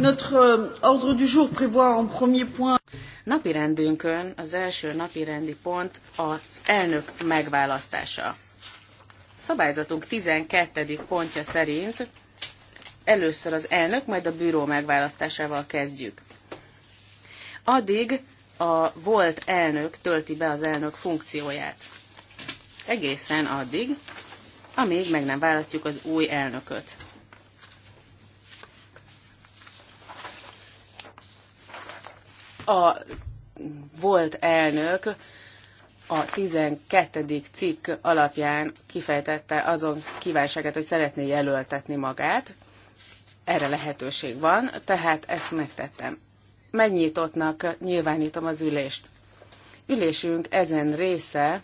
Notre euh, ordre du jour prévoit en premier point Napirendünkön az első napirendi pont az elnök megválasztása. Szabályzatunk 12. pontja szerint először az elnök, majd a bűró megválasztásával kezdjük. Addig a volt elnök tölti be az elnök funkcióját. Egészen addig, amíg meg nem választjuk az új elnököt. a volt elnök a 12. cikk alapján kifejtette azon kívánságát, hogy szeretné jelöltetni magát. Erre lehetőség van, tehát ezt megtettem. Megnyitottnak nyilvánítom az ülést. Ülésünk ezen része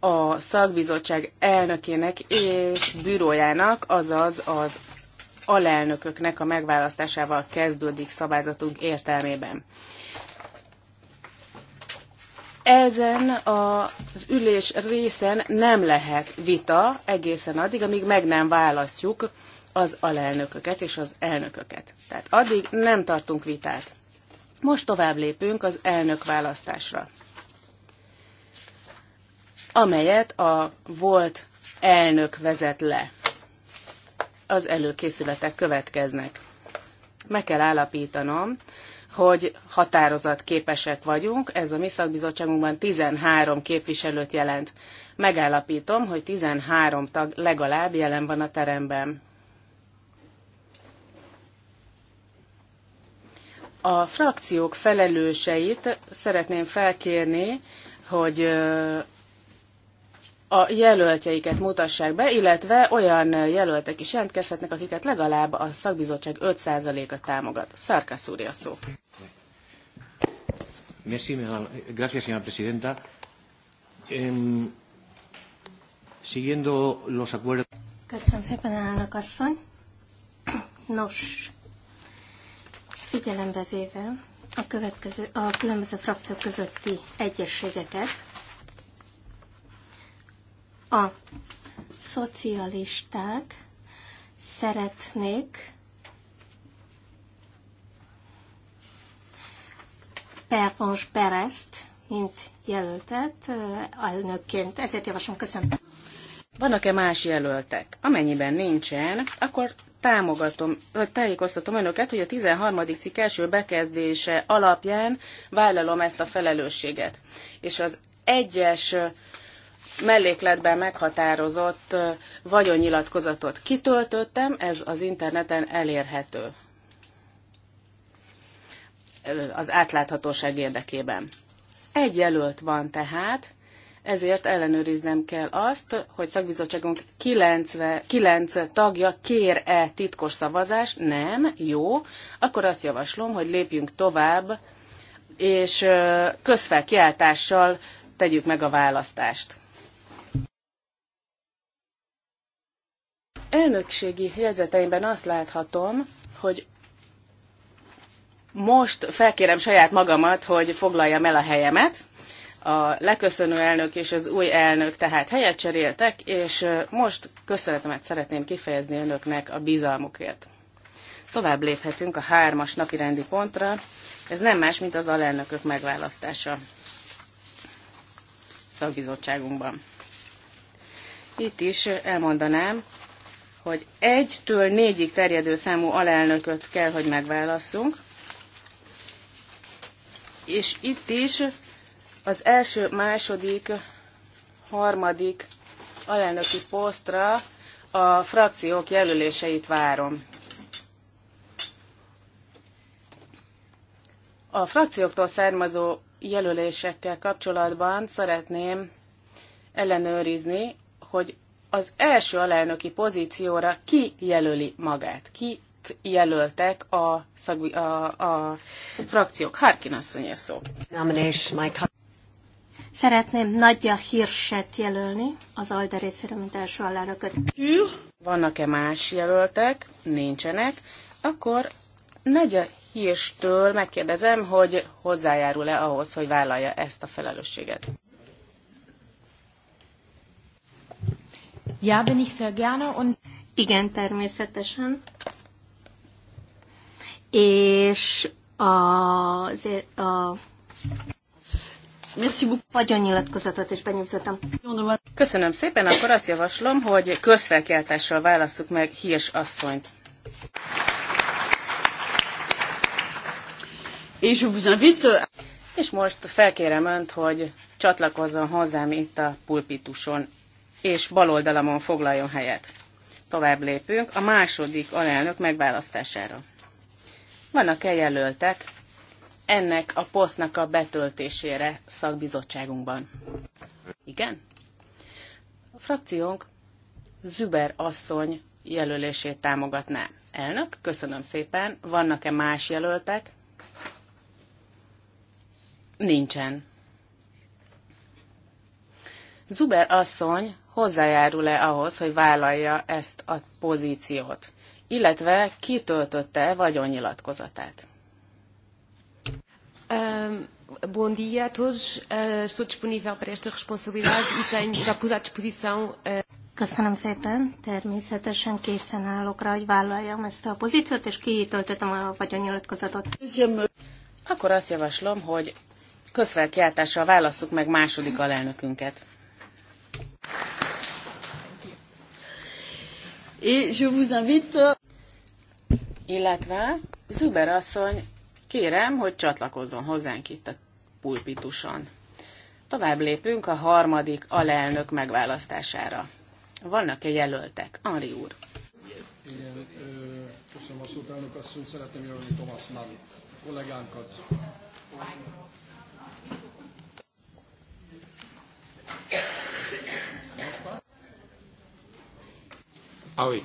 a szakbizottság elnökének és bürójának, azaz az alelnököknek a megválasztásával kezdődik szabályzatunk értelmében. Ezen az ülés részen nem lehet vita egészen addig, amíg meg nem választjuk az alelnököket és az elnököket. Tehát addig nem tartunk vitát. Most tovább lépünk az elnök választásra, amelyet a volt elnök vezet le az előkészületek következnek. Meg kell állapítanom, hogy határozat képesek vagyunk, ez a mi szakbizottságunkban 13 képviselőt jelent. Megállapítom, hogy 13 tag legalább jelen van a teremben. A frakciók felelőseit szeretném felkérni, hogy a jelöltjeiket mutassák be, illetve olyan jelöltek is jelentkezhetnek, akiket legalább a szakbizottság 5%-a támogat. Szarkasz úr a szó. Merci, gracias, señora presidenta. Um, siguiendo los acuerdos... Köszönöm szépen, elnök asszony. Nos, figyelembe véve a, következő, a különböző frakciók közötti egyességeket, a szocialisták szeretnék Perpons Perezt, mint jelöltet elnökként. Ezért javaslom, köszönöm. Vannak-e más jelöltek? Amennyiben nincsen, akkor támogatom, vagy tájékoztatom önöket, hogy a 13. cikk első bekezdése alapján vállalom ezt a felelősséget. És az egyes mellékletben meghatározott vagyonnyilatkozatot kitöltöttem, ez az interneten elérhető az átláthatóság érdekében. Egy jelölt van tehát, ezért ellenőriznem kell azt, hogy szakbizottságunk 9 tagja kér-e titkos szavazást. Nem, jó. Akkor azt javaslom, hogy lépjünk tovább, és közfelkiáltással tegyük meg a választást. elnökségi jegyzeteimben azt láthatom, hogy most felkérem saját magamat, hogy foglaljam el a helyemet. A leköszönő elnök és az új elnök tehát helyet cseréltek, és most köszönetemet szeretném kifejezni önöknek a bizalmukért. Tovább léphetünk a hármas napirendi pontra. Ez nem más, mint az alelnökök megválasztása szakbizottságunkban. Itt is elmondanám, hogy egytől négyig terjedő számú alelnököt kell, hogy megválasszunk. És itt is az első, második, harmadik alelnöki posztra a frakciók jelöléseit várom. A frakcióktól származó jelölésekkel kapcsolatban szeretném ellenőrizni, hogy az első alelnöki pozícióra ki jelöli magát, ki jelöltek a, a, a frakciók. Harkin asszony szó. Szeretném Nagyja Hirset jelölni az Alde részéről, mint első alelnököt. Vannak-e más jelöltek? Nincsenek. Akkor Nagyja Hirstől megkérdezem, hogy hozzájárul-e ahhoz, hogy vállalja ezt a felelősséget. Ja, bin ich sehr gerne. Und... Igen, természetesen. És a, azért a Merci beaucoup. nyilatkozatot és benyújtottam. Köszönöm szépen, akkor azt javaslom, hogy közfelkiáltással válasszuk meg Hies asszonyt. És vous invite... És most felkérem Önt, hogy csatlakozzon hozzám itt a pulpituson és bal oldalamon foglaljon helyet. Tovább lépünk a második alelnök megválasztására. Vannak-e jelöltek ennek a posztnak a betöltésére szakbizottságunkban? Igen? A frakciónk Züber asszony jelölését támogatná. Elnök, köszönöm szépen. Vannak-e más jelöltek? Nincsen. Zuber asszony hozzájárul-e ahhoz, hogy vállalja ezt a pozíciót, illetve kitöltötte vagyonnyilatkozatát. Um, bom dia a todos. Uh, estou disponível para esta responsabilidade e tenho, já pus à disposição... Uh... Köszönöm szépen. Természetesen készen állok rá, hogy vállaljam ezt a pozíciót, és kitöltöttem a vagyonnyilatkozatot. Akkor azt javaslom, hogy közfelkiáltással válasszuk meg második alelnökünket. Et je vous invite... Euh, Illetve Zuber asszony, kérem, hogy csatlakozzon hozzánk itt a pulpituson. Tovább lépünk a harmadik alelnök megválasztására. Vannak e jelöltek. Ari úr. Igen, köszönöm a szót, elnök asszony, szeretném jelölni Thomas Mann kollégánkat. Ah, oui.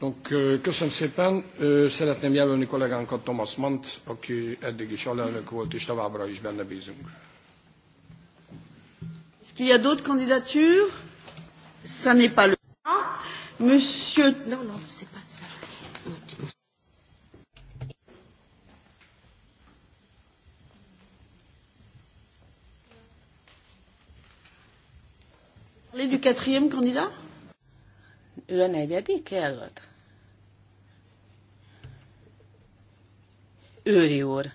Donc, euh, köszönöm szépen. Szeretném jelölni kollégánkat Thomas Mant, aki eddig is alelnök volt, és továbbra is benne bízunk. Est-ce qu'il y a d'autres candidatures Ça n'est pas le cas. Monsieur... Non, non, c'est pas ça. du quatrième candidat ő a negyedik jelölt? Őri úr.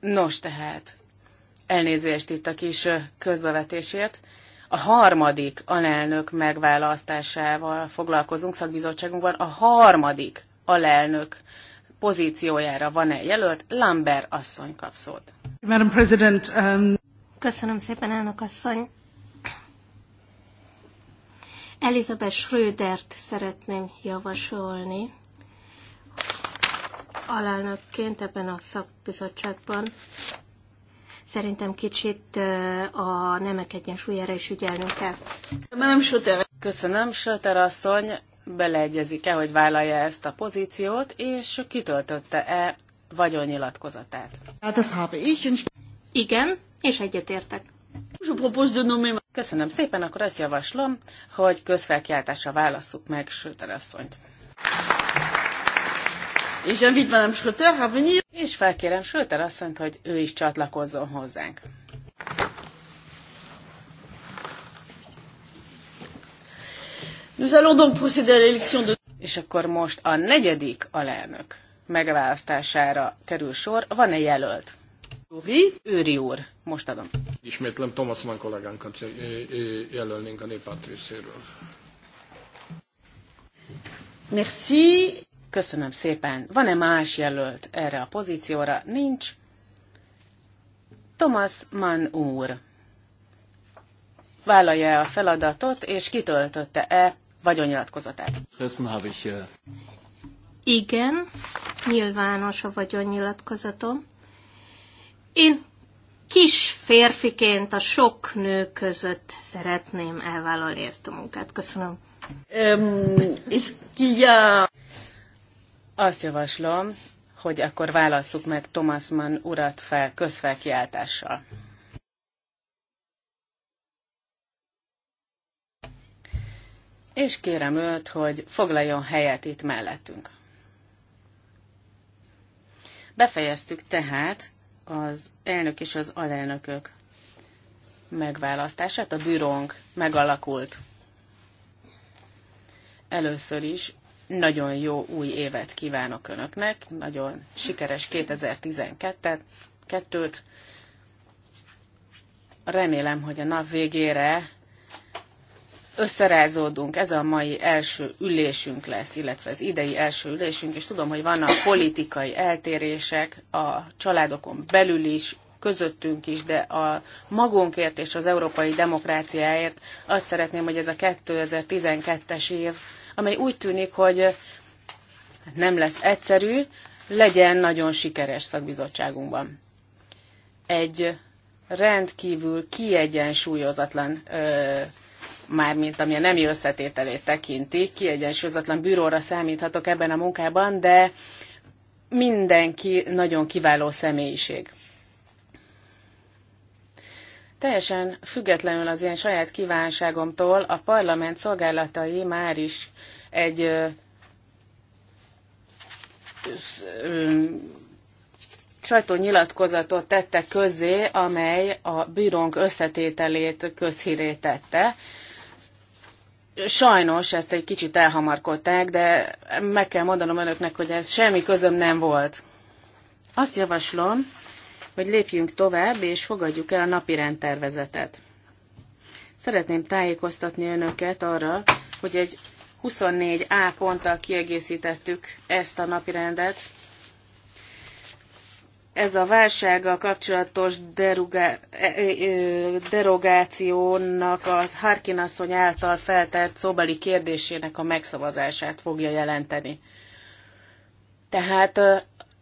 Nos tehát, elnézést itt a kis közbevetésért. A harmadik alelnök megválasztásával foglalkozunk szakbizottságunkban. A harmadik alelnök pozíciójára van-e jelölt? Lambert asszony kap szót. Um, Köszönöm szépen, elnök asszony. Elizabeth Schrödert szeretném javasolni alelnökként ebben a szakbizottságban. Szerintem kicsit a nemek egyensúlyára is ügyelnünk kell. Nem Söter. Köszönöm, Söter asszony beleegyezik-e, hogy vállalja ezt a pozíciót, és kitöltötte-e vagyonnyilatkozatát? Hát ez habe ich. Igen, és egyetértek. Köszönöm szépen, akkor azt javaslom, hogy közfelkiáltásra válasszuk meg Schröter asszonyt. És És felkérem Schröter asszonyt, hogy ő is csatlakozzon hozzánk. Nous allons donc procéder à l'élection de... És akkor most a negyedik alelnök megválasztására kerül sor. Van-e jelölt? Uri, Őri úr, most adom. Ismétlem Thomas Mann kollégánkat jelölnénk a néppárt részéről. Merci. Köszönöm szépen. Van-e más jelölt erre a pozícióra? Nincs. Thomas Mann úr vállalja a feladatot, és kitöltötte-e vagyonnyilatkozatát? Äh, Igen, nyilvános a vagyonnyilatkozatom. Én kis férfiként a sok nő között szeretném elvállalni ezt a munkát. Köszönöm. iszkia. Azt javaslom, hogy akkor válasszuk meg Thomas Mann urat fel közfelkiáltással. És kérem őt, hogy foglaljon helyet itt mellettünk. Befejeztük tehát az elnök és az alelnökök megválasztását. A bürónk megalakult. Először is nagyon jó új évet kívánok Önöknek, nagyon sikeres 2012-t. Remélem, hogy a nap végére összerázódunk, ez a mai első ülésünk lesz, illetve az idei első ülésünk, és tudom, hogy vannak politikai eltérések a családokon belül is, közöttünk is, de a magunkért és az európai demokráciáért azt szeretném, hogy ez a 2012-es év, amely úgy tűnik, hogy nem lesz egyszerű, legyen nagyon sikeres szakbizottságunkban. Egy rendkívül kiegyensúlyozatlan ö, mármint ami a nemi összetételét tekinti, kiegyensúlyozatlan bűróra számíthatok ebben a munkában, de mindenki nagyon kiváló személyiség. Teljesen függetlenül az én saját kívánságomtól a parlament szolgálatai már is egy sajtónyilatkozatot tette közzé, amely a bírónk összetételét közhíré tette. Sajnos ezt egy kicsit elhamarkodták, de meg kell mondanom önöknek, hogy ez semmi közöm nem volt. Azt javaslom, hogy lépjünk tovább, és fogadjuk el a napi rendtervezetet. Szeretném tájékoztatni önöket arra, hogy egy 24A ponttal kiegészítettük ezt a napirendet, ez a válsággal kapcsolatos derugá, e- e- e- derogációnak az Harkin asszony által feltett szóbeli kérdésének a megszavazását fogja jelenteni. Tehát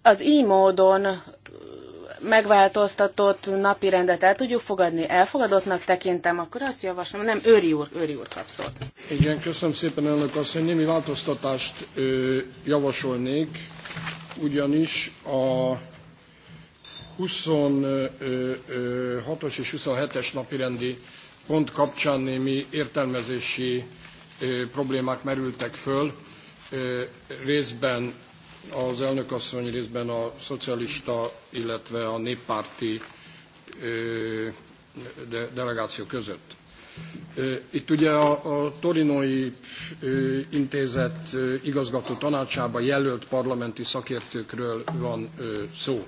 az így módon megváltoztatott napirendet el tudjuk fogadni, elfogadottnak tekintem, akkor azt javaslom, nem, Őri úr, Őri úr kap szót. Igen, köszönöm szépen, elnök hogy Némi változtatást ö, javasolnék, ugyanis a 26-os és 27-es napirendi pont kapcsán némi értelmezési problémák merültek föl, részben az elnökasszony, részben a szocialista, illetve a néppárti delegáció között. Itt ugye a, a Torinoi Intézet igazgató tanácsában jelölt parlamenti szakértőkről van szó.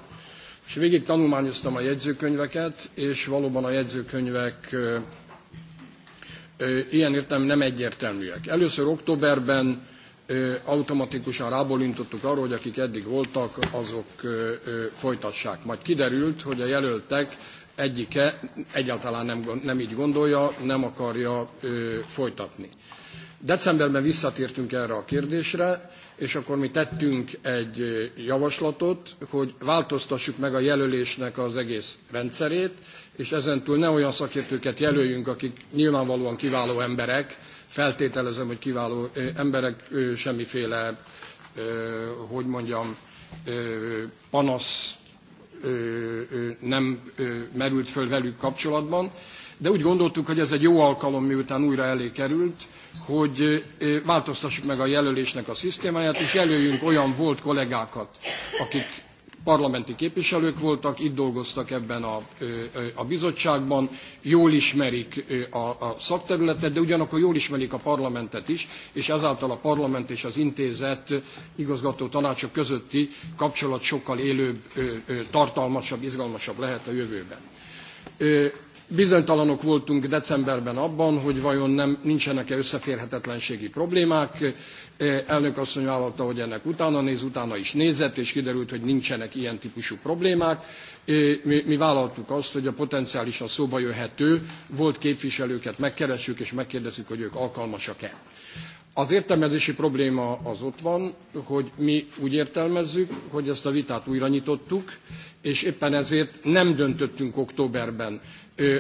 És végig tanulmányoztam a jegyzőkönyveket, és valóban a jegyzőkönyvek ilyen értem nem egyértelműek. Először októberben automatikusan rábólintottuk arról, hogy akik eddig voltak, azok folytassák. Majd kiderült, hogy a jelöltek egyike egyáltalán nem, nem így gondolja, nem akarja folytatni. Decemberben visszatértünk erre a kérdésre, és akkor mi tettünk egy javaslatot, hogy változtassuk meg a jelölésnek az egész rendszerét, és ezentúl ne olyan szakértőket jelöljünk, akik nyilvánvalóan kiváló emberek, feltételezem, hogy kiváló emberek semmiféle, hogy mondjam, panasz nem merült föl velük kapcsolatban, de úgy gondoltuk, hogy ez egy jó alkalom, miután újra elé került, hogy változtassuk meg a jelölésnek a szisztémáját, és jelöljünk olyan volt kollégákat, akik parlamenti képviselők voltak, itt dolgoztak ebben a, a bizottságban, jól ismerik a, a szakterületet, de ugyanakkor jól ismerik a parlamentet is, és ezáltal a parlament és az intézet igazgató tanácsok közötti kapcsolat sokkal élőbb, tartalmasabb, izgalmasabb lehet a jövőben. Bizonytalanok voltunk decemberben abban, hogy vajon nem, nincsenek-e összeférhetetlenségi problémák. E, elnök asszony vállalta, hogy ennek utána néz, utána is nézett, és kiderült, hogy nincsenek ilyen típusú problémák. E, mi, mi vállaltuk azt, hogy a potenciálisan szóba jöhető volt képviselőket megkeressük, és megkérdezzük, hogy ők alkalmasak-e. Az értelmezési probléma az ott van, hogy mi úgy értelmezzük, hogy ezt a vitát újra nyitottuk, és éppen ezért nem döntöttünk októberben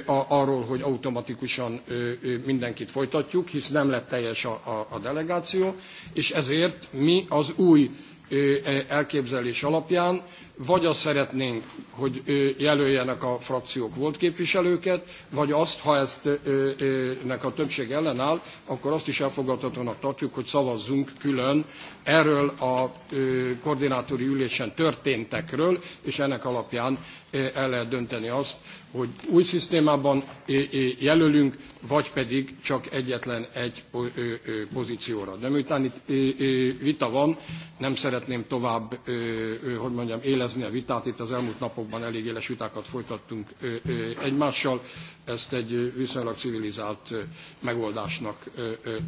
arról, hogy automatikusan mindenkit folytatjuk, hisz nem lett teljes a, a delegáció, és ezért mi az új e, elképzelés alapján vagy azt szeretnénk, hogy jelöljenek a frakciók volt képviselőket, vagy azt, ha ezt nek a többség ellenáll, akkor azt is elfogadhatónak tartjuk, hogy szavazzunk külön erről a koordinátori ülésen történtekről, és ennek alapján el lehet dönteni azt, hogy új szisztémában jelölünk, vagy pedig csak egyetlen egy pozícióra. De miután itt vita van, nem szeretném tovább, hogy mondjam, élezni a vitát. Itt az elmúlt napokban elég éles vitákat folytattunk egymással. Ezt egy viszonylag civilizált megoldásnak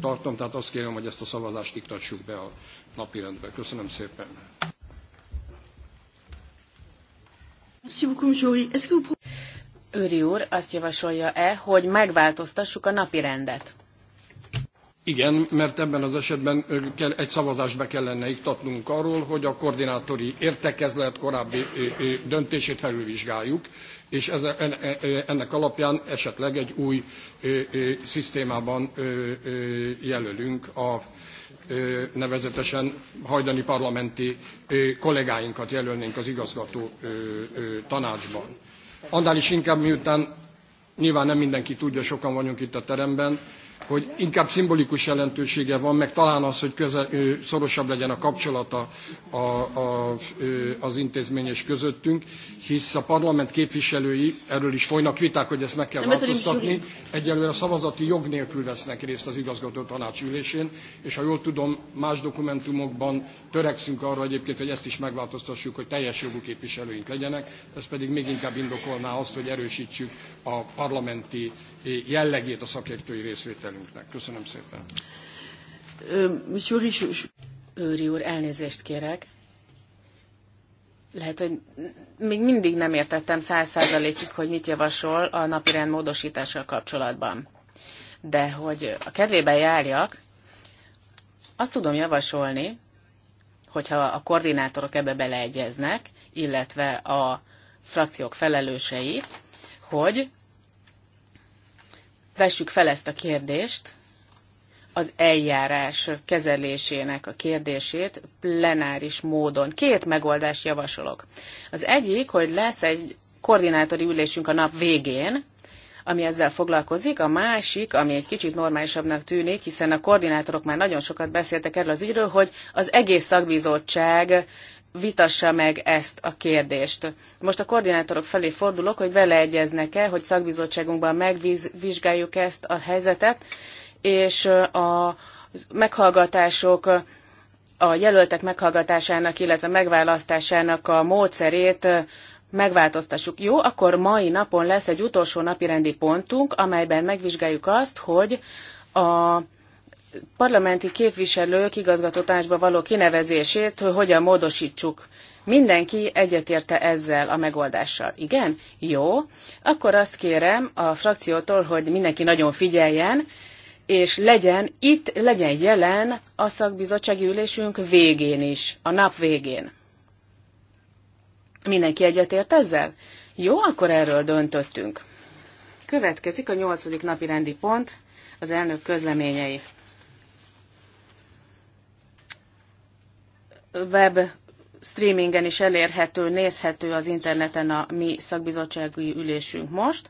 tartom, tehát azt kérem, hogy ezt a szavazást iktassuk be a napirendbe. Köszönöm szépen. Őri úr azt javasolja-e, hogy megváltoztassuk a napi rendet? Igen, mert ebben az esetben egy szavazást be kellene iktatnunk arról, hogy a koordinátori értekezlet korábbi döntését felülvizsgáljuk, és ez, e, e, ennek alapján esetleg egy új szisztémában jelölünk a nevezetesen hajdani parlamenti kollégáinkat jelölnénk az igazgató tanácsban. Annál is inkább, miután nyilván nem mindenki tudja, sokan vagyunk itt a teremben, hogy inkább szimbolikus jelentősége van, meg talán az, hogy közel, szorosabb legyen a kapcsolata a, a, az intézmény és közöttünk, hisz a parlament képviselői, erről is folynak viták, hogy ezt meg kell változtatni, egyelőre a szavazati jog nélkül vesznek részt az igazgató tanács ülésén, és ha jól tudom, más dokumentumokban törekszünk arra egyébként, hogy ezt is megváltoztassuk, hogy teljes jogú képviselőink legyenek, ez pedig még inkább indokolná azt, hogy erősítsük a parlamenti jellegét a szakértői részvételünknek. Köszönöm szépen. Monsieur Risus, Őri úr, elnézést kérek. Lehet, hogy még mindig nem értettem száz százalékig, hogy mit javasol a napirend módosítással kapcsolatban. De hogy a kedvében járjak, azt tudom javasolni, hogyha a koordinátorok ebbe beleegyeznek, illetve a frakciók felelősei, hogy vessük fel ezt a kérdést, az eljárás kezelésének a kérdését plenáris módon. Két megoldást javasolok. Az egyik, hogy lesz egy koordinátori ülésünk a nap végén, ami ezzel foglalkozik, a másik, ami egy kicsit normálisabbnak tűnik, hiszen a koordinátorok már nagyon sokat beszéltek erről az ügyről, hogy az egész szakbizottság vitassa meg ezt a kérdést. Most a koordinátorok felé fordulok, hogy beleegyeznek-e, hogy szakbizottságunkban megvizsgáljuk ezt a helyzetet, és a meghallgatások, a jelöltek meghallgatásának, illetve megválasztásának a módszerét megváltoztassuk. Jó, akkor mai napon lesz egy utolsó napi rendi pontunk, amelyben megvizsgáljuk azt, hogy a parlamenti képviselők igazgatótársba való kinevezését, hogy hogyan módosítsuk. Mindenki egyetérte ezzel a megoldással. Igen? Jó. Akkor azt kérem a frakciótól, hogy mindenki nagyon figyeljen, és legyen itt, legyen jelen a szakbizottsági ülésünk végén is, a nap végén. Mindenki egyetért ezzel? Jó, akkor erről döntöttünk. Következik a nyolcadik napi rendi pont, az elnök közleményei. web streamingen is elérhető, nézhető az interneten a mi szakbizottsági ülésünk most.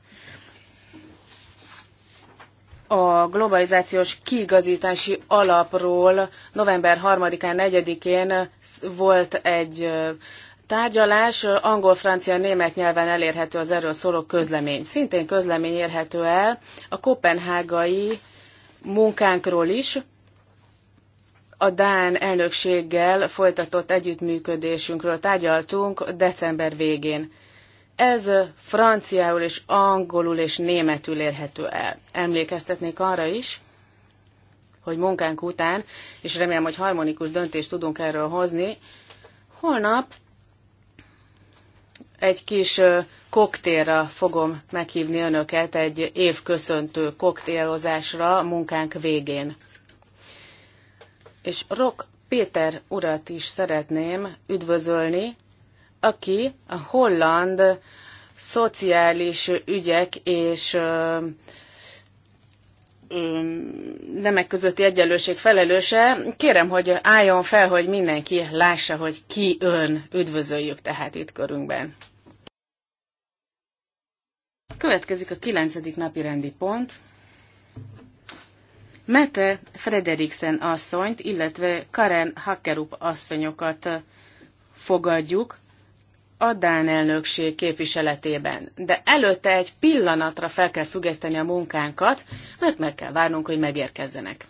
A globalizációs kiigazítási alapról november 3-án, 4-én volt egy tárgyalás, angol, francia, német nyelven elérhető az erről szóló közlemény. Szintén közlemény érhető el a kopenhágai munkánkról is, a Dán elnökséggel folytatott együttműködésünkről tárgyaltunk december végén. Ez franciául és angolul és németül érhető el. Emlékeztetnék arra is, hogy munkánk után, és remélem, hogy harmonikus döntést tudunk erről hozni, holnap egy kis koktélra fogom meghívni önöket, egy évköszöntő koktélozásra munkánk végén és Rock Péter urat is szeretném üdvözölni, aki a holland szociális ügyek és nemek közötti egyenlőség felelőse. Kérem, hogy álljon fel, hogy mindenki lássa, hogy ki ön. Üdvözöljük tehát itt körünkben. Következik a kilencedik napi rendi pont. Mete Frederiksen asszonyt, illetve Karen Hakkerup asszonyokat fogadjuk a Dán elnökség képviseletében. De előtte egy pillanatra fel kell függeszteni a munkánkat, mert meg kell várnunk, hogy megérkezzenek.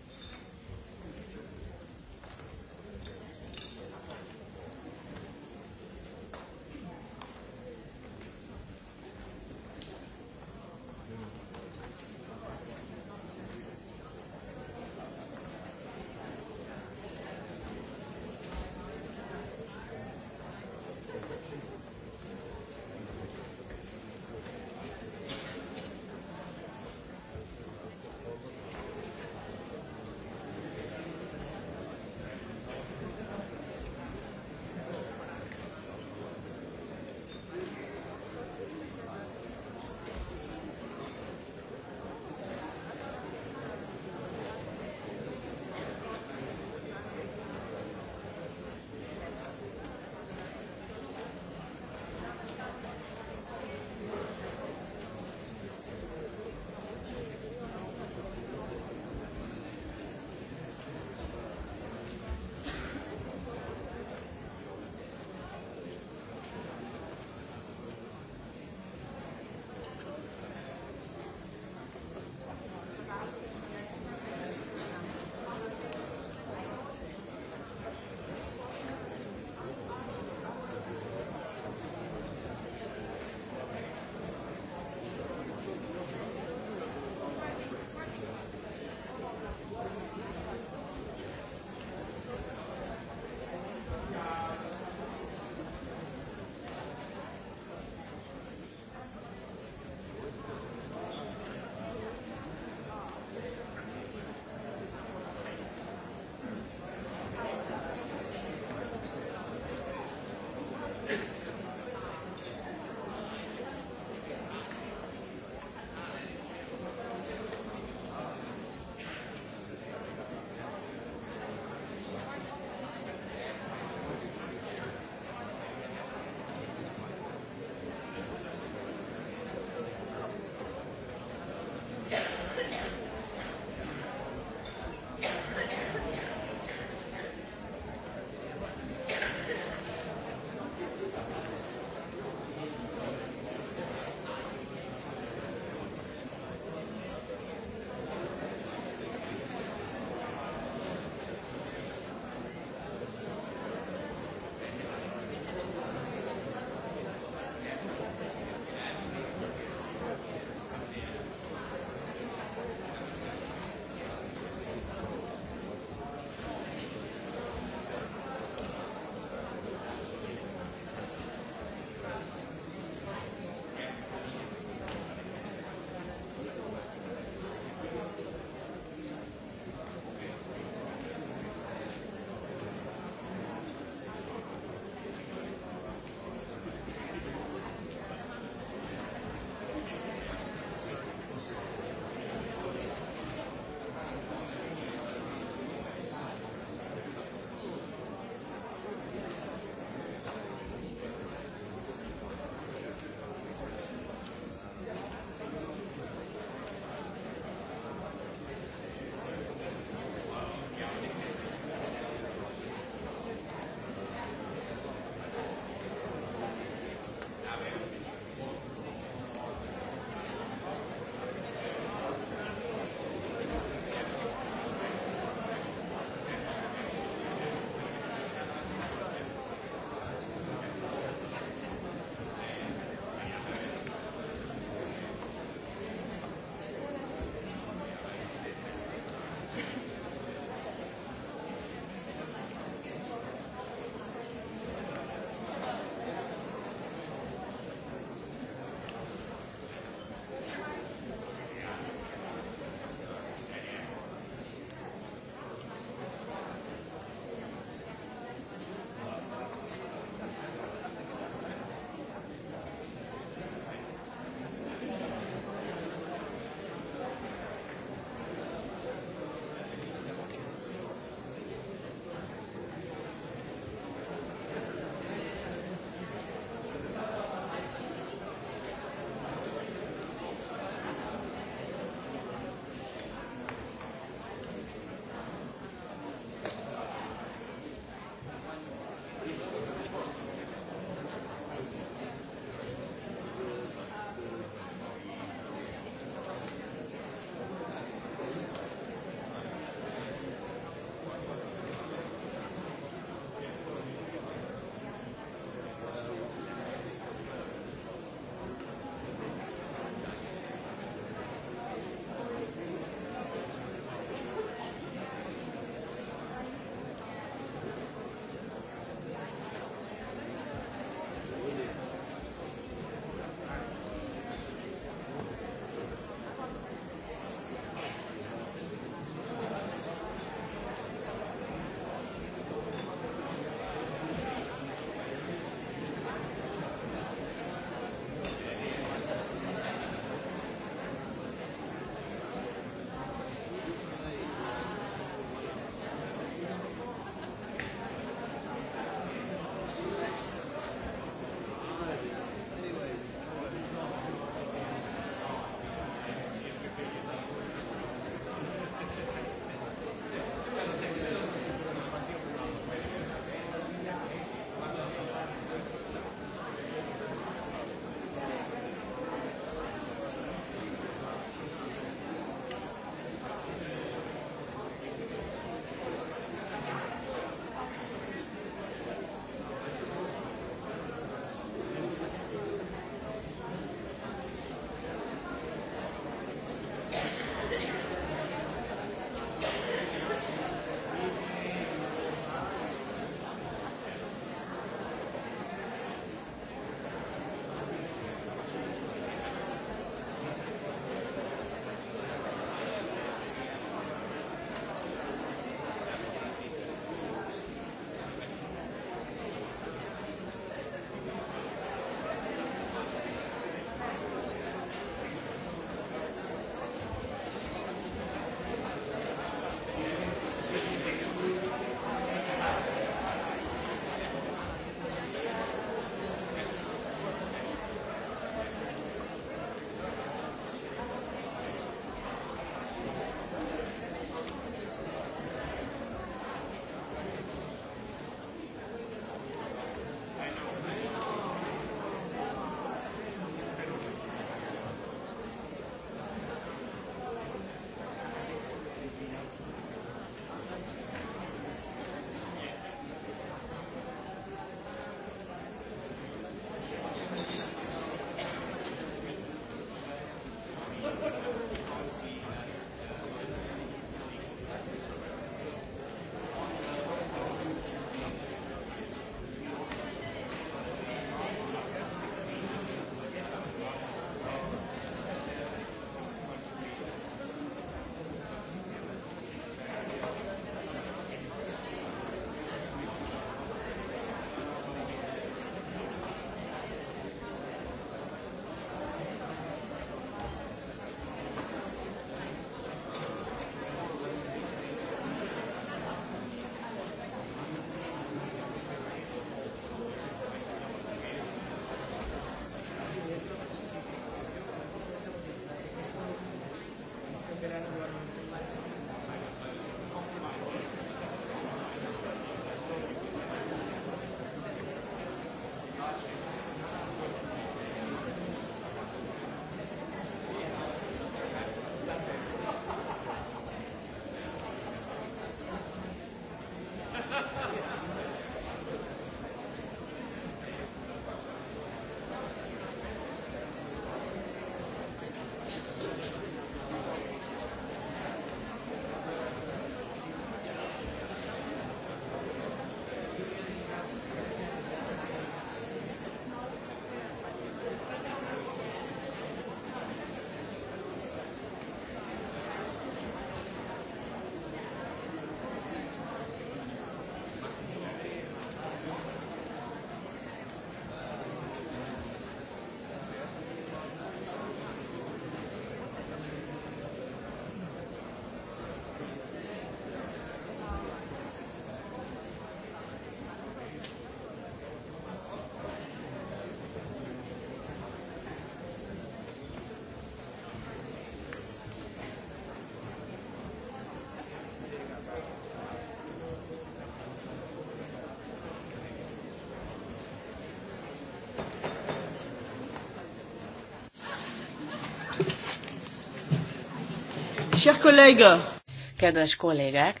Chers collègues. Kedves kollégák!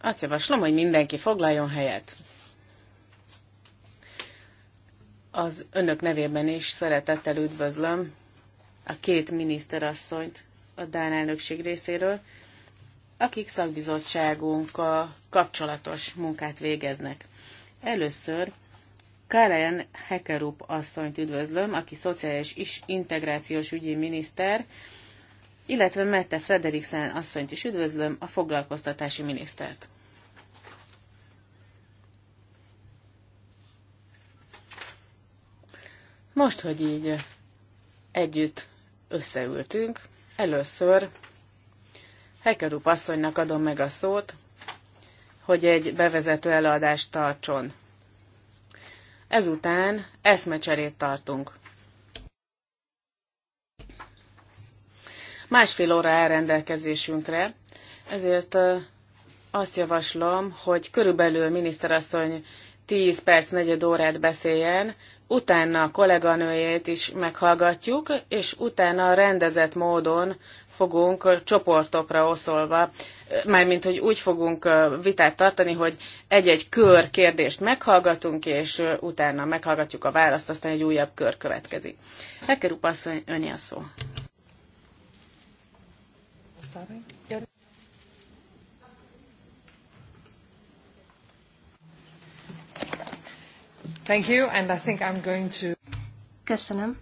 Azt javaslom, hogy mindenki foglaljon helyet. Az önök nevében is szeretettel üdvözlöm a két miniszterasszonyt a Dán elnökség részéről, akik szakbizottságunkkal kapcsolatos munkát végeznek. Először Karen Hekerup asszonyt üdvözlöm, aki szociális és integrációs ügyi miniszter, illetve Mette Frederiksen asszonyt is üdvözlöm, a foglalkoztatási minisztert. Most, hogy így együtt összeültünk, először Hekerup asszonynak adom meg a szót, hogy egy bevezető előadást tartson. Ezután eszmecserét tartunk. Másfél óra elrendelkezésünkre, ezért azt javaslom, hogy körülbelül miniszterasszony 10 perc, negyed órát beszéljen, utána a kolléganőjét is meghallgatjuk, és utána rendezett módon fogunk csoportokra oszolva, mármint, hogy úgy fogunk vitát tartani, hogy egy-egy kör kérdést meghallgatunk, és utána meghallgatjuk a választ, aztán egy újabb kör következik. Hecker asszony, önnyi a szó. Thank you, and I think I'm going to... Köszönöm.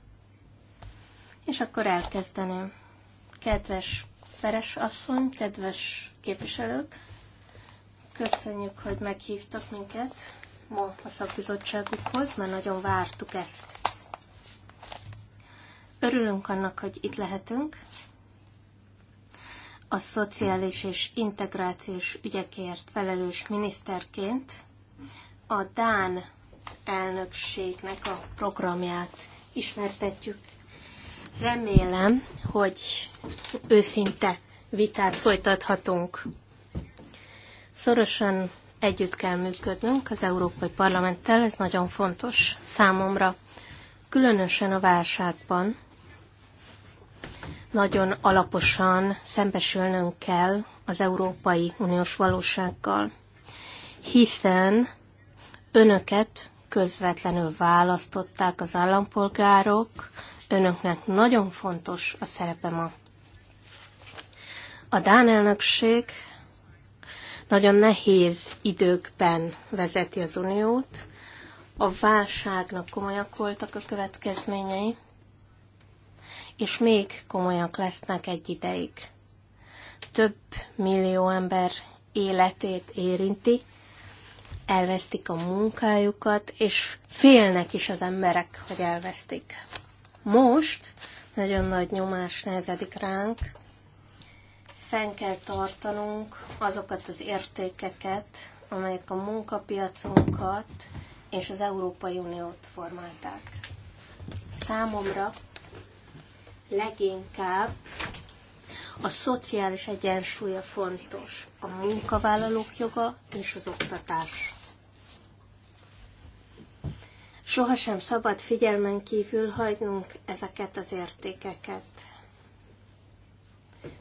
És akkor elkezdeném. Kedves Feres asszony, kedves képviselők, köszönjük, hogy meghívtak minket ma a szakbizottságukhoz, mert nagyon vártuk ezt. Örülünk annak, hogy itt lehetünk. A szociális és integrációs ügyekért felelős miniszterként a Dán elnökségnek a programját ismertetjük. Remélem, hogy őszinte vitát folytathatunk. Szorosan együtt kell működnünk az Európai Parlamenttel, ez nagyon fontos számomra, különösen a válságban. Nagyon alaposan szembesülnünk kell az Európai Uniós valósággal, hiszen önöket közvetlenül választották az állampolgárok, önöknek nagyon fontos a szerepe ma. A Dán elnökség nagyon nehéz időkben vezeti az uniót, a válságnak komolyak voltak a következményei, és még komolyak lesznek egy ideig. Több millió ember életét érinti, elvesztik a munkájukat, és félnek is az emberek, hogy elvesztik. Most nagyon nagy nyomás nehezedik ránk, fenn kell tartanunk azokat az értékeket, amelyek a munkapiacunkat és az Európai Uniót formálták. Számomra leginkább a szociális egyensúlya fontos. A munkavállalók joga és az oktatás. Sohasem szabad figyelmen kívül hagynunk ezeket az értékeket.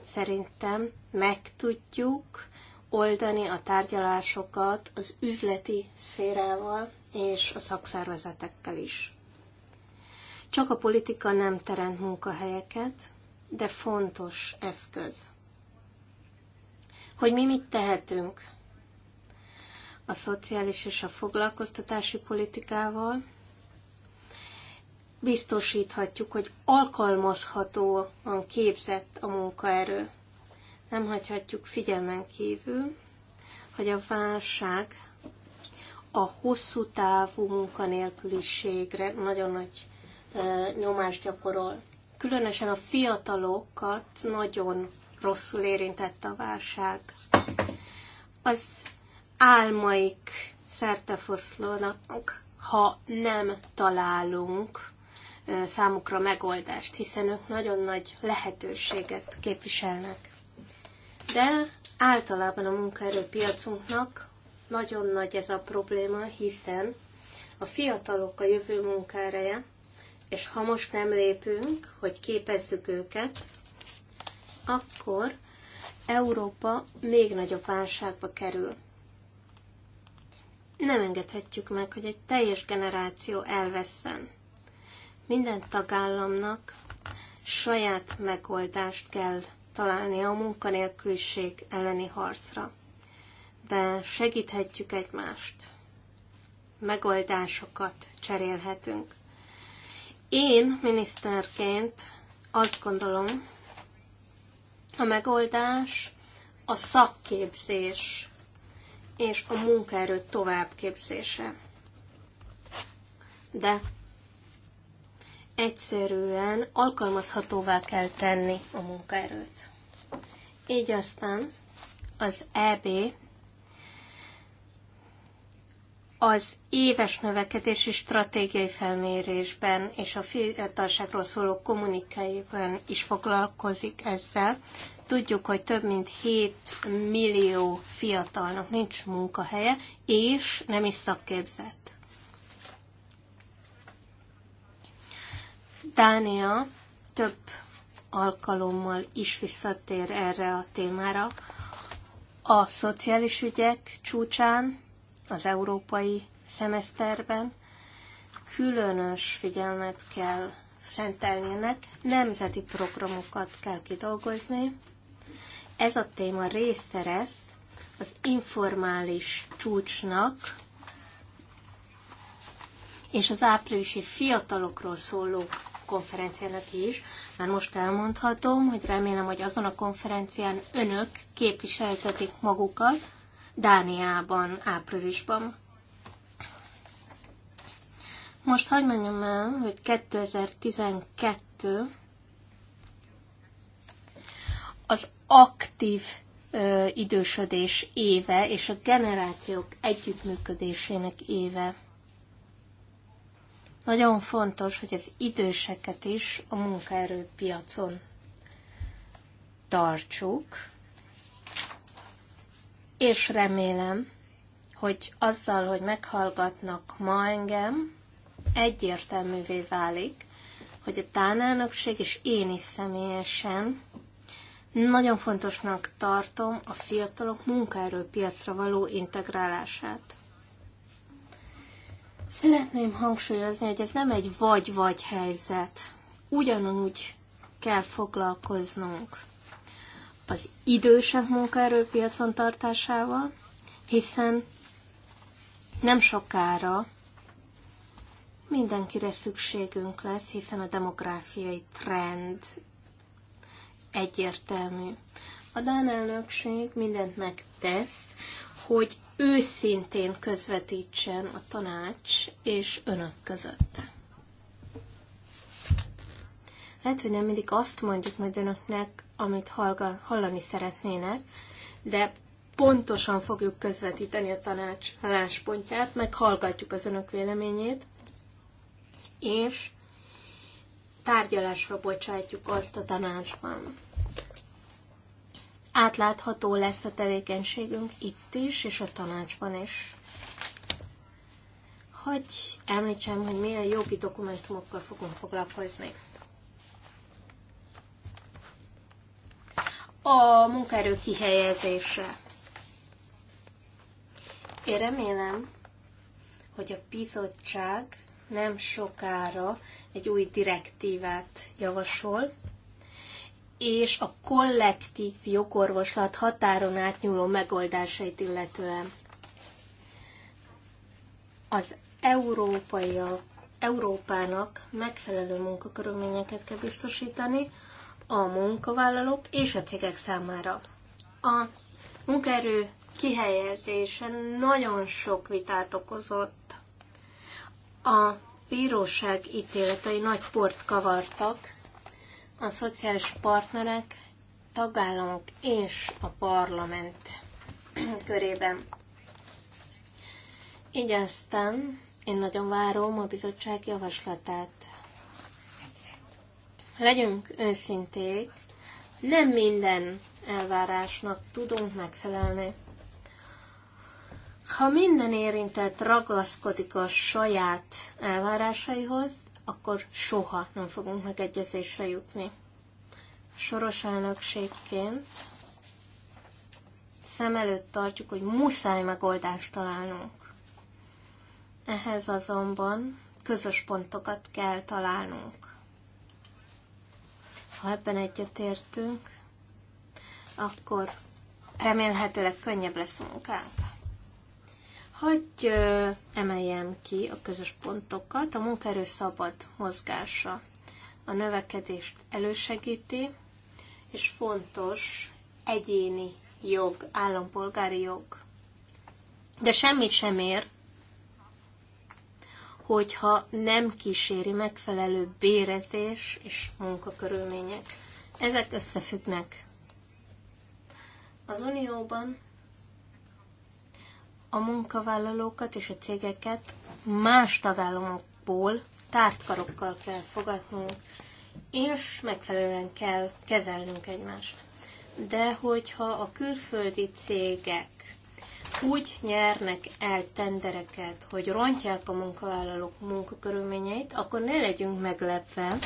Szerintem meg tudjuk oldani a tárgyalásokat az üzleti szférával és a szakszervezetekkel is. Csak a politika nem teremt munkahelyeket, de fontos eszköz. Hogy mi mit tehetünk a szociális és a foglalkoztatási politikával, biztosíthatjuk, hogy alkalmazhatóan képzett a munkaerő. Nem hagyhatjuk figyelmen kívül, hogy a válság a hosszú távú munkanélküliségre nagyon nagy nyomást gyakorol. Különösen a fiatalokat nagyon rosszul érintette a válság. Az álmaik szertefoszlónak, ha nem találunk számukra megoldást, hiszen ők nagyon nagy lehetőséget képviselnek. De általában a munkaerőpiacunknak nagyon nagy ez a probléma, hiszen a fiatalok a jövő munkáreje, és ha most nem lépünk, hogy képezzük őket, akkor Európa még nagyobb válságba kerül. Nem engedhetjük meg, hogy egy teljes generáció elveszen. Minden tagállamnak saját megoldást kell találni a munkanélküliség elleni harcra. De segíthetjük egymást. Megoldásokat cserélhetünk. Én miniszterként azt gondolom, a megoldás a szakképzés és a munkaerő továbbképzése. De egyszerűen alkalmazhatóvá kell tenni a munkaerőt. Így aztán az EB az éves növekedési stratégiai felmérésben és a fiatalságról szóló kommunikájában is foglalkozik ezzel. Tudjuk, hogy több mint 7 millió fiatalnak nincs munkahelye, és nem is szakképzett. Dánia több alkalommal is visszatér erre a témára. A szociális ügyek csúcsán, az európai szemeszterben különös figyelmet kell szentelnének, nemzeti programokat kell kidolgozni. Ez a téma részt szerez az informális csúcsnak és az áprilisi fiatalokról szóló konferenciának is. Már most elmondhatom, hogy remélem, hogy azon a konferencián önök képviseltetik magukat Dániában, áprilisban. Most hagyd mondjam el, hogy 2012 az aktív ö, idősödés éve és a generációk együttműködésének éve. Nagyon fontos, hogy az időseket is a munkaerőpiacon tartsuk, és remélem, hogy azzal, hogy meghallgatnak ma engem, egyértelművé válik, hogy a tánelnökség és én is személyesen nagyon fontosnak tartom a fiatalok munkaerőpiacra való integrálását. Szeretném hangsúlyozni, hogy ez nem egy vagy-vagy helyzet. Ugyanúgy kell foglalkoznunk az idősebb munkaerőpiacon tartásával, hiszen nem sokára mindenkire szükségünk lesz, hiszen a demográfiai trend egyértelmű. A Dán elnökség mindent megtesz, hogy őszintén közvetítsen a tanács és önök között. Lehet, hogy nem mindig azt mondjuk majd önöknek, amit hallani szeretnének, de pontosan fogjuk közvetíteni a tanács álláspontját, hallgatjuk az önök véleményét, és tárgyalásra bocsátjuk azt a tanácsban átlátható lesz a tevékenységünk itt is, és a tanácsban is. Hogy említsem, hogy milyen jogi dokumentumokkal fogunk foglalkozni. A munkaerő kihelyezése. Én remélem, hogy a bizottság nem sokára egy új direktívát javasol, és a kollektív jogorvoslat határon átnyúló megoldásait illetően. Az európai, Európának megfelelő munkakörülményeket kell biztosítani a munkavállalók és a cégek számára. A munkaerő kihelyezése nagyon sok vitát okozott. A bíróság ítéletei nagy port kavartak, a szociális partnerek, tagállamok és a parlament körében. Így aztán én nagyon várom a bizottság javaslatát. Legyünk őszinték, nem minden elvárásnak tudunk megfelelni. Ha minden érintett ragaszkodik a saját elvárásaihoz, akkor soha nem fogunk megegyezésre jutni. Soros elnökségként szem előtt tartjuk, hogy muszáj megoldást találnunk. Ehhez azonban közös pontokat kell találnunk. Ha ebben egyetértünk, akkor remélhetőleg könnyebb lesz a munkánk. Hogy emeljem ki a közös pontokat, a munkaerő szabad mozgása a növekedést elősegíti, és fontos egyéni jog, állampolgári jog. De semmit sem ér, hogyha nem kíséri megfelelő bérezés és munkakörülmények. Ezek összefüggnek. Az Unióban a munkavállalókat és a cégeket más tagállamokból tártkarokkal kell fogadnunk, és megfelelően kell kezelnünk egymást. De hogyha a külföldi cégek úgy nyernek el tendereket, hogy rontják a munkavállalók munkakörülményeit, akkor ne legyünk meglepve,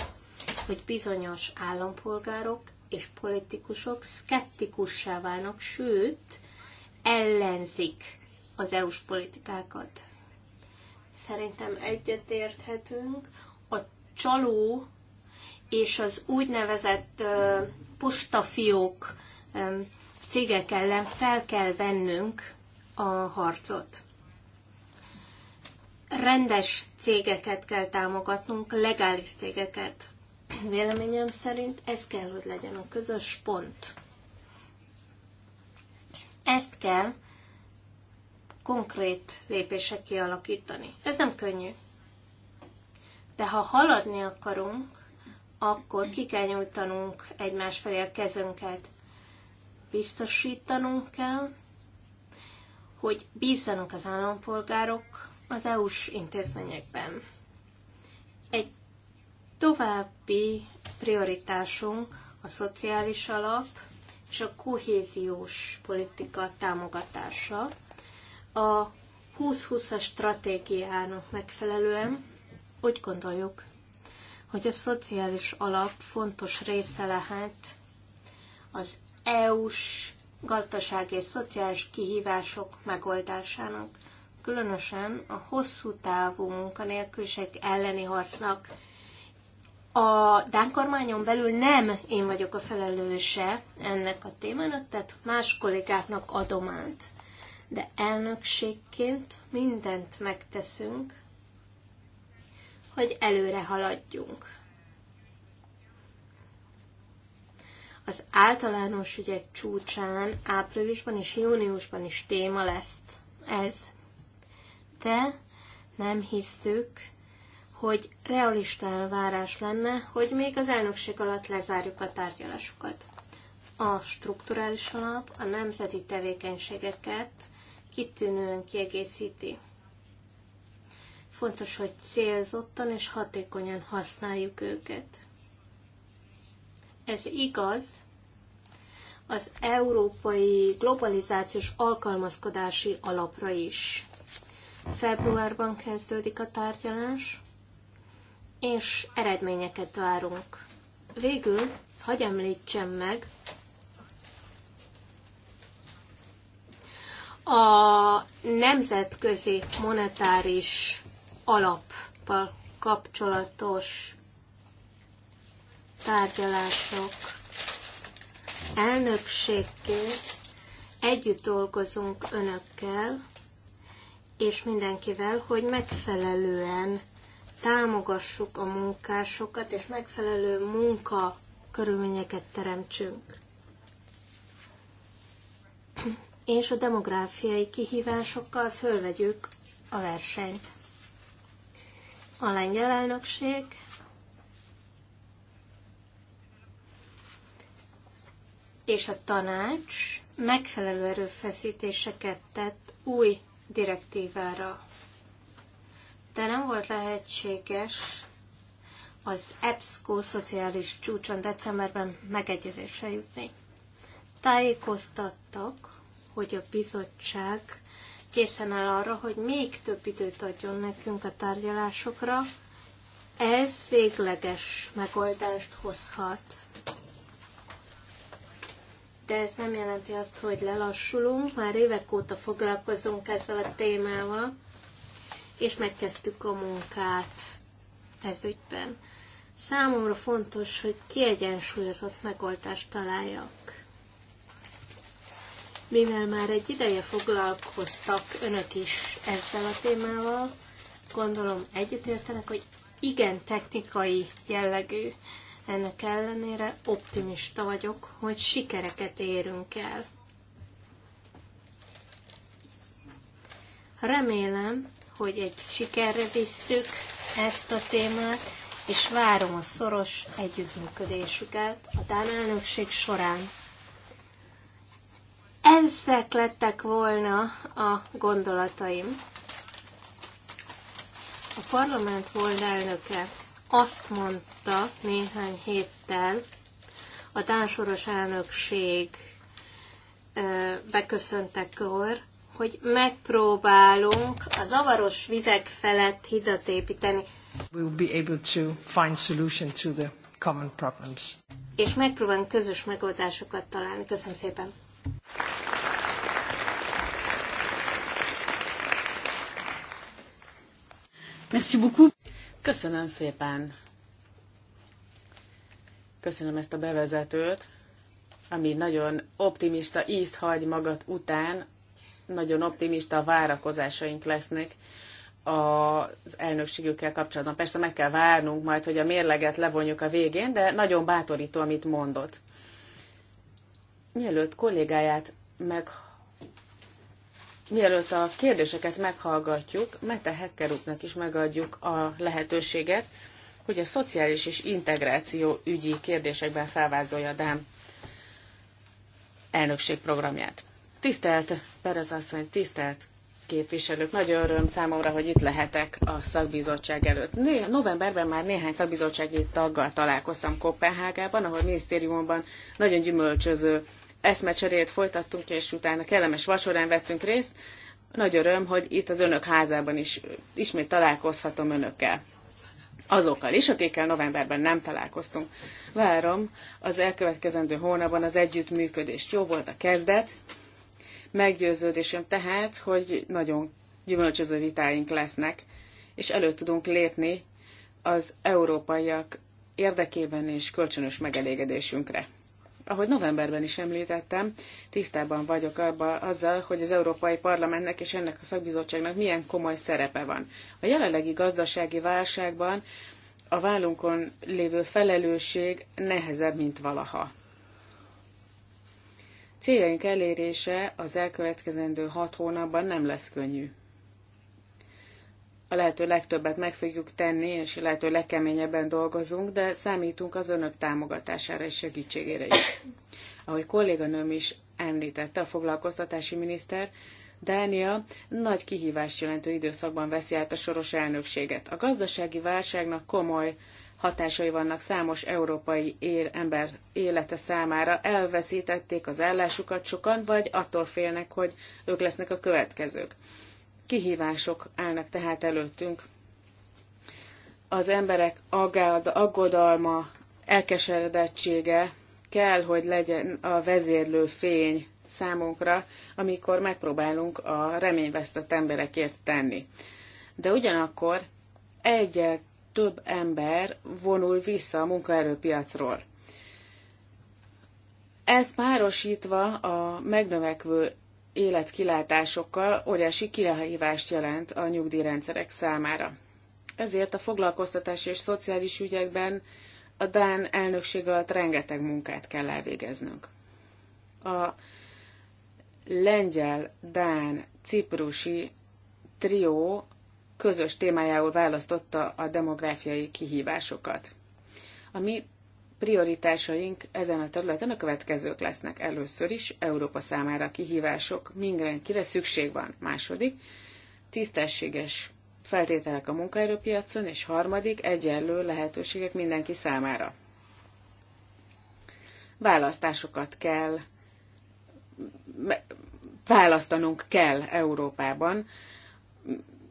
hogy bizonyos állampolgárok és politikusok szkeptikussá válnak, sőt, ellenzik az EU-s politikákat. Szerintem egyetérthetünk, a csaló és az úgynevezett postafiók cégek ellen fel kell vennünk a harcot. Rendes cégeket kell támogatnunk, legális cégeket. Véleményem szerint ez kell, hogy legyen a közös pont. Ezt kell konkrét lépések kialakítani. Ez nem könnyű. De ha haladni akarunk, akkor ki kell nyújtanunk egymás felé a kezünket. Biztosítanunk kell, hogy bízzanak az állampolgárok az EU-s intézményekben. Egy további prioritásunk a szociális alap és a kohéziós politika támogatása, a 2020-as stratégiának megfelelően úgy gondoljuk, hogy a szociális alap fontos része lehet az EU-s gazdasági és szociális kihívások megoldásának, különösen a hosszú távú munkanélküliség elleni harcnak. A Dán kormányon belül nem én vagyok a felelőse ennek a témának, tehát más kollégáknak át de elnökségként mindent megteszünk, hogy előre haladjunk. Az általános ügyek csúcsán áprilisban és júniusban is téma lesz ez. De nem hisztük, hogy realista elvárás lenne, hogy még az elnökség alatt lezárjuk a tárgyalásokat. A strukturális alap a nemzeti tevékenységeket kitűnően kiegészíti. Fontos, hogy célzottan és hatékonyan használjuk őket. Ez igaz az európai globalizációs alkalmazkodási alapra is. Februárban kezdődik a tárgyalás, és eredményeket várunk. Végül, hagy említsem meg, a nemzetközi monetáris alappal kapcsolatos tárgyalások elnökségként együtt dolgozunk önökkel, és mindenkivel, hogy megfelelően támogassuk a munkásokat, és megfelelő munka körülményeket teremtsünk és a demográfiai kihívásokkal fölvegyük a versenyt. A lengyel elnökség és a tanács megfelelő erőfeszítéseket tett új direktívára. De nem volt lehetséges az EBSCO szociális csúcson decemberben megegyezésre jutni. Tájékoztattak hogy a bizottság készen áll arra, hogy még több időt adjon nekünk a tárgyalásokra. Ez végleges megoldást hozhat. De ez nem jelenti azt, hogy lelassulunk, már évek óta foglalkozunk ezzel a témával, és megkezdtük a munkát ez ügyben. Számomra fontos, hogy kiegyensúlyozott megoldást találjak. Mivel már egy ideje foglalkoztak önök is ezzel a témával, gondolom egyetértenek, hogy igen technikai jellegű. Ennek ellenére optimista vagyok, hogy sikereket érünk el. Remélem, hogy egy sikerre visztük ezt a témát, és várom a szoros együttműködésüket a Dán elnökség során. Ezek lettek volna a gondolataim. A parlament volt elnöke azt mondta néhány héttel a társoros elnökség beköszöntekor, hogy megpróbálunk a zavaros vizek felett hidat építeni. We will be able to find solution to the common problems. És megpróbálunk közös megoldásokat találni. Köszönöm szépen! Merci beaucoup. Köszönöm szépen. Köszönöm ezt a bevezetőt, ami nagyon optimista ízt hagy magat után, nagyon optimista várakozásaink lesznek az elnökségükkel kapcsolatban. Persze meg kell várnunk majd, hogy a mérleget levonjuk a végén, de nagyon bátorító, amit mondott. Mielőtt kollégáját meg mielőtt a kérdéseket meghallgatjuk, Mete Hekkeruknak is megadjuk a lehetőséget, hogy a szociális és integráció ügyi kérdésekben felvázolja a Dán elnökség programját. Tisztelt Perez asszony, tisztelt képviselők, nagy öröm számomra, hogy itt lehetek a szakbizottság előtt. novemberben már néhány szakbizottsági taggal találkoztam Kopenhágában, ahol minisztériumban nagyon gyümölcsöző eszmecserét folytattunk, és utána kellemes vacsorán vettünk részt. Nagy öröm, hogy itt az önök házában is ismét találkozhatom önökkel. Azokkal is, akikkel novemberben nem találkoztunk. Várom az elkövetkezendő hónapban az együttműködést. Jó volt a kezdet. Meggyőződésem tehát, hogy nagyon gyümölcsöző vitáink lesznek, és elő tudunk lépni az európaiak érdekében és kölcsönös megelégedésünkre. Ahogy novemberben is említettem, tisztában vagyok abba, azzal, hogy az Európai Parlamentnek és ennek a szakbizottságnak milyen komoly szerepe van. A jelenlegi gazdasági válságban a vállunkon lévő felelősség nehezebb, mint valaha. Céljaink elérése az elkövetkezendő hat hónapban nem lesz könnyű a lehető legtöbbet meg fogjuk tenni, és a lehető legkeményebben dolgozunk, de számítunk az önök támogatására és segítségére is. Ahogy kolléganőm is említette, a foglalkoztatási miniszter, Dánia nagy kihívást jelentő időszakban veszi át a soros elnökséget. A gazdasági válságnak komoly hatásai vannak számos európai él, ember élete számára. Elveszítették az állásukat sokan, vagy attól félnek, hogy ők lesznek a következők. Kihívások állnak tehát előttünk. Az emberek aggodalma, elkeseredettsége kell, hogy legyen a vezérlő fény számunkra, amikor megpróbálunk a reményvesztett emberekért tenni. De ugyanakkor egyel több ember vonul vissza a munkaerőpiacról. Ez párosítva a megnövekvő életkilátásokkal óriási kirehívást jelent a nyugdíjrendszerek számára. Ezért a foglalkoztatási és szociális ügyekben a Dán elnökség alatt rengeteg munkát kell elvégeznünk. A lengyel, dán, ciprusi trió közös témájául választotta a demográfiai kihívásokat. A mi prioritásaink ezen a területen a következők lesznek. Először is Európa számára kihívások, mindenkire szükség van. Második, tisztességes feltételek a munkaerőpiacon, és harmadik, egyenlő lehetőségek mindenki számára. Választásokat kell, választanunk kell Európában,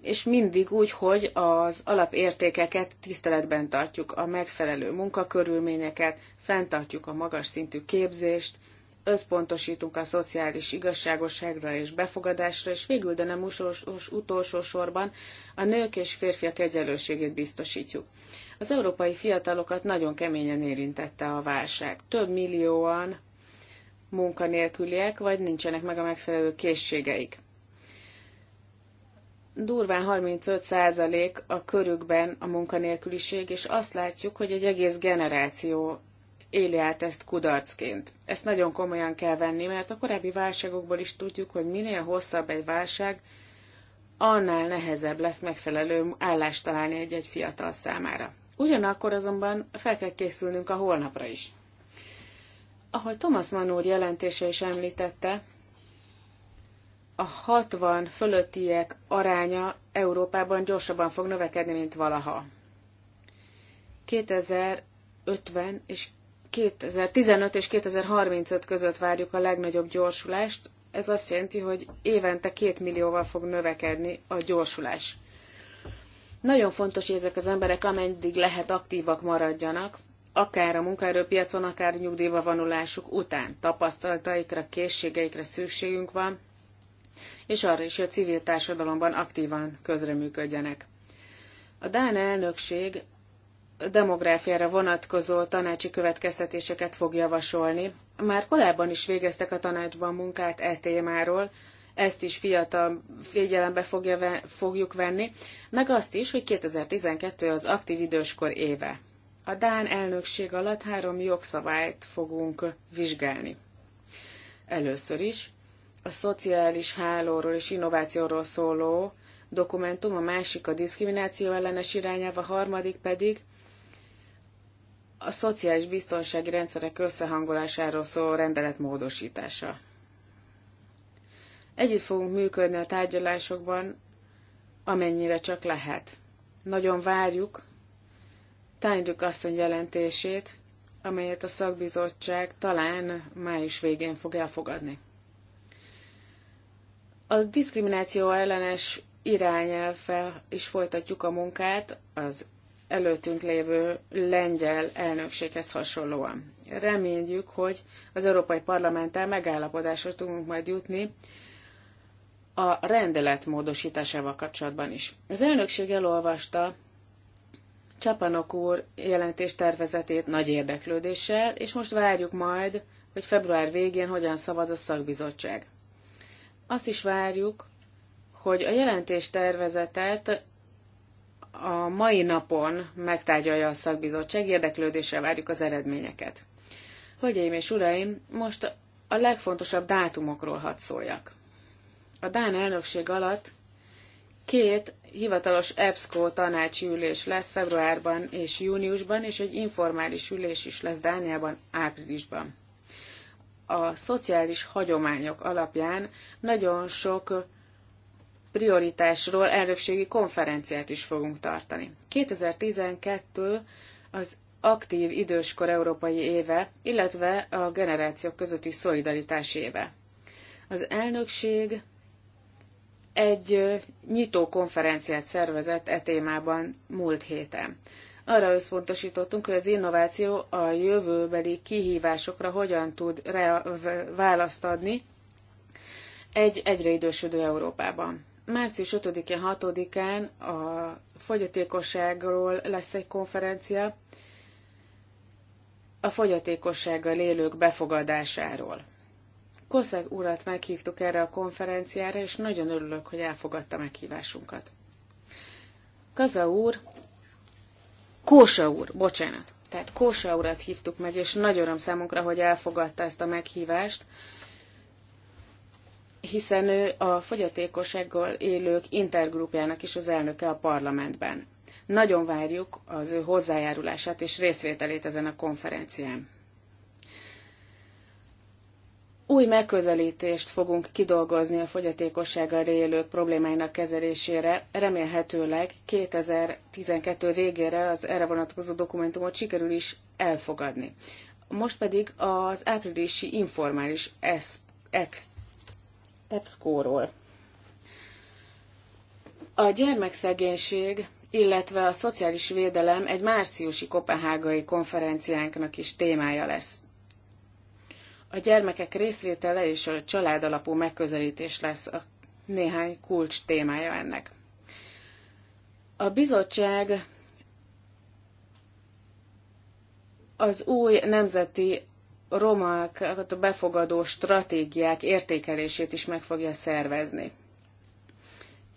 és mindig úgy, hogy az alapértékeket tiszteletben tartjuk, a megfelelő munkakörülményeket, fenntartjuk a magas szintű képzést, összpontosítunk a szociális igazságosságra és befogadásra, és végül, de nem usos, utolsó sorban a nők és férfiak egyenlőségét biztosítjuk. Az európai fiatalokat nagyon keményen érintette a válság. Több millióan munkanélküliek, vagy nincsenek meg a megfelelő készségeik durván 35% a körükben a munkanélküliség, és azt látjuk, hogy egy egész generáció éli át ezt kudarcként. Ezt nagyon komolyan kell venni, mert a korábbi válságokból is tudjuk, hogy minél hosszabb egy válság, annál nehezebb lesz megfelelő állást találni egy-egy fiatal számára. Ugyanakkor azonban fel kell készülnünk a holnapra is. Ahogy Thomas Mann úr jelentése is említette, a 60 fölöttiek aránya Európában gyorsabban fog növekedni, mint valaha. 2050 és 2015 és 2035 között várjuk a legnagyobb gyorsulást. Ez azt jelenti, hogy évente két millióval fog növekedni a gyorsulás. Nagyon fontos, hogy ezek az emberek ameddig lehet aktívak maradjanak, akár a munkaerőpiacon, akár nyugdíjba vonulásuk után. Tapasztalataikra, készségeikre szükségünk van, és arra is, hogy a civil társadalomban aktívan közreműködjenek. A Dán elnökség demográfiára vonatkozó tanácsi következtetéseket fog javasolni. Már korábban is végeztek a tanácsban munkát e témáról, ezt is fiatal figyelembe fogja, fogjuk venni, meg azt is, hogy 2012 az aktív időskor éve. A Dán elnökség alatt három jogszabályt fogunk vizsgálni. Először is a szociális hálóról és innovációról szóló dokumentum, a másik a diszkrimináció ellenes irányelv, a harmadik pedig a szociális biztonsági rendszerek összehangolásáról szóló rendelet módosítása. Együtt fogunk működni a tárgyalásokban, amennyire csak lehet. Nagyon várjuk Tánydük asszony jelentését, amelyet a szakbizottság talán május végén fog elfogadni. A diszkrimináció ellenes irányelvvel is folytatjuk a munkát az előttünk lévő lengyel elnökséghez hasonlóan. Reméljük, hogy az Európai Parlamenttel megállapodásra tudunk majd jutni a rendelet módosításával kapcsolatban is. Az elnökség elolvasta Csapanok úr jelentés tervezetét nagy érdeklődéssel, és most várjuk majd, hogy február végén hogyan szavaz a szakbizottság. Azt is várjuk, hogy a jelentés tervezetet a mai napon megtárgyalja a szakbizottság, érdeklődésre várjuk az eredményeket. Hölgyeim és uraim, most a legfontosabb dátumokról hadd szóljak. A Dán elnökség alatt két hivatalos EBSCO tanácsi ülés lesz februárban és júniusban, és egy informális ülés is lesz Dániában áprilisban a szociális hagyományok alapján nagyon sok prioritásról elnökségi konferenciát is fogunk tartani. 2012 az aktív időskor európai éve, illetve a generációk közötti szolidaritás éve. Az elnökség egy nyitó konferenciát szervezett e témában múlt héten. Arra összpontosítottunk, hogy az innováció a jövőbeli kihívásokra hogyan tud választ adni egy egyre idősödő Európában. Március 5-én, 6-án a fogyatékosságról lesz egy konferencia, a fogyatékossággal élők befogadásáról. Koszeg urat meghívtuk erre a konferenciára, és nagyon örülök, hogy elfogadta meghívásunkat. Kaza úr Kósa úr, bocsánat. Tehát Kósa urat hívtuk meg, és nagy öröm számunkra, hogy elfogadta ezt a meghívást, hiszen ő a fogyatékossággal élők intergrupjának is az elnöke a parlamentben. Nagyon várjuk az ő hozzájárulását és részvételét ezen a konferencián új megközelítést fogunk kidolgozni a fogyatékossággal élők problémáinak kezelésére. Remélhetőleg 2012 végére az erre vonatkozó dokumentumot sikerül is elfogadni. Most pedig az áprilisi informális epsco ról A gyermekszegénység, illetve a szociális védelem egy márciusi kopenhágai konferenciánknak is témája lesz a gyermekek részvétele és a családalapú megközelítés lesz a néhány kulcs témája ennek. A bizottság az új nemzeti romák a befogadó stratégiák értékelését is meg fogja szervezni.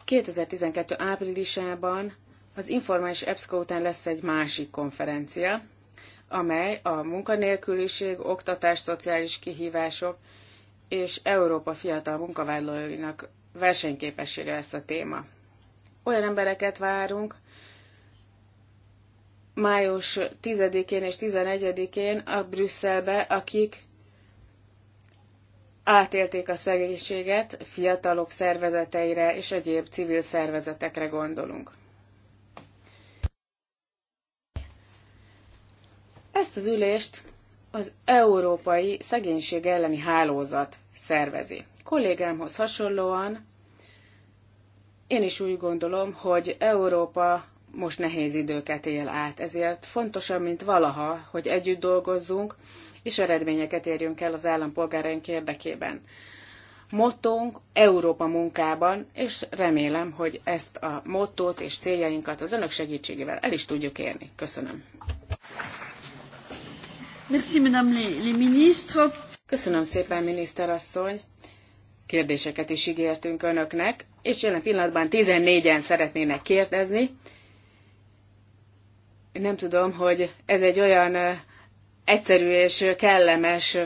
2012. áprilisában az informális EBSCO után lesz egy másik konferencia, amely a munkanélküliség, oktatás, szociális kihívások és Európa fiatal munkavállalóinak versenyképessége lesz a téma. Olyan embereket várunk, május 10-én és 11-én a Brüsszelbe, akik átélték a szegénységet, fiatalok szervezeteire és egyéb civil szervezetekre gondolunk. Ezt az ülést az Európai Szegénység elleni hálózat szervezi. Kollégámhoz hasonlóan én is úgy gondolom, hogy Európa most nehéz időket él át, ezért fontosabb, mint valaha, hogy együtt dolgozzunk, és eredményeket érjünk el az állampolgáraink érdekében. Mottónk Európa munkában, és remélem, hogy ezt a mottót és céljainkat az önök segítségével el is tudjuk érni. Köszönöm. Merci, madame les, ministres. Köszönöm szépen, miniszterasszony. Kérdéseket is ígértünk önöknek, és jelen pillanatban 14-en szeretnének kérdezni. Nem tudom, hogy ez egy olyan egyszerű és kellemes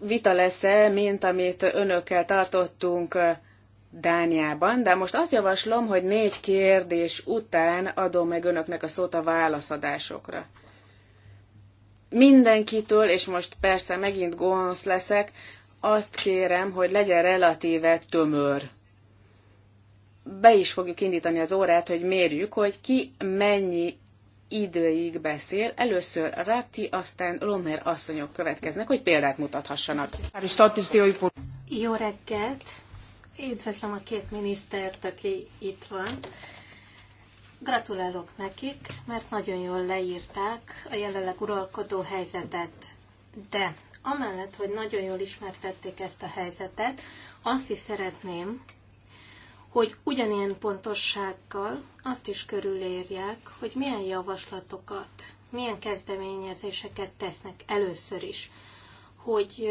vita lesz-e, mint amit önökkel tartottunk Dániában, de most azt javaslom, hogy négy kérdés után adom meg önöknek a szót a válaszadásokra mindenkitől, és most persze megint gonosz leszek, azt kérem, hogy legyen relatíve tömör. Be is fogjuk indítani az órát, hogy mérjük, hogy ki mennyi időig beszél. Először Rapti, aztán Lomer asszonyok következnek, hogy példát mutathassanak. Jó reggelt! Üdvözlöm a két minisztert, aki itt van. Gratulálok nekik, mert nagyon jól leírták a jelenleg uralkodó helyzetet. De amellett, hogy nagyon jól ismertették ezt a helyzetet, azt is szeretném, hogy ugyanilyen pontossággal azt is körülérják, hogy milyen javaslatokat, milyen kezdeményezéseket tesznek először is, hogy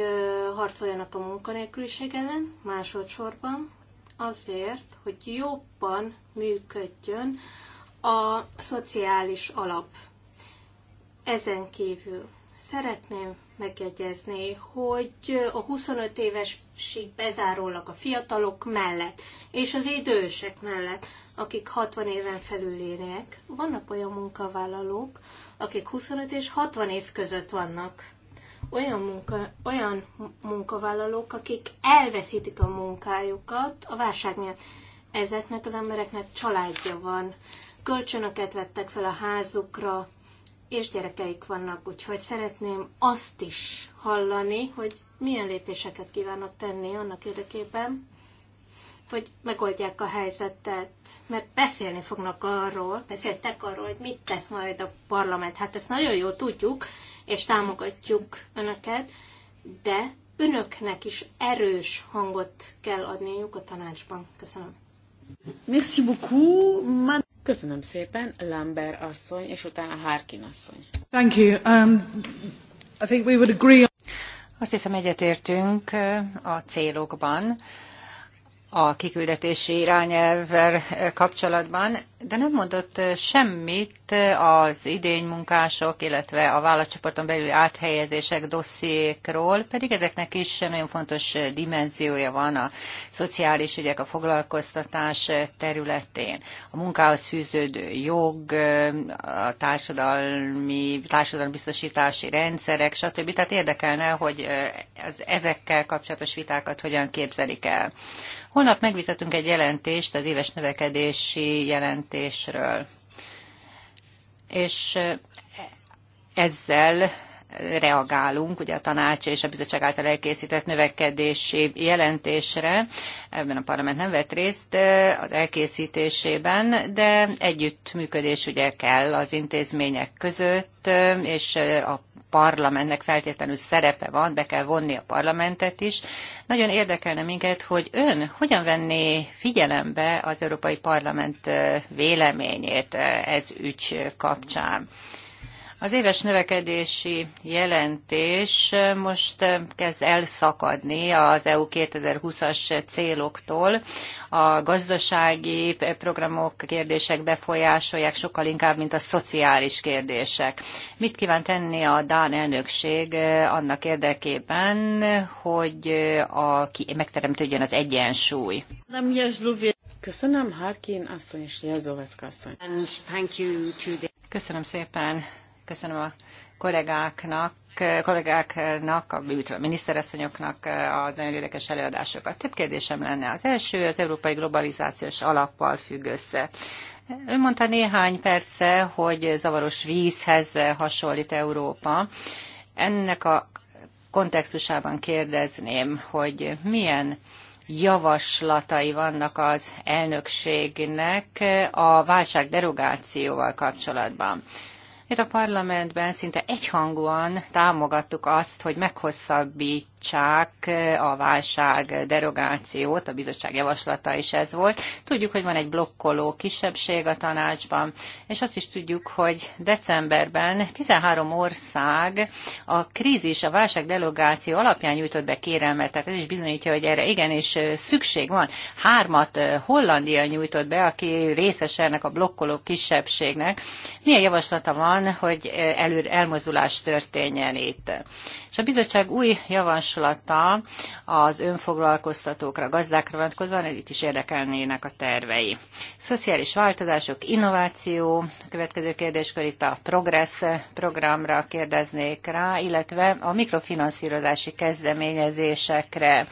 harcoljanak a munkanélküliség ellen, másodszorban azért, hogy jobban működjön a szociális alap. Ezen kívül szeretném megjegyezni, hogy a 25 évesig bezárólag a fiatalok mellett, és az idősek mellett, akik 60 éven felül érnek, vannak olyan munkavállalók, akik 25 és 60 év között vannak. Olyan, munka, olyan munkavállalók, akik elveszítik a munkájukat a válság miatt. Ezeknek az embereknek családja van, kölcsönöket vettek fel a házukra, és gyerekeik vannak, úgyhogy szeretném azt is hallani, hogy milyen lépéseket kívánok tenni annak érdekében, hogy megoldják a helyzetet, mert beszélni fognak arról, beszéltek arról, hogy mit tesz majd a parlament. Hát ezt nagyon jól tudjuk, és támogatjuk önöket, de önöknek is erős hangot kell adniuk a tanácsban. Köszönöm. Merci beaucoup. Köszönöm szépen, Lambert asszony, és utána Harkin asszony. Thank you. Um, I think we would agree on... Azt hiszem egyetértünk uh, a célokban a kiküldetési irányelvvel kapcsolatban, de nem mondott semmit az idény munkások, illetve a vállalatcsoporton belüli áthelyezések dossziékról, pedig ezeknek is nagyon fontos dimenziója van a szociális ügyek, a foglalkoztatás területén. A munkához fűződő jog, a társadalmi, társadalombiztosítási rendszerek, stb. Tehát érdekelne, hogy ezekkel kapcsolatos vitákat hogyan képzelik el. Holnap megvitatunk egy jelentést az éves növekedési jelentésről. És ezzel reagálunk, ugye a tanács és a bizottság által elkészített növekedési jelentésre. Ebben a parlament nem vett részt az elkészítésében, de együttműködés ugye kell az intézmények között, és a parlamentnek feltétlenül szerepe van, be kell vonni a parlamentet is. Nagyon érdekelne minket, hogy ön hogyan venné figyelembe az Európai Parlament véleményét ez ügy kapcsán. Az éves növekedési jelentés most kezd elszakadni az EU 2020-as céloktól. A gazdasági programok, kérdések befolyásolják sokkal inkább, mint a szociális kérdések. Mit kíván tenni a Dán elnökség annak érdekében, hogy a, ki, megteremtődjön az egyensúly? Köszönöm, Harkin asszony és Jelzovecka asszony. Köszönöm szépen Köszönöm a kollégáknak, kollégáknak, a, a miniszterasszonyoknak a nagyon érdekes előadásokat. Több kérdésem lenne. Az első az európai globalizációs alappal függ össze. Ön mondta néhány perce, hogy zavaros vízhez hasonlít Európa. Ennek a kontextusában kérdezném, hogy milyen javaslatai vannak az elnökségnek a válság derogációval kapcsolatban. Itt a parlamentben szinte egyhangúan támogattuk azt, hogy meghosszabbítsák a válság derogációt, a bizottság javaslata is ez volt. Tudjuk, hogy van egy blokkoló kisebbség a tanácsban, és azt is tudjuk, hogy decemberben 13 ország a krízis, a válság derogáció alapján nyújtott be kérelmet, tehát ez is bizonyítja, hogy erre igenis szükség van. Hármat Hollandia nyújtott be, aki részes ennek a blokkoló kisebbségnek. Milyen javaslata van van, hogy elő, elmozdulás történjen itt. És a bizottság új javaslata az önfoglalkoztatókra, gazdákra vonatkozóan, ez itt is érdekelnének a tervei. Szociális változások, innováció, a következő kérdéskör itt a Progress programra kérdeznék rá, illetve a mikrofinanszírozási kezdeményezésekre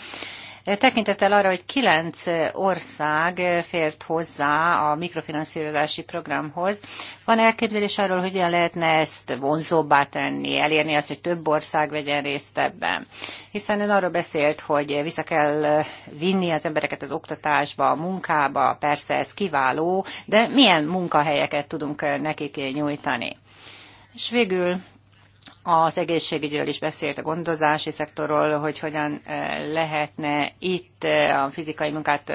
Tekintettel arra, hogy kilenc ország fért hozzá a mikrofinanszírozási programhoz, van elképzelés arról, hogy hogyan lehetne ezt vonzóbbá tenni, elérni azt, hogy több ország vegyen részt ebben. Hiszen ön arról beszélt, hogy vissza kell vinni az embereket az oktatásba, a munkába, persze ez kiváló, de milyen munkahelyeket tudunk nekik nyújtani? És végül az egészségügyről is beszélt, a gondozási szektorról, hogy hogyan eh, lehetne itt eh, a fizikai munkát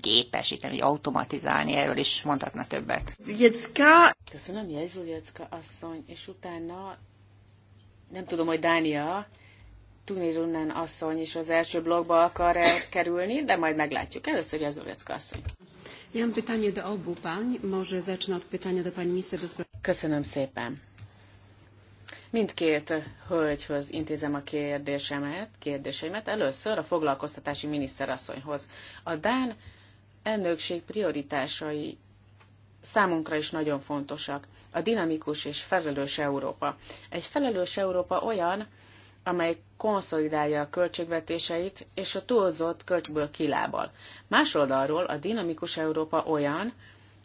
gépesíteni, eh, vagy automatizálni, erről is mondhatna többet. Jecka! Köszönöm, Jezu Jecka asszony, és utána nem tudom, hogy Dánia Runnan asszony is az első blogba akar -e kerülni, de majd meglátjuk. Először Jezú Jecka asszony. Ja pytanie do obu pań. Może zacznę od pytania do pani minister Köszönöm szépen. Mindkét hölgyhöz intézem a kérdésemet, kérdéseimet. Először a foglalkoztatási miniszterasszonyhoz. A Dán elnökség prioritásai számunkra is nagyon fontosak. A dinamikus és felelős Európa. Egy felelős Európa olyan, amely konszolidálja a költségvetéseit és a túlzott költségből kilábal. Más oldalról a dinamikus Európa olyan,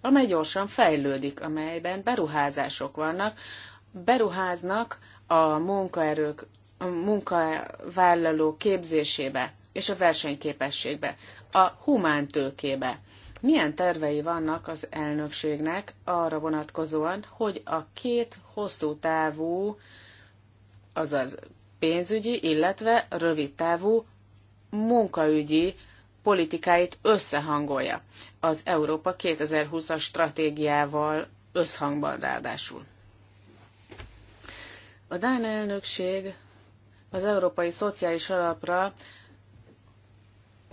amely gyorsan fejlődik, amelyben beruházások vannak, beruháznak a munkaerők, a munkavállaló képzésébe és a versenyképességbe, a humántőkébe. Milyen tervei vannak az elnökségnek arra vonatkozóan, hogy a két hosszú távú, azaz pénzügyi, illetve rövid távú munkaügyi politikáit összehangolja az Európa 2020-as stratégiával összhangban ráadásul. A Dán elnökség az Európai Szociális Alapra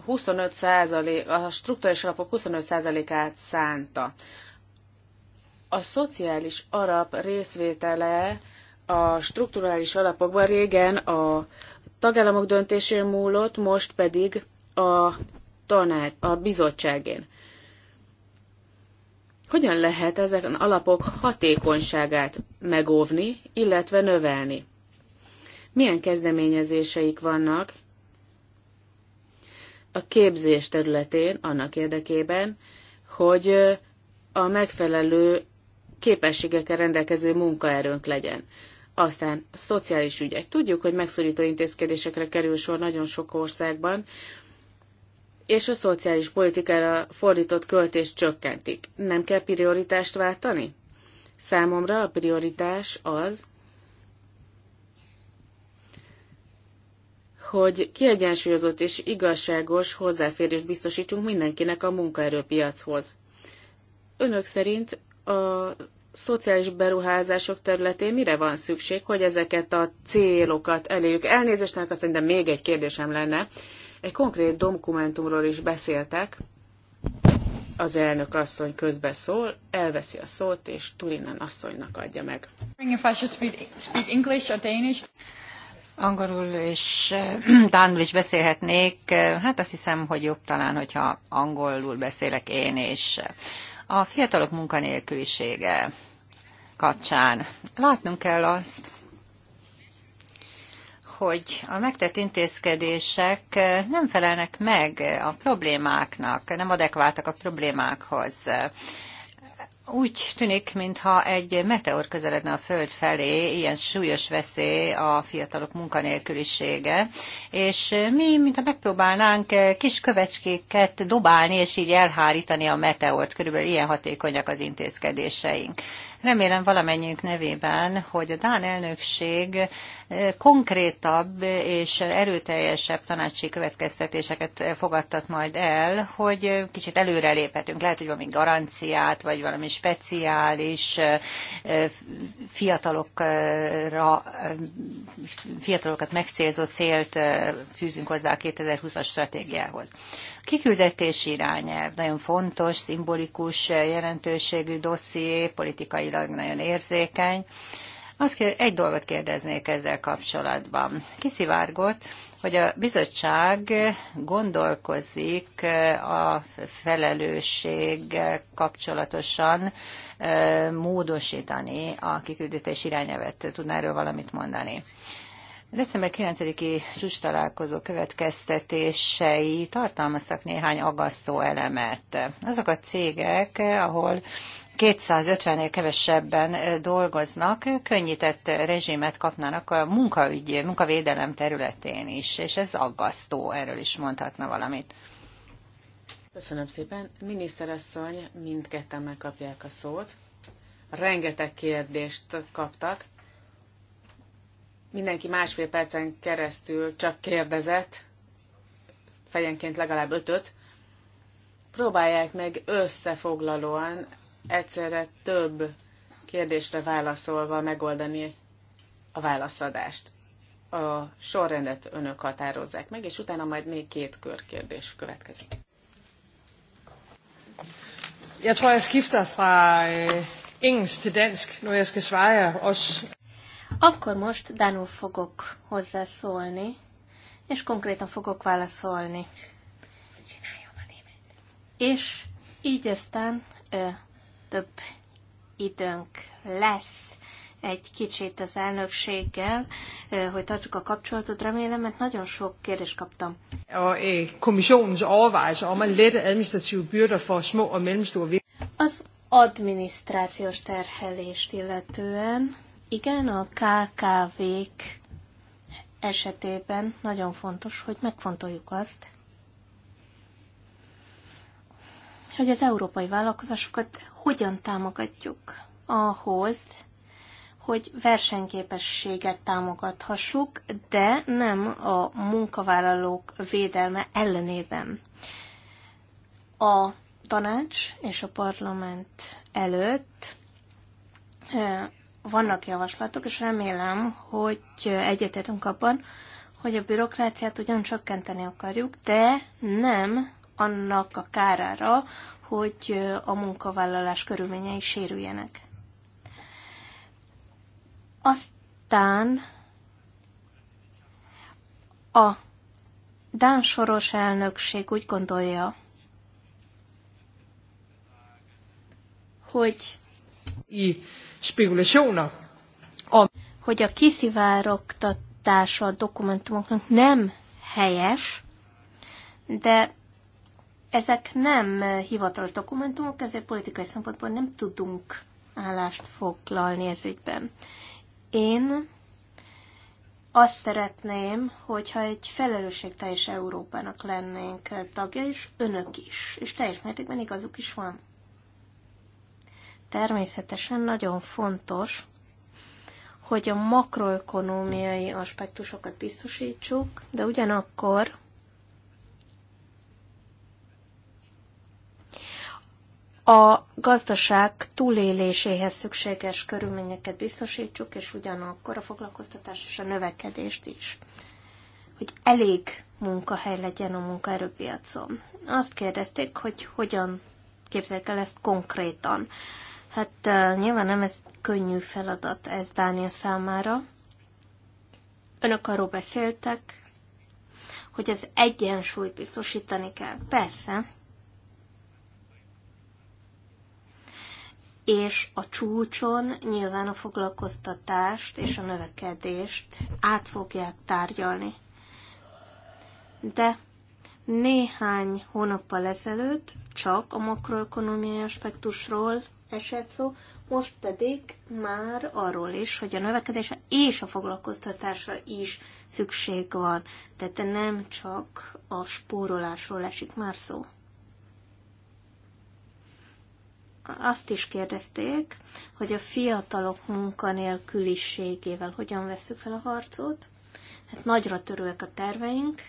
25 a struktúrális alapok 25%-át szánta. A szociális alap részvétele a strukturális alapokban régen a tagállamok döntésén múlott, most pedig a tanács, a bizottságén. Hogyan lehet ezeken alapok hatékonyságát megóvni, illetve növelni? Milyen kezdeményezéseik vannak a képzés területén annak érdekében, hogy a megfelelő képességekkel rendelkező munkaerőnk legyen. Aztán a szociális ügyek. Tudjuk, hogy megszorító intézkedésekre kerül sor nagyon sok országban, és a szociális politikára fordított költést csökkentik. Nem kell prioritást váltani? Számomra a prioritás az, hogy kiegyensúlyozott és igazságos hozzáférést biztosítsunk mindenkinek a munkaerőpiachoz. Önök szerint a szociális beruházások területén mire van szükség, hogy ezeket a célokat elérjük? Elnézést, azt szerintem még egy kérdésem lenne. Egy konkrét dokumentumról is beszéltek, az elnök asszony közbeszól, elveszi a szót, és Turinen asszonynak adja meg. Angolul és dánul eh, is beszélhetnék. Hát azt hiszem, hogy jobb talán, hogyha angolul beszélek én és A fiatalok munkanélkülisége kapcsán látnunk kell azt, hogy a megtett intézkedések nem felelnek meg a problémáknak, nem adekváltak a problémákhoz. Úgy tűnik, mintha egy meteor közeledne a Föld felé, ilyen súlyos veszély a fiatalok munkanélkülisége, és mi, mintha megpróbálnánk kis kövecskéket dobálni, és így elhárítani a meteort, körülbelül ilyen hatékonyak az intézkedéseink. Remélem valamennyiünk nevében, hogy a Dán elnökség konkrétabb és erőteljesebb tanácsi következtetéseket fogadtat majd el, hogy kicsit előreléphetünk. Lehet, hogy valami garanciát, vagy valami speciális fiatalokra, fiatalokat megcélzó célt fűzünk hozzá a 2020-as stratégiához. Kiküldetési irányelv nagyon fontos, szimbolikus jelentőségű dosszié, politikailag nagyon érzékeny. Azt kér, egy dolgot kérdeznék ezzel kapcsolatban. Kiszivárgott, hogy a bizottság gondolkozik a felelősség kapcsolatosan módosítani a kiküldetés irányelvet. Tudná erről valamit mondani? December 9-i csúcs találkozó következtetései tartalmaztak néhány agasztó elemet. Azok a cégek, ahol 250-nél kevesebben dolgoznak, könnyített rezsimet kapnának a munkaügy, munkavédelem területén is, és ez aggasztó, erről is mondhatna valamit. Köszönöm szépen. Miniszterasszony, mindketten megkapják a szót. Rengeteg kérdést kaptak. Mindenki másfél percen keresztül csak kérdezett, fejenként legalább ötöt. Próbálják meg összefoglalóan egyszerre több kérdésre válaszolva megoldani a válaszadást. A sorrendet önök határozzák meg, és utána majd még két körkérdés következik. Jeg tror, jeg skifter fra øh, engelsk til dansk, når jeg skal svare jer også. Akkor most Danul fogok hozzászólni, és konkrétan fogok válaszolni. És így aztán több időnk lesz egy kicsit az elnökséggel, hogy tartsuk a kapcsolatot, remélem, mert nagyon sok kérdést kaptam. A øh, kommissionens overvejelser om at lette administrative byrder for små og mellemstore Az adminisztrációs terhelést illetően, igen, a KKV-k esetében nagyon fontos, hogy megfontoljuk azt, hogy az európai vállalkozásokat hogyan támogatjuk ahhoz, hogy versenyképességet támogathassuk, de nem a munkavállalók védelme ellenében. A tanács és a parlament előtt eh, vannak javaslatok, és remélem, hogy egyetértünk abban, hogy a bürokráciát ugyan csökkenteni akarjuk, de nem annak a kárára, hogy a munkavállalás körülményei sérüljenek. Aztán a Dán soros elnökség úgy gondolja, hogy i hogy a kiszivárogtatása a dokumentumoknak nem helyes, de ezek nem hivatalos dokumentumok, ezért politikai szempontból nem tudunk állást foglalni ez ügyben. Én azt szeretném, hogyha egy felelősségteljes Európának lennénk tagja, és önök is, és teljes mértékben igazuk is van. Természetesen nagyon fontos, hogy a makroökonómiai aspektusokat biztosítsuk, de ugyanakkor a gazdaság túléléséhez szükséges körülményeket biztosítsuk, és ugyanakkor a foglalkoztatás és a növekedést is. Hogy elég munkahely legyen a munkaerőpiacon. Azt kérdezték, hogy hogyan képzeljük el ezt konkrétan. Hát nyilván nem ez könnyű feladat ez Dániel számára. Önök arról beszéltek, hogy az egyensúlyt biztosítani kell. Persze, és a csúcson nyilván a foglalkoztatást és a növekedést át fogják tárgyalni. De néhány hónappal ezelőtt csak a makroekonomiai aspektusról esett szó, most pedig már arról is, hogy a növekedésre és a foglalkoztatásra is szükség van. Tehát nem csak a spórolásról esik már szó azt is kérdezték, hogy a fiatalok munkanélküliségével hogyan veszük fel a harcot. Hát nagyra törőek a terveink.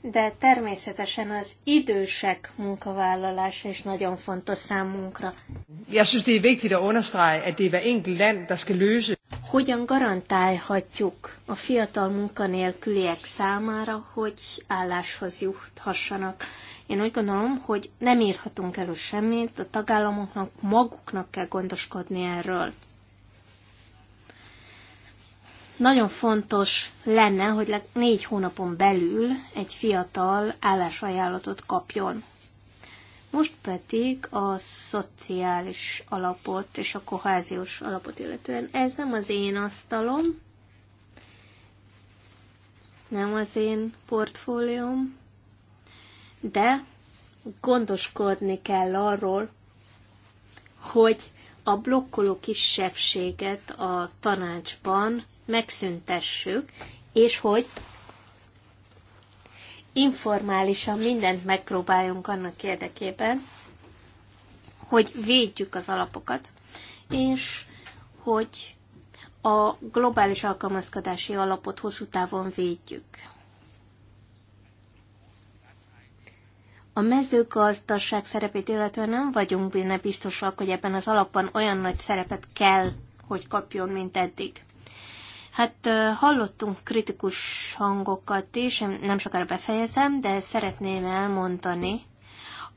De természetesen az idősek munkavállalása is nagyon fontos számunkra. Jeg synes, det er vigtigt at understrege, at det er hver enkelt land, der skal løse hogyan garantálhatjuk a fiatal munkanélküliek számára, hogy álláshoz juthassanak? Én úgy gondolom, hogy nem írhatunk elő semmit, a tagállamoknak maguknak kell gondoskodni erről. Nagyon fontos lenne, hogy négy hónapon belül egy fiatal állásajánlatot kapjon most pedig a szociális alapot és a koháziós alapot illetően. Ez nem az én asztalom, nem az én portfólióm, de gondoskodni kell arról, hogy a blokkoló kisebbséget a tanácsban megszüntessük, és hogy informálisan mindent megpróbáljunk annak érdekében, hogy védjük az alapokat, és hogy a globális alkalmazkodási alapot hosszú távon védjük. A mezőgazdaság szerepét illetően nem vagyunk benne biztosak, hogy ebben az alapban olyan nagy szerepet kell, hogy kapjon, mint eddig. Hát hallottunk kritikus hangokat is, én nem sokára befejezem, de szeretném elmondani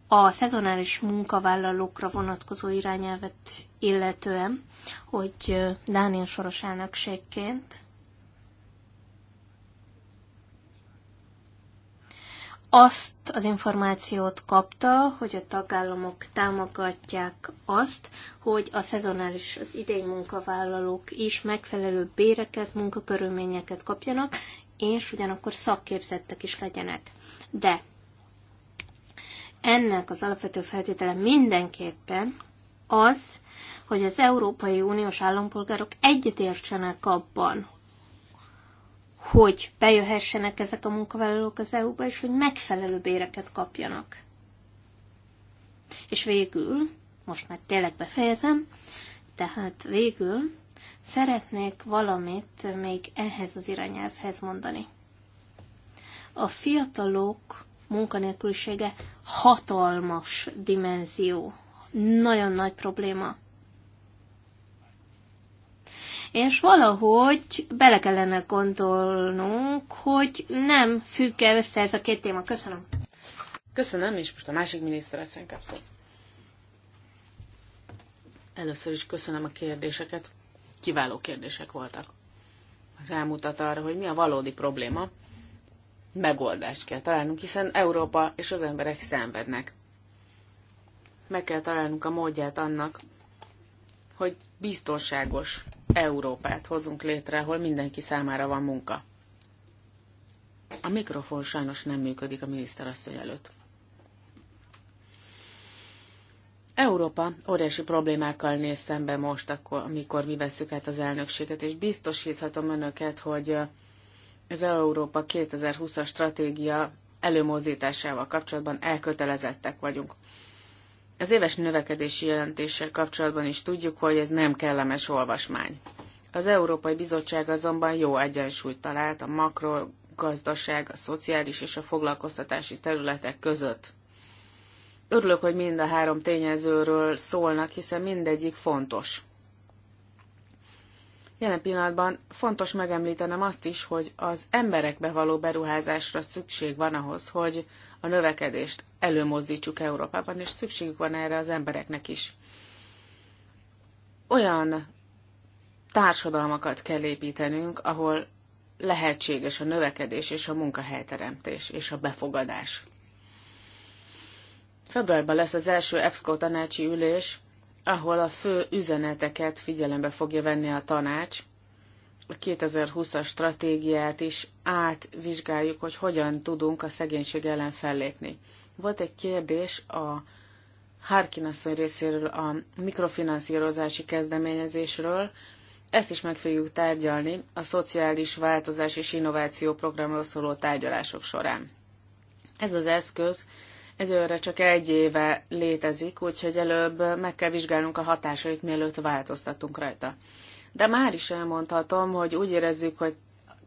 a szezonális munkavállalókra vonatkozó irányelvet illetően, hogy Dániel Soros elnökségként azt az információt kapta, hogy a tagállamok támogatják azt, hogy a szezonális, az idei munkavállalók is megfelelő béreket, munkakörülményeket kapjanak, és ugyanakkor szakképzettek is legyenek. De ennek az alapvető feltétele mindenképpen az, hogy az Európai Uniós állampolgárok egyetértsenek abban, hogy bejöhessenek ezek a munkavállalók az EU-ba, és hogy megfelelő béreket kapjanak. És végül, most már tényleg befejezem, tehát végül szeretnék valamit még ehhez az irányelvhez mondani. A fiatalok munkanélkülisége hatalmas dimenzió, nagyon nagy probléma és valahogy bele kellene gondolnunk, hogy nem függ -e össze ez a két téma. Köszönöm. Köszönöm, és most a másik miniszter egyszerűen kapszott. Először is köszönöm a kérdéseket. Kiváló kérdések voltak. Rámutat arra, hogy mi a valódi probléma. Megoldást kell találnunk, hiszen Európa és az emberek szenvednek. Meg kell találnunk a módját annak, hogy biztonságos Európát hozunk létre, ahol mindenki számára van munka. A mikrofon sajnos nem működik a miniszterasszony előtt. Európa óriási problémákkal néz szembe most, akkor, amikor mi veszük át az elnökséget, és biztosíthatom önöket, hogy az Európa 2020-as stratégia előmozdításával kapcsolatban elkötelezettek vagyunk. Az éves növekedési jelentéssel kapcsolatban is tudjuk, hogy ez nem kellemes olvasmány. Az Európai Bizottság azonban jó egyensúlyt talált a makrogazdaság, a szociális és a foglalkoztatási területek között. Örülök, hogy mind a három tényezőről szólnak, hiszen mindegyik fontos. Jelen pillanatban fontos megemlítenem azt is, hogy az emberekbe való beruházásra szükség van ahhoz, hogy a növekedést előmozdítsuk Európában, és szükségük van erre az embereknek is. Olyan társadalmakat kell építenünk, ahol lehetséges a növekedés és a munkahelyteremtés és a befogadás. Februárban lesz az első EBSCO tanácsi ülés, ahol a fő üzeneteket figyelembe fogja venni a tanács. A 2020-as stratégiát is átvizsgáljuk, hogy hogyan tudunk a szegénység ellen fellépni. Volt egy kérdés a Harkin asszony részéről a mikrofinanszírozási kezdeményezésről. Ezt is meg fogjuk tárgyalni a Szociális Változás és Innováció Programról szóló tárgyalások során. Ez az eszköz Egyelőre csak egy éve létezik, úgyhogy előbb meg kell vizsgálnunk a hatásait, mielőtt változtatunk rajta. De már is elmondhatom, hogy úgy érezzük, hogy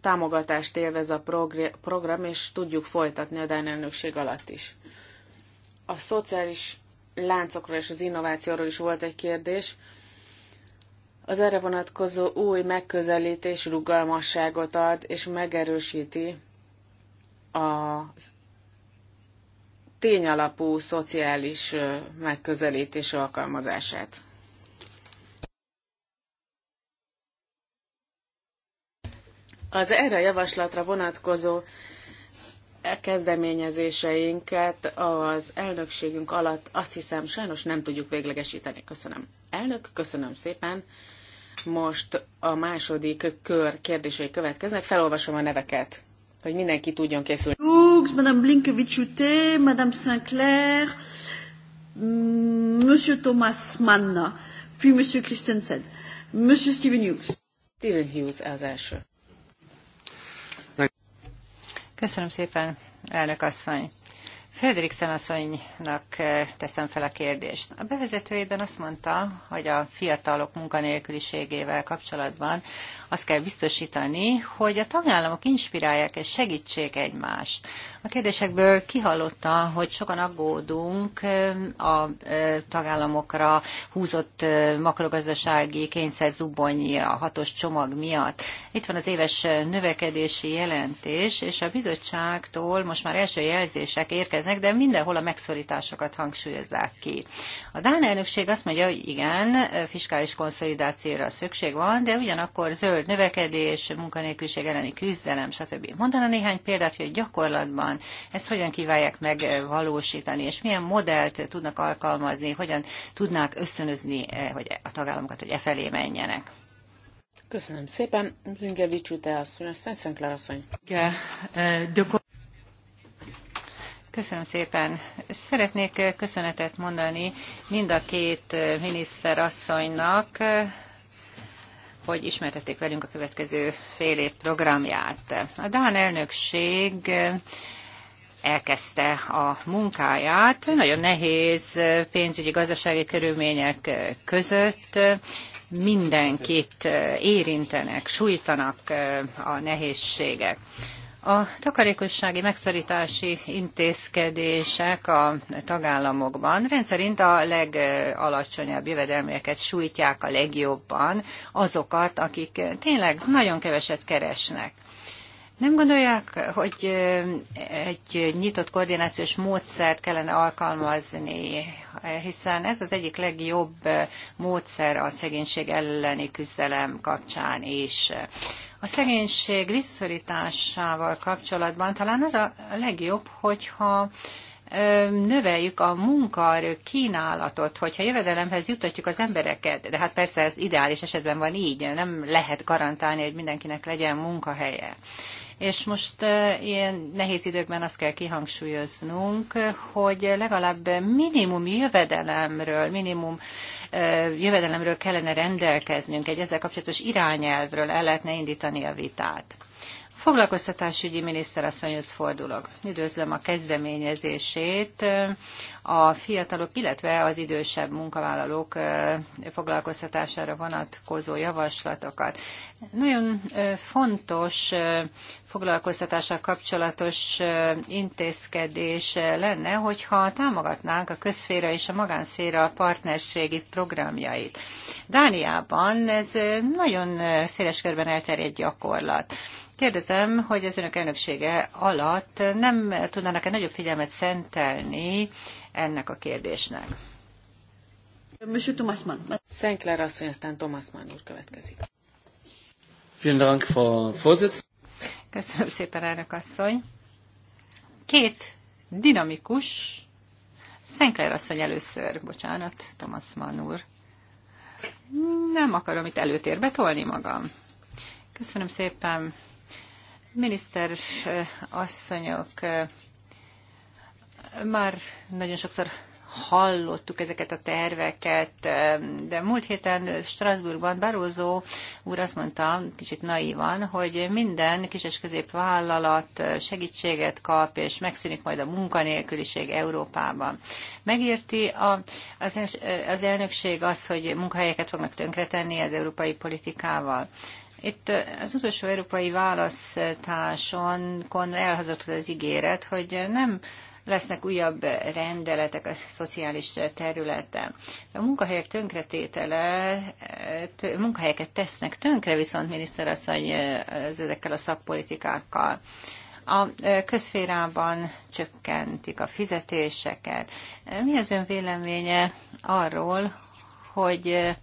támogatást élvez a program, és tudjuk folytatni a Dán elnökség alatt is. A szociális láncokról és az innovációról is volt egy kérdés. Az erre vonatkozó új megközelítés rugalmasságot ad és megerősíti az tényalapú szociális megközelítés alkalmazását. Az erre a javaslatra vonatkozó kezdeményezéseinket az elnökségünk alatt azt hiszem sajnos nem tudjuk véglegesíteni. Köszönöm. Elnök, köszönöm szépen. Most a második kör kérdései következnek. Felolvasom a neveket hogy mindenki tudjon készülni. Hughes, Madame Blinkevicsüté, Madame Sinclair, Monsieur Thomas Mann, puis Monsieur Christensen, Monsieur Stephen Hughes. Stephen Hughes az első. Köszönöm szépen, elnök asszony. Frederiksen asszonynak eh, teszem fel a kérdést. A bevezetőjében azt mondta, hogy a fiatalok munkanélküliségével kapcsolatban azt kell biztosítani, hogy a tagállamok inspirálják és segítsék egymást. A kérdésekből kihallotta, hogy sokan aggódunk a tagállamokra húzott makrogazdasági kényszer zubonyi a hatos csomag miatt. Itt van az éves növekedési jelentés, és a bizottságtól most már első jelzések érkeznek, de mindenhol a megszorításokat hangsúlyozzák ki. A Dán elnökség azt mondja, hogy igen, fiskális konszolidációra szükség van, de ugyanakkor zöld zöld növekedés, munkanélküliség elleni küzdelem, stb. Mondana néhány példát, hogy gyakorlatban ezt hogyan kívánják megvalósítani, és milyen modellt tudnak alkalmazni, hogyan tudnák ösztönözni eh, hogy a tagállamokat, hogy e felé menjenek. Köszönöm szépen. Brinkevics te asszony, aztán Szentklár asszony. Eh, Köszönöm szépen. Szeretnék eh, köszönetet mondani mind a két miniszter asszonynak, hogy ismertették velünk a következő fél év programját. A Dán elnökség elkezdte a munkáját. Nagyon nehéz pénzügyi gazdasági körülmények között mindenkit érintenek, sújtanak a nehézségek. A takarékossági megszorítási intézkedések a tagállamokban rendszerint a legalacsonyabb jövedelmeket sújtják a legjobban azokat, akik tényleg nagyon keveset keresnek. Nem gondolják, hogy egy nyitott koordinációs módszert kellene alkalmazni, hiszen ez az egyik legjobb módszer a szegénység elleni küzdelem kapcsán is. A szegénység visszaszorításával kapcsolatban talán az a legjobb, hogyha növeljük a munkaerő kínálatot, hogyha jövedelemhez jutatjuk az embereket, de hát persze ez ideális esetben van így, nem lehet garantálni, hogy mindenkinek legyen munkahelye. És most ilyen nehéz időkben azt kell kihangsúlyoznunk, hogy legalább minimum jövedelemről, minimum jövedelemről kellene rendelkeznünk, egy ezzel kapcsolatos irányelvről el lehetne indítani a vitát. Foglalkoztatásügyi miniszterasszonyhoz fordulok. Üdvözlöm a kezdeményezését a fiatalok, illetve az idősebb munkavállalók foglalkoztatására vonatkozó javaslatokat. Nagyon fontos foglalkoztatással kapcsolatos intézkedés lenne, hogyha támogatnánk a közszféra és a magánszféra partnerségi programjait. Dániában ez nagyon széles körben elterjedt gyakorlat. Kérdezem, hogy az önök elnöksége alatt nem tudnának-e nagyobb figyelmet szentelni ennek a kérdésnek? Monsieur Thomas Mann. Szentler asszony, aztán Thomas Mann úr következik. Vielen Dank, Köszönöm szépen, elnök asszony. Két dinamikus, Szentler asszony először, bocsánat, Thomas Mann úr. Nem akarom itt előtérbe tolni magam. Köszönöm szépen. Miniszter eh, asszonyok, eh, már nagyon sokszor hallottuk ezeket a terveket, eh, de múlt héten Strasbourgban Barózó úr azt mondta, kicsit naívan, hogy minden kis és középvállalat segítséget kap, és megszűnik majd a munkanélküliség Európában. Megérti a, az, az elnökség azt, hogy munkahelyeket fognak tönkretenni az európai politikával. Itt eh, az utolsó európai választáson elhazott az ígéret, hogy nem lesznek újabb rendeletek a szociális területen. A munkahelyek tönkretétele, munkahelyeket tesznek tönkre, viszont miniszterasszony eh, ezekkel a szakpolitikákkal. A eh, közférában csökkentik a fizetéseket. Mi az ön véleménye arról, hogy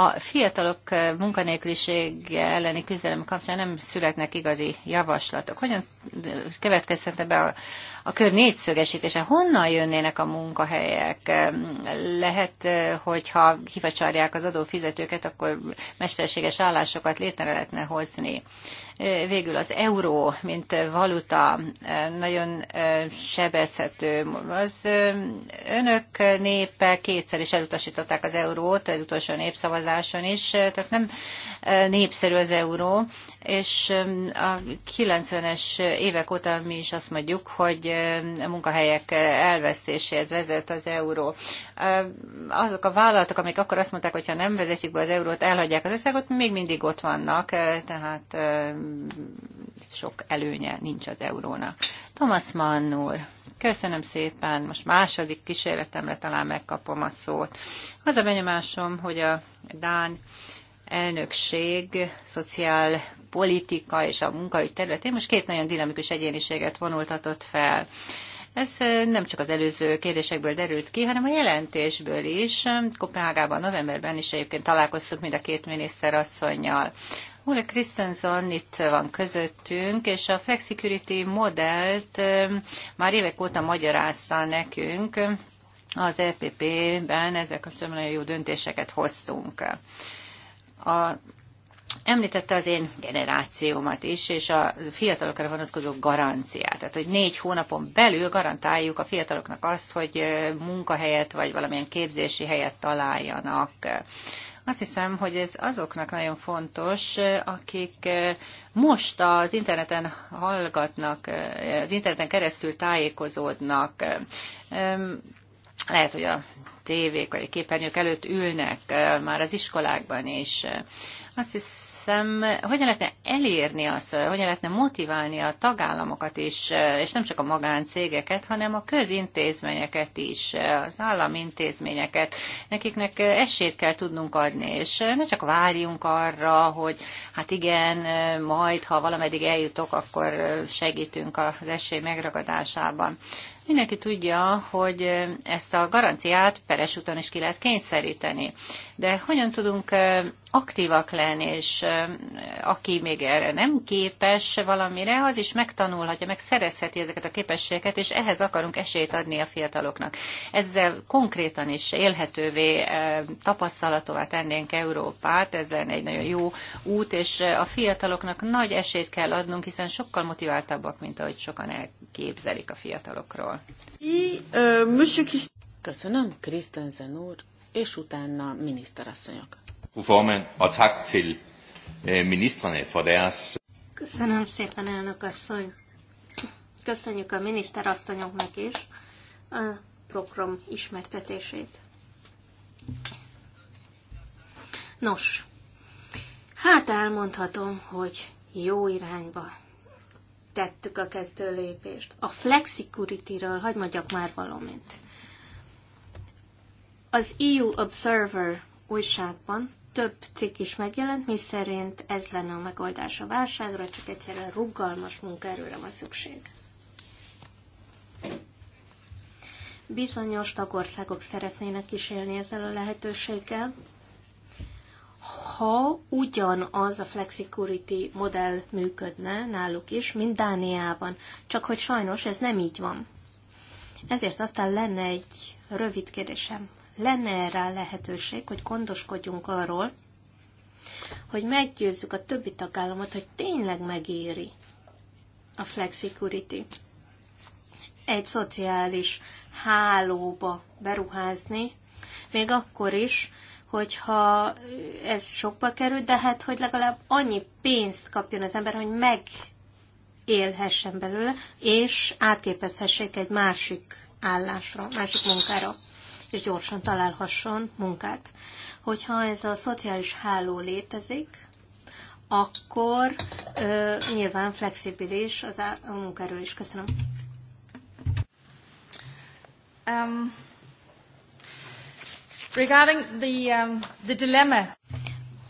a fiatalok munkanélkülisége elleni küzdelem kapcsán nem születnek igazi javaslatok. Hogyan következtetne be a, a kör négyszögesítése. Honnan jönnének a munkahelyek? Lehet, hogyha hivacsarják az adófizetőket, akkor mesterséges állásokat létre lehetne hozni. Végül az euró, mint valuta, nagyon sebezhető. Az önök népe kétszer is elutasították az eurót, az utolsó népszavazáson is, tehát nem népszerű az euró, és a 90-es évek óta mi is azt mondjuk, hogy a munkahelyek elvesztéséhez vezet az euró. Azok a vállalatok, amik akkor azt mondták, hogy ha nem vezetjük be az eurót, elhagyják az országot, még mindig ott vannak, tehát sok előnye nincs az eurónak. Thomas Mann úr, köszönöm szépen, most második kísérletemre talán megkapom a szót. Az a benyomásom, hogy a Dán elnökség szociál politika és a munkaügy területén most két nagyon dinamikus egyéniséget vonultatott fel. Ez nem csak az előző kérdésekből derült ki, hanem a jelentésből is. Kopenhágában novemberben is egyébként találkoztunk mind a két miniszter asszonynal. Ole Christensen itt van közöttünk, és a Flexicurity modellt már évek óta magyarázta nekünk. Az EPP-ben ezzel kapcsolatban nagyon jó döntéseket hoztunk. A, említette az én generációmat is, és a fiatalokra vonatkozó garanciát. Tehát, hogy négy hónapon belül garantáljuk a fiataloknak azt, hogy munkahelyet vagy valamilyen képzési helyet találjanak. Azt hiszem, hogy ez azoknak nagyon fontos, akik most az interneten hallgatnak, az interneten keresztül tájékozódnak. Lehet, hogy a tévék vagy a képernyők előtt ülnek már az iskolákban is. Azt hiszem, hogyan lehetne elérni azt, hogyan lehetne motiválni a tagállamokat is, és nem csak a magáncégeket, hanem a közintézményeket is, az államintézményeket. Nekiknek esélyt kell tudnunk adni, és ne csak várjunk arra, hogy hát igen, majd, ha valameddig eljutok, akkor segítünk az esély megragadásában. Mindenki tudja, hogy ezt a garanciát peres úton is ki lehet kényszeríteni. De hogyan tudunk eh, aktívak lenni, és aki még erre nem képes valamire, az is megtanulhatja, meg szerezheti ezeket a képességeket, és ehhez akarunk esélyt adni a fiataloknak. Ezzel konkrétan is élhetővé, tapasztalatová tennénk Európát, ez lenne egy nagyon jó út, és a fiataloknak nagy esélyt kell adnunk, hiszen sokkal motiváltabbak, mint ahogy sokan elképzelik a fiatalokról. I, Köszönöm, Krisztenzen úr, és utána miniszterasszonyok fru formand, og tak til øh, ministrene for deres... Köszönöm szépen, elnök asszony. Köszönjük a miniszterasszonyoknak is a program ismertetését. Nos, hát elmondhatom, hogy jó irányba tettük a kezdő lépést. A flexicurity-ről hagyd mondjak már valamit. Az EU Observer újságban több cikk is megjelent, mi szerint ez lenne a megoldás a válságra, csak egyszerűen rugalmas munkaerőre van szükség. Bizonyos tagországok szeretnének kísérni ezzel a lehetőséggel, ha ugyanaz a flexicurity modell működne náluk is, mint Dániában, csak hogy sajnos ez nem így van. Ezért aztán lenne egy rövid kérdésem lenne rá lehetőség, hogy gondoskodjunk arról, hogy meggyőzzük a többi tagállamot, hogy tényleg megéri a flexicurity. Egy szociális hálóba beruházni, még akkor is, hogyha ez sokba kerül, de hát, hogy legalább annyi pénzt kapjon az ember, hogy megélhessen belőle, és átképezhessék egy másik állásra, másik munkára és gyorsan találhasson munkát. Hogyha ez a szociális háló létezik, akkor ö, nyilván flexibilis az á, a munkaerő is. Köszönöm. Um, regarding the, um, the dilemma.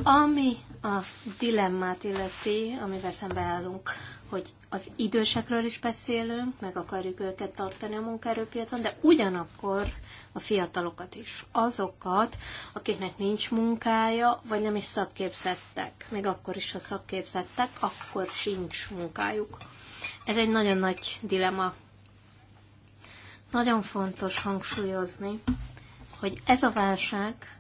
Ami a dilemmát illeti, amivel állunk, hogy az idősekről is beszélünk, meg akarjuk őket tartani a munkaerőpiacon, de ugyanakkor a fiatalokat is. Azokat, akiknek nincs munkája, vagy nem is szakképzettek. Még akkor is, ha szakképzettek, akkor sincs munkájuk. Ez egy nagyon nagy dilema. Nagyon fontos hangsúlyozni, hogy ez a válság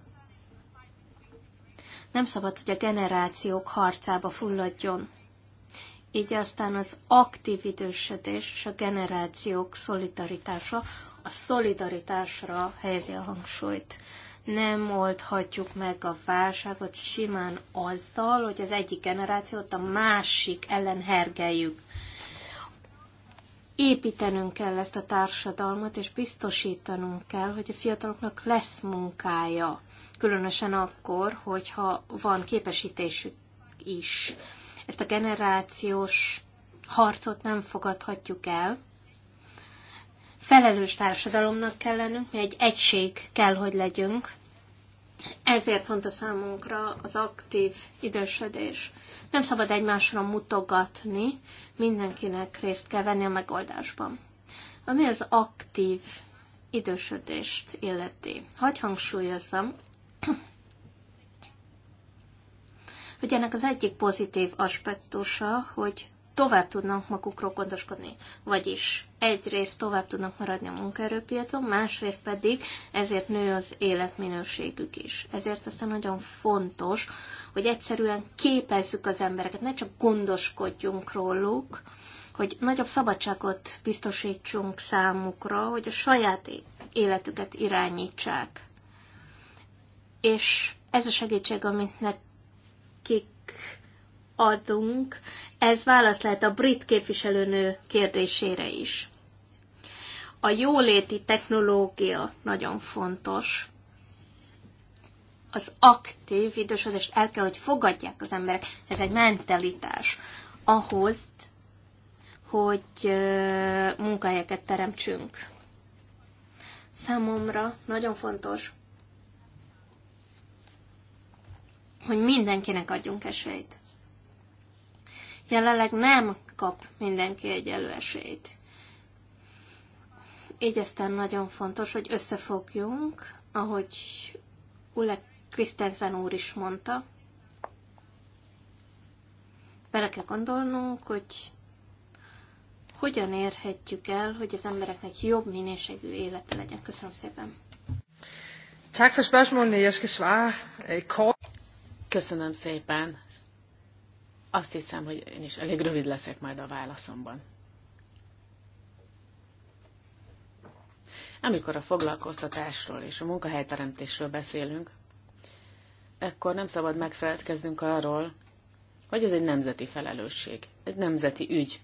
nem szabad, hogy a generációk harcába fulladjon. Így aztán az aktív idősödés és a generációk szolidaritása a szolidaritásra helyezi a hangsúlyt. Nem oldhatjuk meg a válságot simán azzal, hogy az egyik generációt a másik ellen hergeljük. Építenünk kell ezt a társadalmat, és biztosítanunk kell, hogy a fiataloknak lesz munkája, különösen akkor, hogyha van képesítésük is. Ezt a generációs harcot nem fogadhatjuk el, felelős társadalomnak kell lennünk, mi egy egység kell, hogy legyünk. Ezért fontos számunkra az aktív idősödés. Nem szabad egymásra mutogatni, mindenkinek részt kell venni a megoldásban. Ami az aktív idősödést illeti. Hogy hangsúlyozzam, hogy ennek az egyik pozitív aspektusa, hogy tovább tudnak magukról gondoskodni. Vagyis egyrészt tovább tudnak maradni a munkaerőpiacon, másrészt pedig ezért nő az életminőségük is. Ezért aztán nagyon fontos, hogy egyszerűen képezzük az embereket, ne csak gondoskodjunk róluk, hogy nagyobb szabadságot biztosítsunk számukra, hogy a saját életüket irányítsák. És ez a segítség, amit nekik adunk, ez válasz lehet a brit képviselőnő kérdésére is. A jóléti technológia nagyon fontos. Az aktív idősödést el kell, hogy fogadják az emberek. Ez egy mentalitás ahhoz, hogy munkahelyeket teremtsünk. Számomra nagyon fontos, hogy mindenkinek adjunk esélyt. Jelenleg nem kap mindenki egyelő esélyt. Így aztán nagyon fontos, hogy összefogjunk, ahogy Ule Krisztenzen úr is mondta. Bele kell gondolnunk, hogy hogyan érhetjük el, hogy az embereknek jobb minőségű élete legyen. Köszönöm szépen. Tak for spørgsmålene. Jeg svare eh, Köszönöm szépen. Azt hiszem, hogy én is elég rövid leszek majd a válaszomban. Amikor a foglalkoztatásról és a munkahelyteremtésről beszélünk, ekkor nem szabad megfeledkeznünk arról, hogy ez egy nemzeti felelősség, egy nemzeti ügy.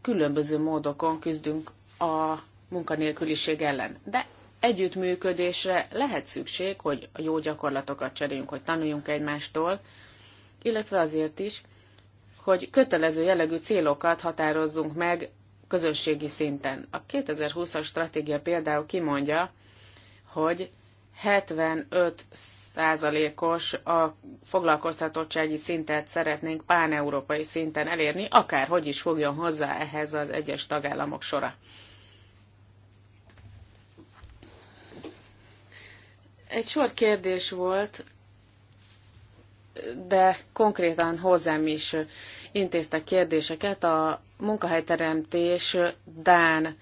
Különböző módokon küzdünk a munkanélküliség ellen, de együttműködésre lehet szükség, hogy a jó gyakorlatokat cseréljünk, hogy tanuljunk egymástól, illetve azért is, hogy kötelező jellegű célokat határozzunk meg közösségi szinten. A 2020-as stratégia például kimondja, hogy 75%-os a foglalkoztatottsági szintet szeretnénk páneurópai szinten elérni, akárhogy is fogjon hozzá ehhez az egyes tagállamok sora. Egy sor kérdés volt de konkrétan hozzám is intéztek kérdéseket a munkahelyteremtés Dán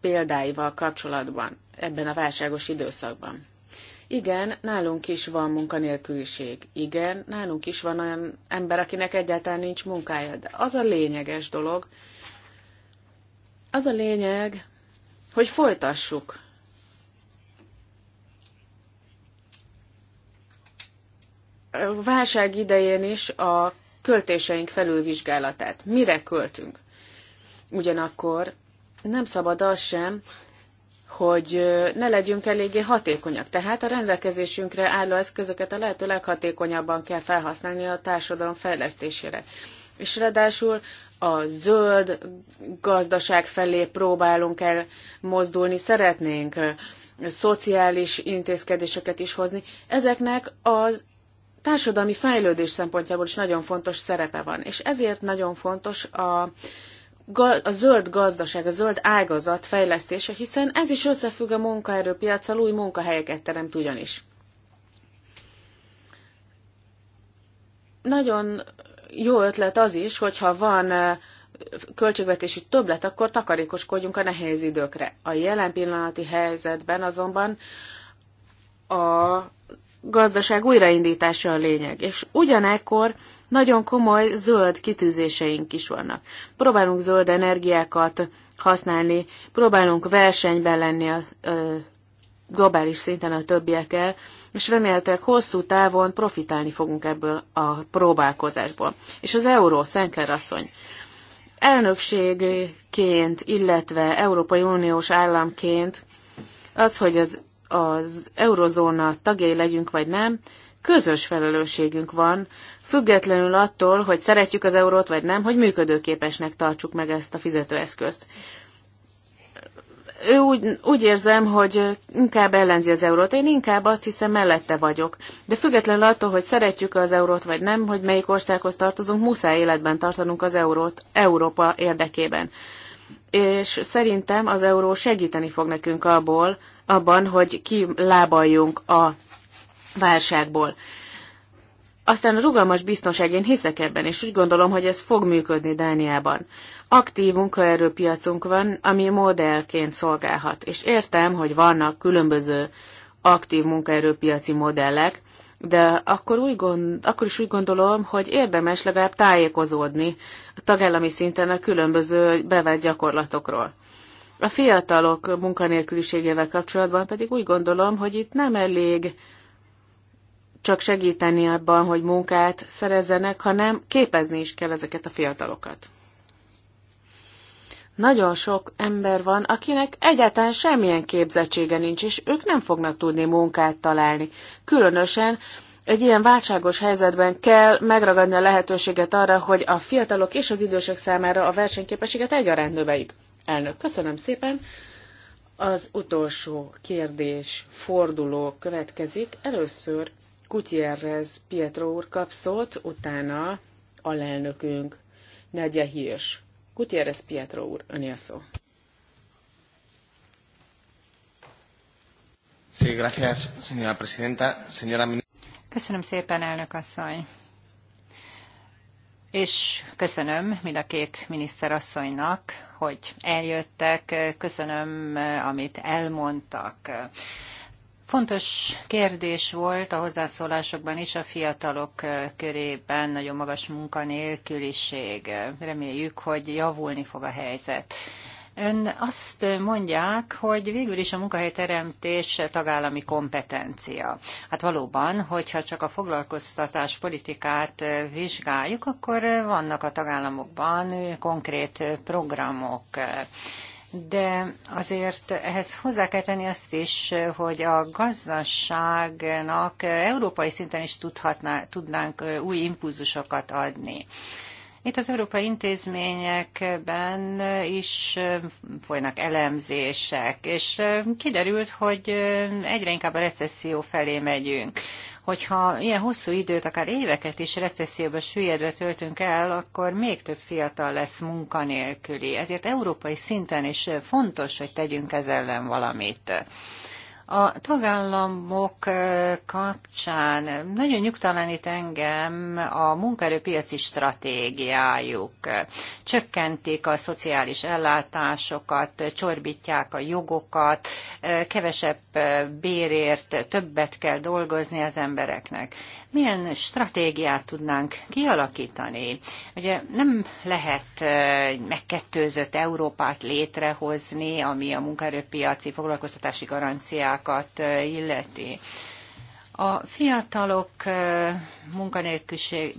példáival kapcsolatban ebben a válságos időszakban. Igen, nálunk is van munkanélküliség. Igen, nálunk is van olyan ember, akinek egyáltalán nincs munkája. De az a lényeges dolog, az a lényeg, hogy folytassuk válság idején is a költéseink felülvizsgálatát. Mire költünk? Ugyanakkor nem szabad az sem, hogy ne legyünk eléggé hatékonyak. Tehát a rendelkezésünkre álló eszközöket a lehető leghatékonyabban kell felhasználni a társadalom fejlesztésére. És ráadásul a zöld gazdaság felé próbálunk el mozdulni, szeretnénk szociális intézkedéseket is hozni. Ezeknek az társadalmi fejlődés szempontjából is nagyon fontos szerepe van, és ezért nagyon fontos a, a zöld gazdaság, a zöld ágazat fejlesztése, hiszen ez is összefügg a munkaerőpiacsal, új munkahelyeket teremt ugyanis. Nagyon jó ötlet az is, hogyha van költségvetési többlet, akkor takarékoskodjunk a nehéz időkre. A jelen pillanati helyzetben azonban a gazdaság újraindítása a lényeg, és ugyanekkor nagyon komoly zöld kitűzéseink is vannak. Próbálunk zöld energiákat használni, próbálunk versenyben lenni a, a globális szinten a többiekkel, és remélhetőleg hosszú távon profitálni fogunk ebből a próbálkozásból. És az euró, Szentler asszony, elnökségként, illetve Európai Uniós államként az, hogy az az eurozóna tagjai legyünk vagy nem, közös felelősségünk van, függetlenül attól, hogy szeretjük az eurót vagy nem, hogy működőképesnek tartsuk meg ezt a fizetőeszközt. Ő úgy, úgy érzem, hogy inkább ellenzi az eurót, én inkább azt hiszem mellette vagyok. De függetlenül attól, hogy szeretjük az eurót vagy nem, hogy melyik országhoz tartozunk, muszáj életben tartanunk az eurót Európa érdekében és szerintem az euró segíteni fog nekünk abból, abban, hogy kilábaljunk a válságból. Aztán a rugalmas biztonság, én hiszek ebben, és úgy gondolom, hogy ez fog működni Dániában. Aktív munkaerőpiacunk van, ami modellként szolgálhat, és értem, hogy vannak különböző aktív munkaerőpiaci modellek, de akkor, úgy gond, akkor is úgy gondolom, hogy érdemes legalább tájékozódni a tagállami szinten a különböző bevett gyakorlatokról. A fiatalok munkanélküliségével kapcsolatban pedig úgy gondolom, hogy itt nem elég csak segíteni abban, hogy munkát szerezzenek, hanem képezni is kell ezeket a fiatalokat nagyon sok ember van, akinek egyáltalán semmilyen képzettsége nincs, és ők nem fognak tudni munkát találni. Különösen egy ilyen válságos helyzetben kell megragadni a lehetőséget arra, hogy a fiatalok és az idősek számára a versenyképességet egyaránt növeljük. Elnök, köszönöm szépen. Az utolsó kérdés forduló következik. Először Gutierrez Pietro úr kap szót, utána alelnökünk Negye Hirsch Gutierrez Pietro úr, öné a szó. Sí, gracias, señora presidenta. Señora... Köszönöm szépen, elnök asszony. És köszönöm mind a két miniszterasszonynak, hogy eljöttek. Köszönöm, amit elmondtak. Fontos kérdés volt a hozzászólásokban is a fiatalok körében nagyon magas munkanélküliség. Reméljük, hogy javulni fog a helyzet. Ön azt mondják, hogy végül is a munkahelyteremtés tagállami kompetencia. Hát valóban, hogyha csak a foglalkoztatás politikát vizsgáljuk, akkor vannak a tagállamokban konkrét programok de azért ehhez hozzá kell tenni azt is, hogy a gazdaságnak európai szinten is tudhatná, tudnánk új impulzusokat adni. Itt az európai intézményekben is folynak elemzések, és kiderült, hogy egyre inkább a recesszió felé megyünk. Hogyha ilyen hosszú időt, akár éveket is recesszióba süllyedve töltünk el, akkor még több fiatal lesz munkanélküli. Ezért európai szinten is fontos, hogy tegyünk ez ellen valamit. A tagállamok kapcsán nagyon nyugtalanít engem a munkaerőpiaci stratégiájuk. Csökkentik a szociális ellátásokat, csorbítják a jogokat, kevesebb bérért többet kell dolgozni az embereknek milyen stratégiát tudnánk kialakítani. Ugye nem lehet megkettőzött Európát létrehozni, ami a munkaerőpiaci foglalkoztatási garanciákat illeti. A fiatalok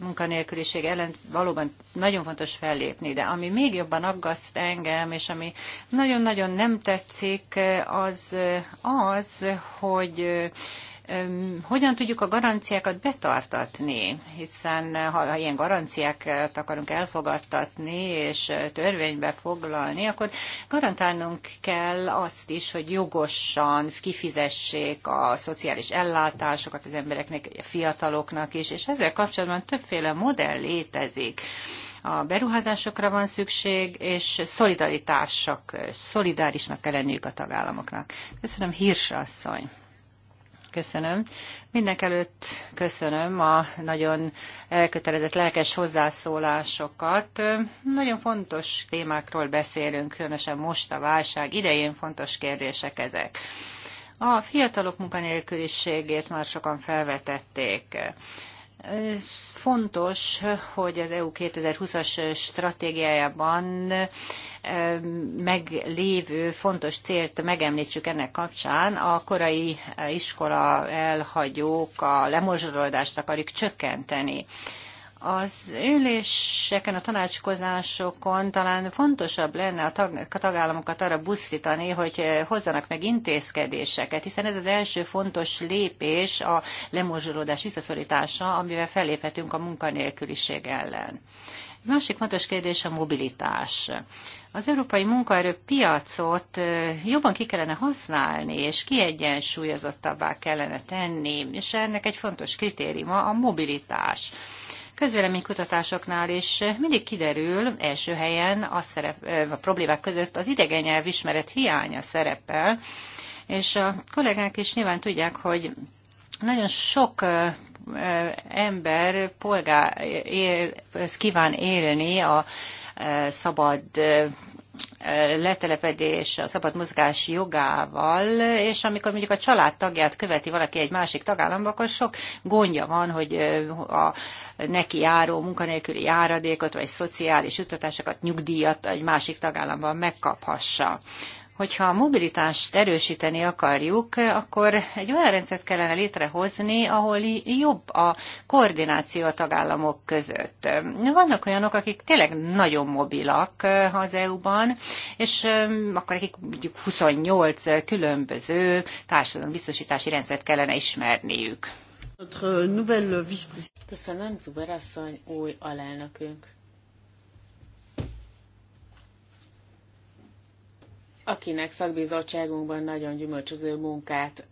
munkanélküliség, ellen valóban nagyon fontos fellépni, de ami még jobban aggaszt engem, és ami nagyon-nagyon nem tetszik, az az, hogy hogyan tudjuk a garanciákat betartatni, hiszen ha, ilyen garanciákat akarunk elfogadtatni és törvénybe foglalni, akkor garantálnunk kell azt is, hogy jogosan kifizessék a szociális ellátásokat az embereknek, a fiataloknak is, és ezzel kapcsolatban többféle modell létezik a beruházásokra van szükség, és szolidaritásak, szolidárisnak kell lenniük a tagállamoknak. Köszönöm, Hirsa asszony! köszönöm. Mindenkelőtt köszönöm a nagyon elkötelezett lelkes hozzászólásokat. Nagyon fontos témákról beszélünk, különösen most a válság idején fontos kérdések ezek. A fiatalok munkanélküliségét már sokan felvetették. Fontos, hogy az EU 2020-as stratégiájában meglévő fontos célt megemlítsük ennek kapcsán. A korai iskola elhagyók a lemorzsolódást akarjuk csökkenteni. Az üléseken, a tanácskozásokon talán fontosabb lenne a, tag, a tagállamokat arra buszítani, hogy eh, hozzanak meg intézkedéseket, hiszen ez az első fontos lépés a lemorzsolódás visszaszorítása, amivel felléphetünk a munkanélküliség ellen. Egy másik fontos kérdés a mobilitás. Az európai munkaerőpiacot eh, jobban ki kellene használni, és kiegyensúlyozottabbá kellene tenni, és ennek egy fontos kritériuma a mobilitás közvéleménykutatásoknál is mindig kiderül, első helyen a, szerep, a problémák között az idegen nyelv ismeret hiánya szerepel, és a kollégák is nyilván tudják, hogy nagyon sok ember polgár él, kíván élni a szabad letelepedés, a szabad mozgás jogával, és amikor mondjuk a családtagját követi valaki egy másik tagállamba, akkor sok gondja van, hogy a neki járó munkanélküli járadékot, vagy szociális utatásokat, nyugdíjat egy másik tagállamban megkaphassa hogyha a mobilitást erősíteni akarjuk, akkor egy olyan rendszert kellene létrehozni, ahol jobb a koordináció a tagállamok között. Vannak olyanok, akik tényleg nagyon mobilak eh, az EU-ban, és eh, akkor nekik mondjuk 28 különböző társadalombiztosítási rendszert kellene ismerniük. Köszönöm, Zuber asszony, új alelnökünk. akinek szakbizottságunkban nagyon gyümölcsöző munkát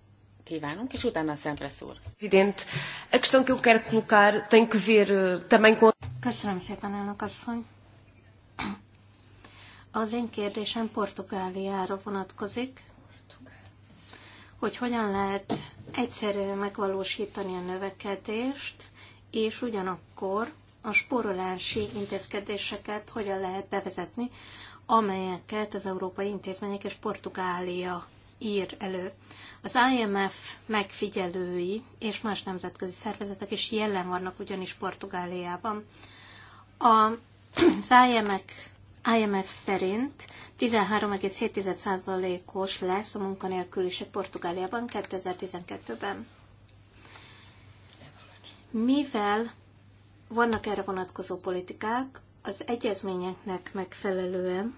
kívánunk, és utána a questão que eh, Köszönöm szépen, elnök asszony. Az én kérdésem Portugáliára vonatkozik, hogy hogyan lehet egyszerű megvalósítani a növekedést, és ugyanakkor a spórolási intézkedéseket hogyan lehet bevezetni, amelyeket az európai intézmények és Portugália ír elő. Az IMF megfigyelői és más nemzetközi szervezetek is jelen vannak ugyanis Portugáliában. A, az IMF, IMF szerint 13,7%-os lesz a munkanélküliség Portugáliában 2012-ben. Mivel vannak erre vonatkozó politikák, az egyezményeknek megfelelően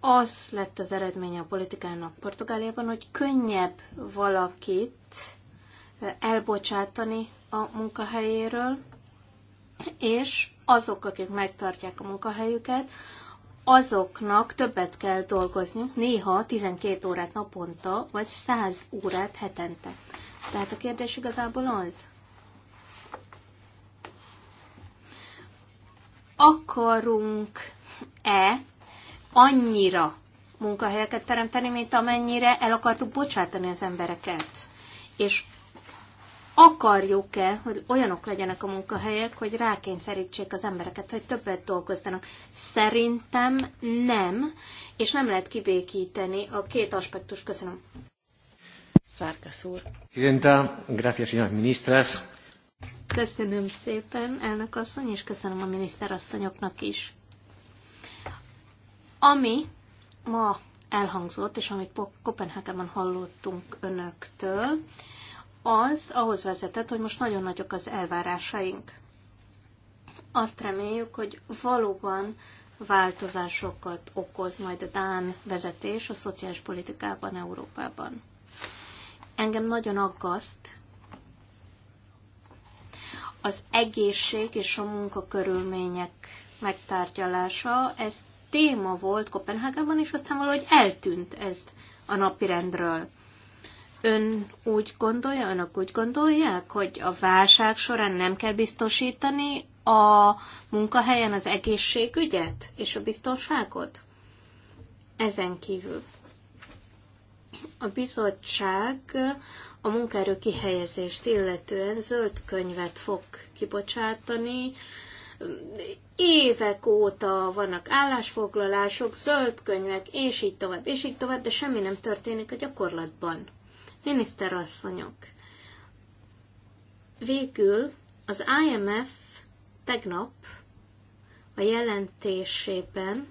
az lett az eredménye a politikának Portugáliában, hogy könnyebb valakit elbocsátani a munkahelyéről, és azok, akik megtartják a munkahelyüket, azoknak többet kell dolgozni, néha 12 órát naponta, vagy 100 órát hetente. Tehát a kérdés igazából az, akarunk-e annyira munkahelyeket teremteni, mint amennyire el akartuk bocsátani az embereket. És akarjuk-e, hogy olyanok legyenek a munkahelyek, hogy rákényszerítsék az embereket, hogy többet dolgozzanak? Szerintem nem, és nem lehet kibékíteni a két aspektus. Köszönöm. Szárkasz úr. Presidenta, gracias, señoras ministras. Köszönöm szépen, elnök asszony, és köszönöm a miniszterasszonyoknak is. Ami ma elhangzott, és amit Kopenhágában hallottunk önöktől, az ahhoz vezetett, hogy most nagyon nagyok az elvárásaink. Azt reméljük, hogy valóban változásokat okoz majd a Dán vezetés a szociális politikában Európában. Engem nagyon aggaszt, az egészség és a munkakörülmények megtárgyalása, ez téma volt Kopenhágában, és aztán valahogy eltűnt ez a napirendről. Ön úgy gondolja, önök úgy gondolják, hogy a válság során nem kell biztosítani a munkahelyen az egészségügyet és a biztonságot? Ezen kívül. A bizottság a munkaerő kihelyezést illetően zöld könyvet fog kibocsátani. Évek óta vannak állásfoglalások, zöld könyvek, és így tovább, és így tovább, de semmi nem történik a gyakorlatban. Miniszterasszonyok, végül az IMF tegnap a jelentésében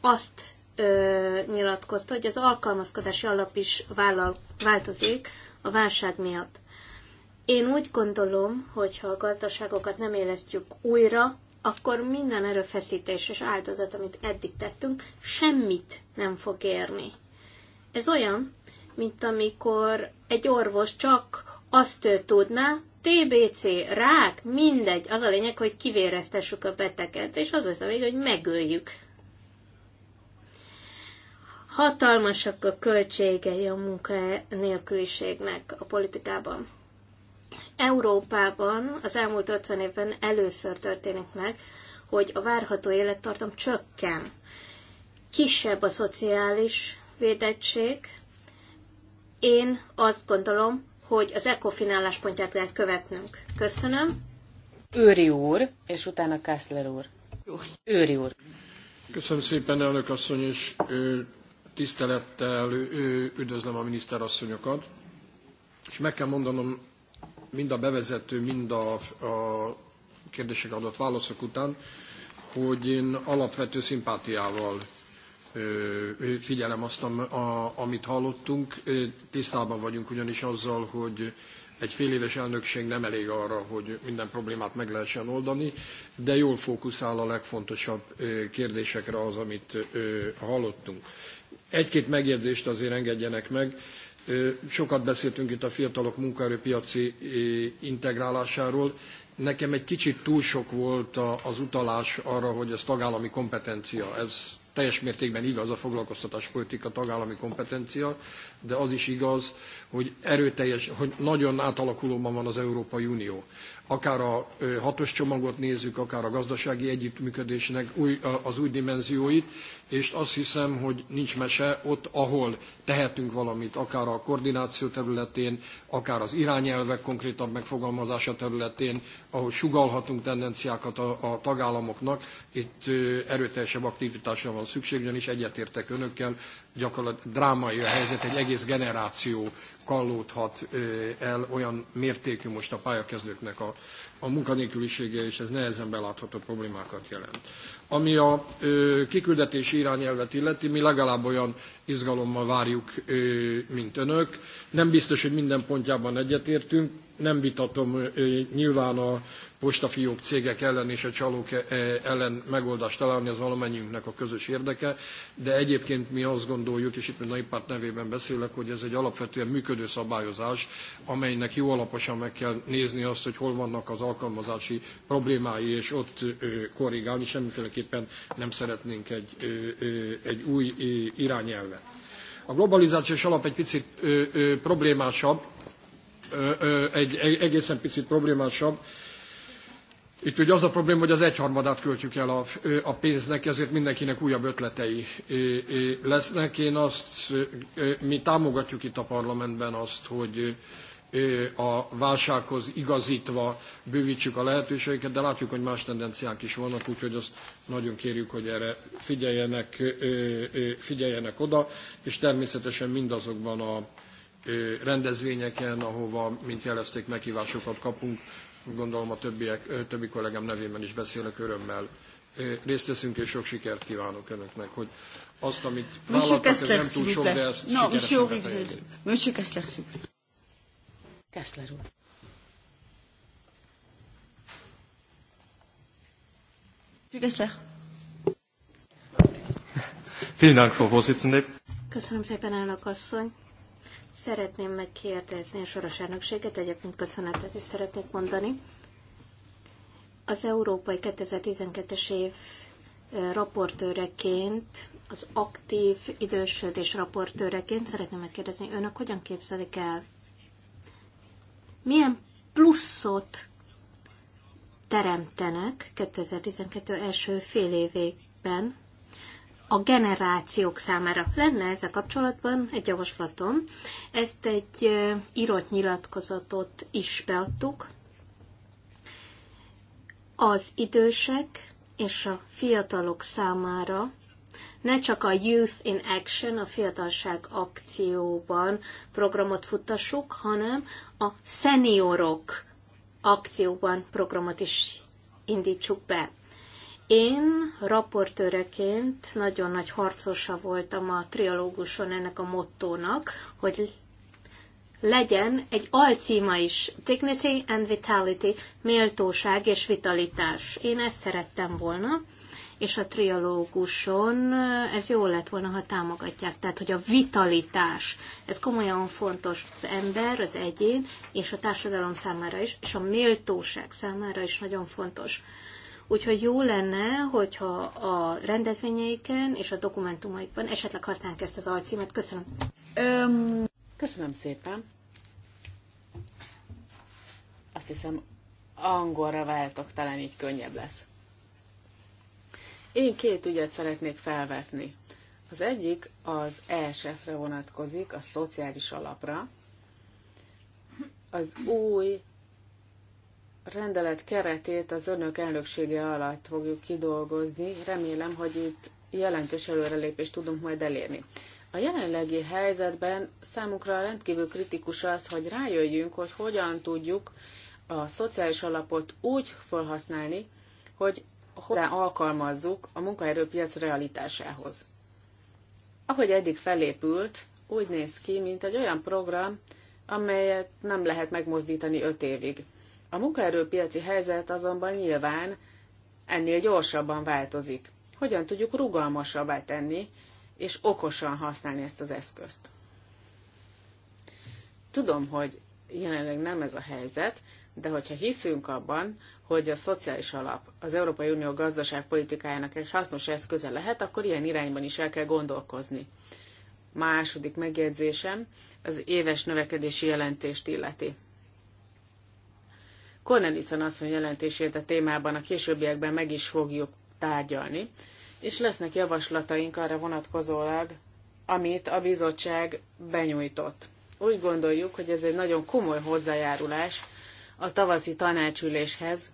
azt ö, nyilatkozta, hogy az alkalmazkodási alap is vállal, változik a válság miatt. Én úgy gondolom, hogy ha a gazdaságokat nem élesztjük újra, akkor minden erőfeszítés és áldozat, amit eddig tettünk, semmit nem fog érni. Ez olyan, mint amikor egy orvos csak azt ő tudná, TBC, rák, mindegy, az a lényeg, hogy kivéreztessük a beteget, és az lesz a vége, hogy megöljük. Hatalmasak a költségei a munkanélküliségnek a politikában. Európában az elmúlt 50 évben először történik meg, hogy a várható élettartam csökken. Kisebb a szociális védettség. Én azt gondolom, hogy az ECOFIN álláspontját kell követnünk. Köszönöm. Őri úr, és utána Kászler úr. Őri úr. Köszönöm szépen, elnök asszony, és Tisztelettel üdvözlöm a miniszterasszonyokat, és meg kell mondanom, mind a bevezető, mind a, a kérdésekre adott válaszok után, hogy én alapvető szimpátiával figyelem azt, amit hallottunk. Tisztában vagyunk ugyanis azzal, hogy egy féléves elnökség nem elég arra, hogy minden problémát meg lehessen oldani, de jól fókuszál a legfontosabb kérdésekre az, amit hallottunk. Egy-két megjegyzést azért engedjenek meg. Sokat beszéltünk itt a fiatalok munkaerőpiaci integrálásáról. Nekem egy kicsit túl sok volt az utalás arra, hogy ez tagállami kompetencia. Ez teljes mértékben igaz, a foglalkoztatáspolitika tagállami kompetencia, de az is igaz, hogy erőteljes, hogy nagyon átalakulóban van az Európai Unió. Akár a hatos csomagot nézzük, akár a gazdasági együttműködésnek új, az új dimenzióit, és azt hiszem, hogy nincs mese ott, ahol tehetünk valamit, akár a koordináció területén, akár az irányelvek konkrétabb megfogalmazása területén, ahol sugalhatunk tendenciákat a, a tagállamoknak. Itt erőteljesebb aktivitásra van szükség, ugyanis egyetértek önökkel, gyakorlatilag drámai a helyzet, egy egész generáció kallódhat el, olyan mértékű most a pályakezdőknek a, a munkanélkülisége, és ez nehezen belátható problémákat jelent. Ami a ö, kiküldetési irányelvet illeti, mi legalább olyan izgalommal várjuk, mint önök. Nem biztos, hogy minden pontjában egyetértünk, nem vitatom nyilván a postafiók cégek ellen és a csalók e, e, ellen megoldást találni, az valamennyiünknek a közös érdeke, de egyébként mi azt gondoljuk, és itt a néppárt nevében beszélek, hogy ez egy alapvetően működő szabályozás, amelynek jó alaposan meg kell nézni azt, hogy hol vannak az alkalmazási problémái, és ott korrigálni, semmiféleképpen nem szeretnénk egy, egy új irányelvet. A globalizációs alap egy picit problémásabb, egy egészen picit problémásabb, itt ugye az a probléma, hogy az egyharmadát költjük el a, a pénznek, ezért mindenkinek újabb ötletei lesznek. Én azt, mi támogatjuk itt a parlamentben azt, hogy a válsághoz igazítva bővítsük a lehetőségeket, de látjuk, hogy más tendenciák is vannak, úgyhogy azt nagyon kérjük, hogy erre figyeljenek, figyeljenek oda, és természetesen mindazokban a rendezvényeken, ahova, mint jelezték, meghívásokat kapunk, gondolom a többiek, többi kollégám nevében is beszélek örömmel. Részt veszünk és sok sikert kívánok önöknek, hogy azt, amit vállaltak, ez nem túl sok, de ezt no, sikeresen Kessler, úr. Köszönöm szépen, elnök asszony. Szeretném megkérdezni a soros elnökséget, egyébként köszönetet is szeretnék mondani. Az Európai 2012-es év raportőreként, az aktív idősödés raportőreként szeretném megkérdezni, önök hogyan képzelik el? Milyen pluszot teremtenek 2012 első fél évében a generációk számára. Lenne ezzel kapcsolatban egy javaslatom. Ezt egy írott nyilatkozatot is beadtuk. Az idősek és a fiatalok számára ne csak a Youth in Action, a fiatalság akcióban programot futtassuk, hanem a seniorok akcióban programot is indítsuk be. Én raportőreként nagyon nagy harcosa voltam a trialóguson ennek a mottónak, hogy legyen egy alcíma is, Dignity and Vitality, méltóság és vitalitás. Én ezt szerettem volna, és a trialóguson ez jó lett volna, ha támogatják. Tehát, hogy a vitalitás, ez komolyan fontos az ember, az egyén, és a társadalom számára is, és a méltóság számára is nagyon fontos. Úgyhogy jó lenne, hogyha a rendezvényeiken és a dokumentumaikban esetleg használnánk ezt az alcímet. Köszönöm. Öm, köszönöm szépen. Azt hiszem, angolra váltok, talán így könnyebb lesz. Én két ügyet szeretnék felvetni. Az egyik az ESF-re vonatkozik, a szociális alapra. Az új rendelet keretét az önök elnöksége alatt fogjuk kidolgozni. Remélem, hogy itt jelentős előrelépést tudunk majd elérni. A jelenlegi helyzetben számunkra rendkívül kritikus az, hogy rájöjjünk, hogy hogyan tudjuk a szociális alapot úgy felhasználni, hogy hozzá alkalmazzuk a munkaerőpiac realitásához. Ahogy eddig felépült, úgy néz ki, mint egy olyan program, amelyet nem lehet megmozdítani öt évig. A munkaerőpiaci helyzet azonban nyilván ennél gyorsabban változik. Hogyan tudjuk rugalmasabbá tenni, és okosan használni ezt az eszközt? Tudom, hogy jelenleg nem ez a helyzet, de hogyha hiszünk abban, hogy a szociális alap az Európai Unió gazdaságpolitikájának egy hasznos eszköze lehet, akkor ilyen irányban is el kell gondolkozni. Második megjegyzésem az éves növekedési jelentést illeti. Cornelissen asszony jelentését a témában a későbbiekben meg is fogjuk tárgyalni, és lesznek javaslataink arra vonatkozólag, amit a bizottság benyújtott. Úgy gondoljuk, hogy ez egy nagyon komoly hozzájárulás a tavaszi tanácsüléshez,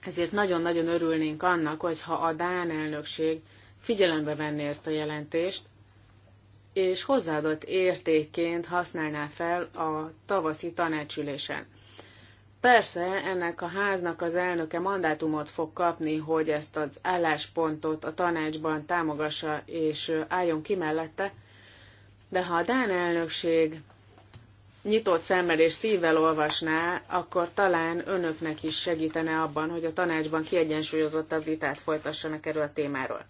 ezért nagyon-nagyon örülnénk annak, hogyha a Dán elnökség figyelembe venné ezt a jelentést, és hozzáadott értékként használná fel a tavaszi tanácsülésen. Persze ennek a háznak az elnöke mandátumot fog kapni, hogy ezt az álláspontot a tanácsban támogassa és álljon ki mellette, de ha a Dán elnökség nyitott szemmel és szívvel olvasná, akkor talán önöknek is segítene abban, hogy a tanácsban kiegyensúlyozottabb vitát folytassanak erről a témáról.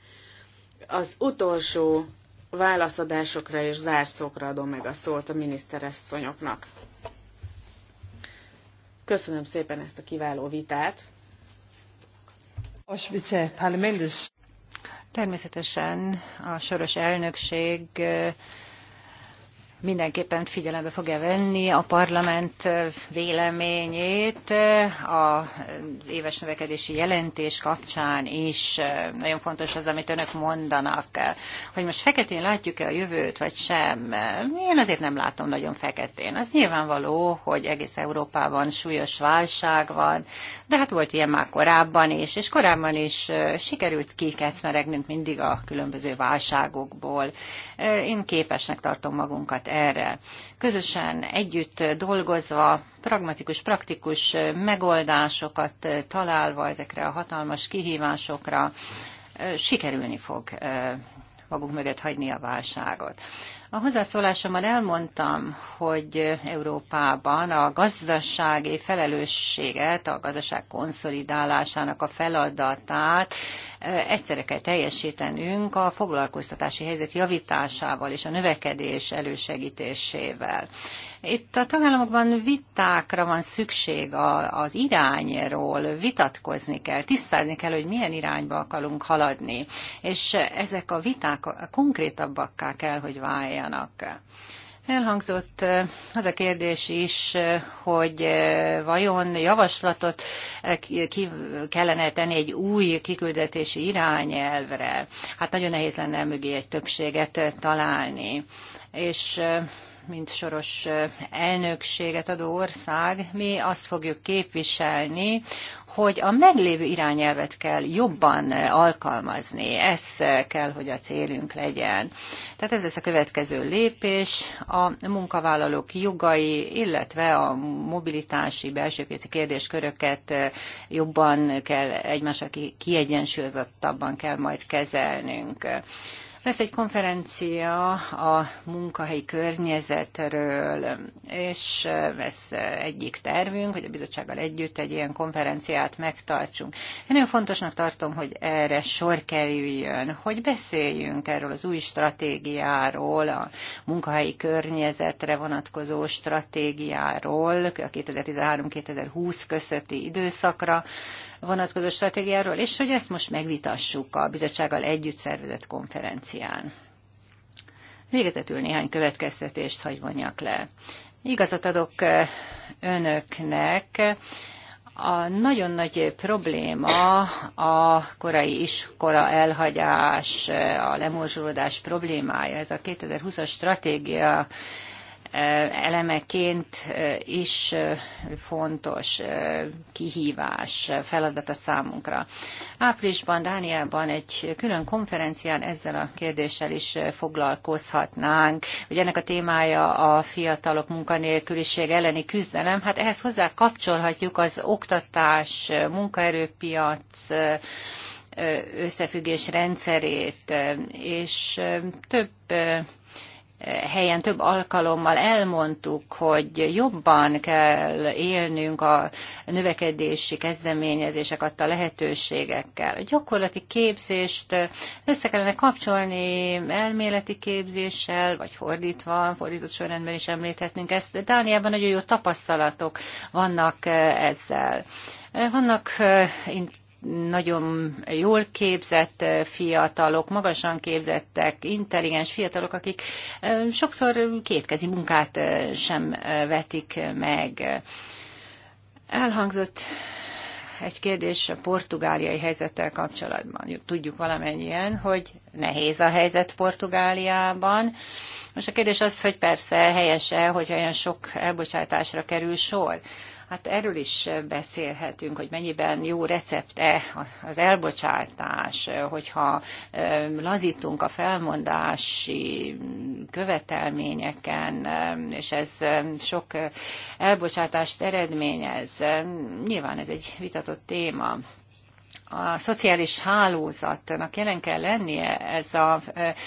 Az utolsó válaszadásokra és zárszókra adom meg a szót a miniszteresszonyoknak. Köszönöm szépen ezt a kiváló vitát. Természetesen a soros elnökség mindenképpen figyelembe fogja venni a parlament véleményét a éves növekedési jelentés kapcsán is. Nagyon fontos az, amit önök mondanak, hogy most feketén látjuk-e a jövőt, vagy sem. Én azért nem látom nagyon feketén. Az nyilvánvaló, hogy egész Európában súlyos válság van, de hát volt ilyen már korábban is, és korábban is sikerült kikecmeregnünk mindig a különböző válságokból. Én képesnek tartom magunkat erre. Közösen, együtt dolgozva, pragmatikus, praktikus megoldásokat találva ezekre a hatalmas kihívásokra, sikerülni fog maguk mögött hagyni a válságot. A hozzászólásomban elmondtam, hogy Európában a gazdasági felelősséget, a gazdaság konszolidálásának a feladatát egyszerre kell teljesítenünk a foglalkoztatási helyzet javításával és a növekedés elősegítésével. Itt a tagállamokban vitákra van szükség az irányról, vitatkozni kell, tisztázni kell, hogy milyen irányba akarunk haladni. És ezek a viták konkrétabbakká kell, hogy váljanak váljanak. Elhangzott az a kérdés is, hogy vajon javaslatot kellene tenni egy új kiküldetési irányelvre. Hát nagyon nehéz lenne mögé egy többséget találni. És mint soros elnökséget adó ország, mi azt fogjuk képviselni, hogy a meglévő irányelvet kell jobban alkalmazni. Ez kell, hogy a célunk legyen. Tehát ez lesz a következő lépés. A munkavállalók jogai, illetve a mobilitási belső piaci kérdésköröket jobban kell egymással kiegyensúlyozottabban kell majd kezelnünk. Lesz egy konferencia a munkahelyi környezetről, és ez egyik tervünk, hogy a bizottsággal együtt egy ilyen konferenciát megtartsunk. Én nagyon fontosnak tartom, hogy erre sor kerüljön, hogy beszéljünk erről az új stratégiáról, a munkahelyi környezetre vonatkozó stratégiáról, a 2013-2020 közötti időszakra vonatkozó stratégiáról, és hogy ezt most megvitassuk a bizottsággal együtt szervezett konferencián. Végezetül néhány következtetést hagy vonjak le. Igazat adok eh, önöknek, a nagyon nagy probléma a korai iskola elhagyás, a lemorzsolódás problémája, ez a 2020-as stratégia elemeként is fontos kihívás, feladat a számunkra. Áprilisban Dániában egy külön konferencián ezzel a kérdéssel is foglalkozhatnánk. Ugye ennek a témája a fiatalok munkanélküliség elleni küzdelem. Hát ehhez hozzá kapcsolhatjuk az oktatás, munkaerőpiac, összefüggés rendszerét, és több helyen több alkalommal elmondtuk, hogy jobban kell élnünk a növekedési kezdeményezések adta lehetőségekkel. A gyakorlati képzést össze kellene kapcsolni elméleti képzéssel, vagy fordítva, fordított sorrendben is említhetnünk ezt. Dániában nagyon jó tapasztalatok vannak eh, ezzel. Eh, vannak eh, nagyon jól képzett fiatalok, magasan képzettek, intelligens fiatalok, akik sokszor kétkezi munkát sem vetik meg. Elhangzott egy kérdés a portugáliai helyzettel kapcsolatban. Tudjuk valamennyien, hogy nehéz a helyzet Portugáliában. Most a kérdés az, hogy persze helyese, hogyha olyan sok elbocsátásra kerül sor. Hát erről is beszélhetünk, hogy mennyiben jó recepte az elbocsátás, hogyha lazítunk a felmondási követelményeken, és ez sok elbocsátást eredményez. Nyilván ez egy vitatott téma a szociális hálózatnak jelen kell lennie, ez a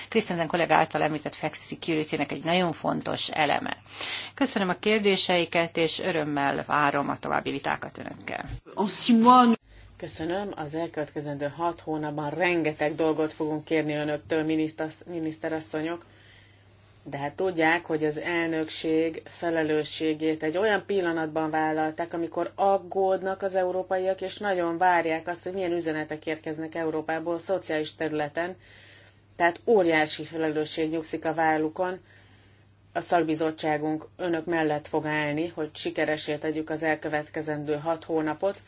Krisztenzen kollég által említett Flex security egy nagyon fontos eleme. Köszönöm a kérdéseiket, és örömmel várom a további vitákat önökkel. Köszönöm, az elkövetkezendő hat hónapban rengeteg dolgot fogunk kérni önöktől, miniszterasszonyok. De hát tudják, hogy az elnökség felelősségét egy olyan pillanatban vállalták, amikor aggódnak az európaiak, és nagyon várják azt, hogy milyen üzenetek érkeznek Európából szociális területen. Tehát óriási felelősség nyugszik a vállukon. A szakbizottságunk önök mellett fog állni, hogy sikeresé tegyük az elkövetkezendő hat hónapot.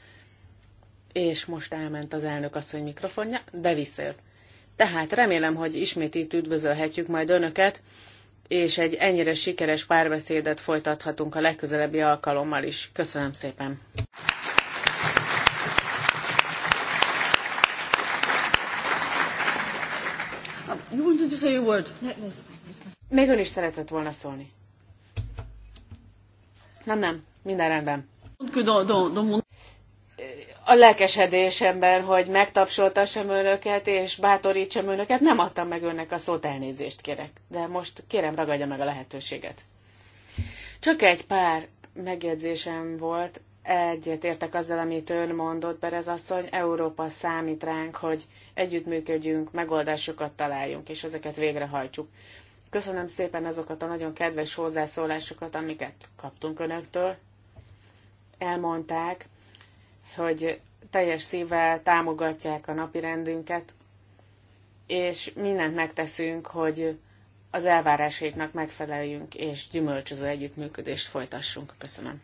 És most elment az elnök asszony mikrofonja, de visszajött. Tehát remélem, hogy ismét itt üdvözölhetjük majd önöket és egy ennyire sikeres párbeszédet folytathatunk a legközelebbi alkalommal is. Köszönöm szépen! Még ön is szeretett volna szólni. Nem, nem, minden rendben a lelkesedésemben, hogy megtapsoltassam önöket, és bátorítsam önöket, nem adtam meg önnek a szót, elnézést kérek. De most kérem, ragadja meg a lehetőséget. Csak egy pár megjegyzésem volt, egyet értek azzal, amit ön mondott, Berez asszony, Európa számít ránk, hogy együttműködjünk, megoldásokat találjunk, és ezeket végrehajtsuk. Köszönöm szépen azokat a nagyon kedves hozzászólásokat, amiket kaptunk önöktől. Elmondták, hogy teljes szívvel támogatják a napi rendünket, és mindent megteszünk, hogy az elvárásaiknak megfeleljünk, és gyümölcsöző együttműködést folytassunk. Köszönöm.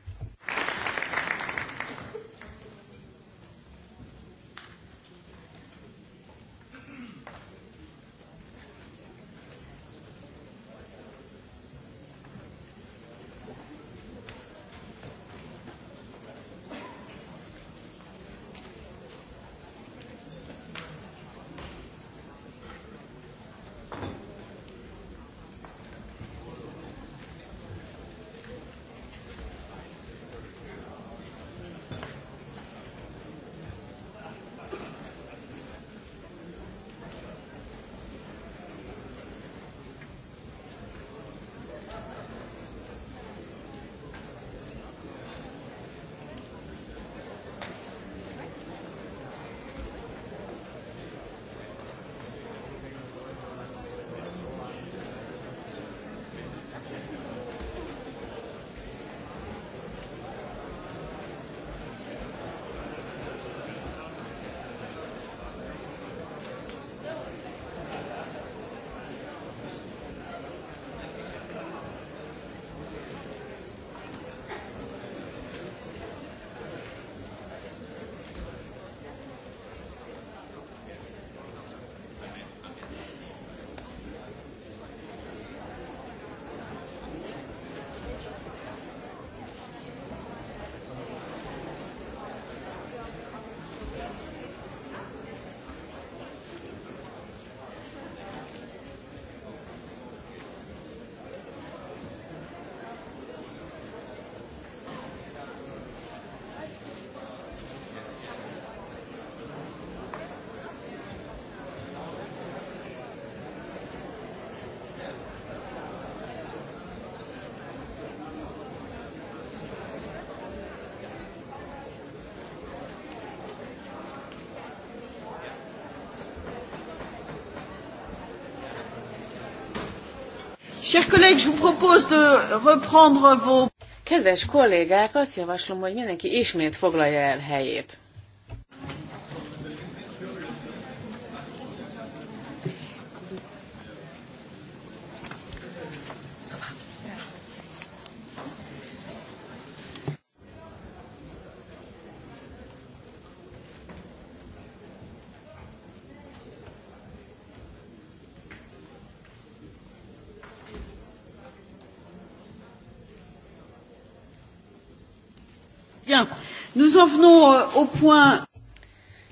Kedves kollégák, azt javaslom, hogy mindenki ismét foglalja el helyét. Nous en venons euh, au point...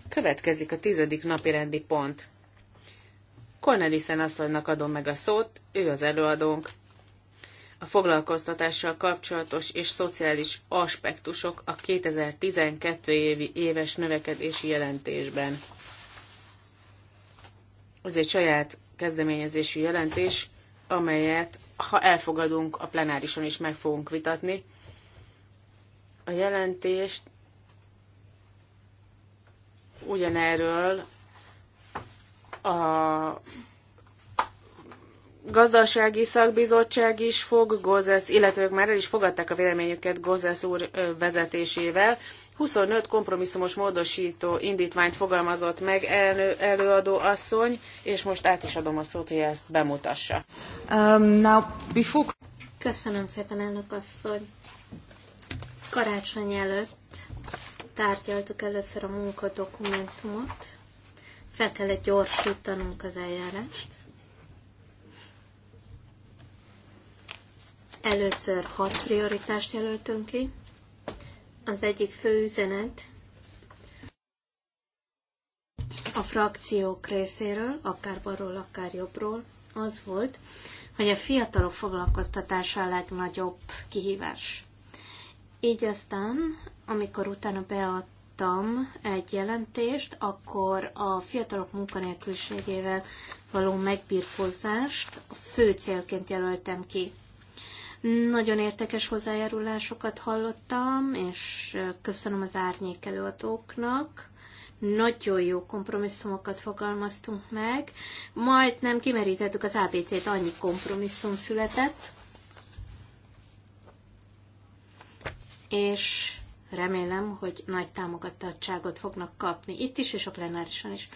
Következik a tizedik napi rendi pont. Cornelissen asszonynak adom meg a szót, ő az előadónk. A foglalkoztatással kapcsolatos és szociális aspektusok a 2012 évi éves növekedési jelentésben. Ez egy saját kezdeményezésű jelentés, amelyet, ha elfogadunk, a plenárison is meg fogunk vitatni. A jelentést ugyanerről a gazdasági szakbizottság is fog, Gozesz, illetve ők már el is fogadták a véleményüket Gozesz úr vezetésével. 25 kompromisszumos módosító indítványt fogalmazott meg elő, előadó asszony, és most át is adom a szót, hogy ezt bemutassa. Um, now, before... Köszönöm szépen, elnök asszony. Karácsony előtt tárgyaltuk először a munkadokumentumot, fel kellett gyorsítanunk az eljárást. Először hat prioritást jelöltünk ki. Az egyik fő üzenet a frakciók részéről, akár balról, akár jobbról, az volt, hogy a fiatalok foglalkoztatása a legnagyobb kihívás. Így aztán amikor utána beadtam egy jelentést, akkor a fiatalok munkanélküliségével való megbírkozást a fő célként jelöltem ki. Nagyon értékes hozzájárulásokat hallottam, és köszönöm az árnyék előadóknak. Nagyon jó kompromisszumokat fogalmaztunk meg, majd nem kimerítettük az ABC-t, annyi kompromisszum született. És remélem, hogy nagy támogatottságot fognak kapni itt is, és a plenárison is.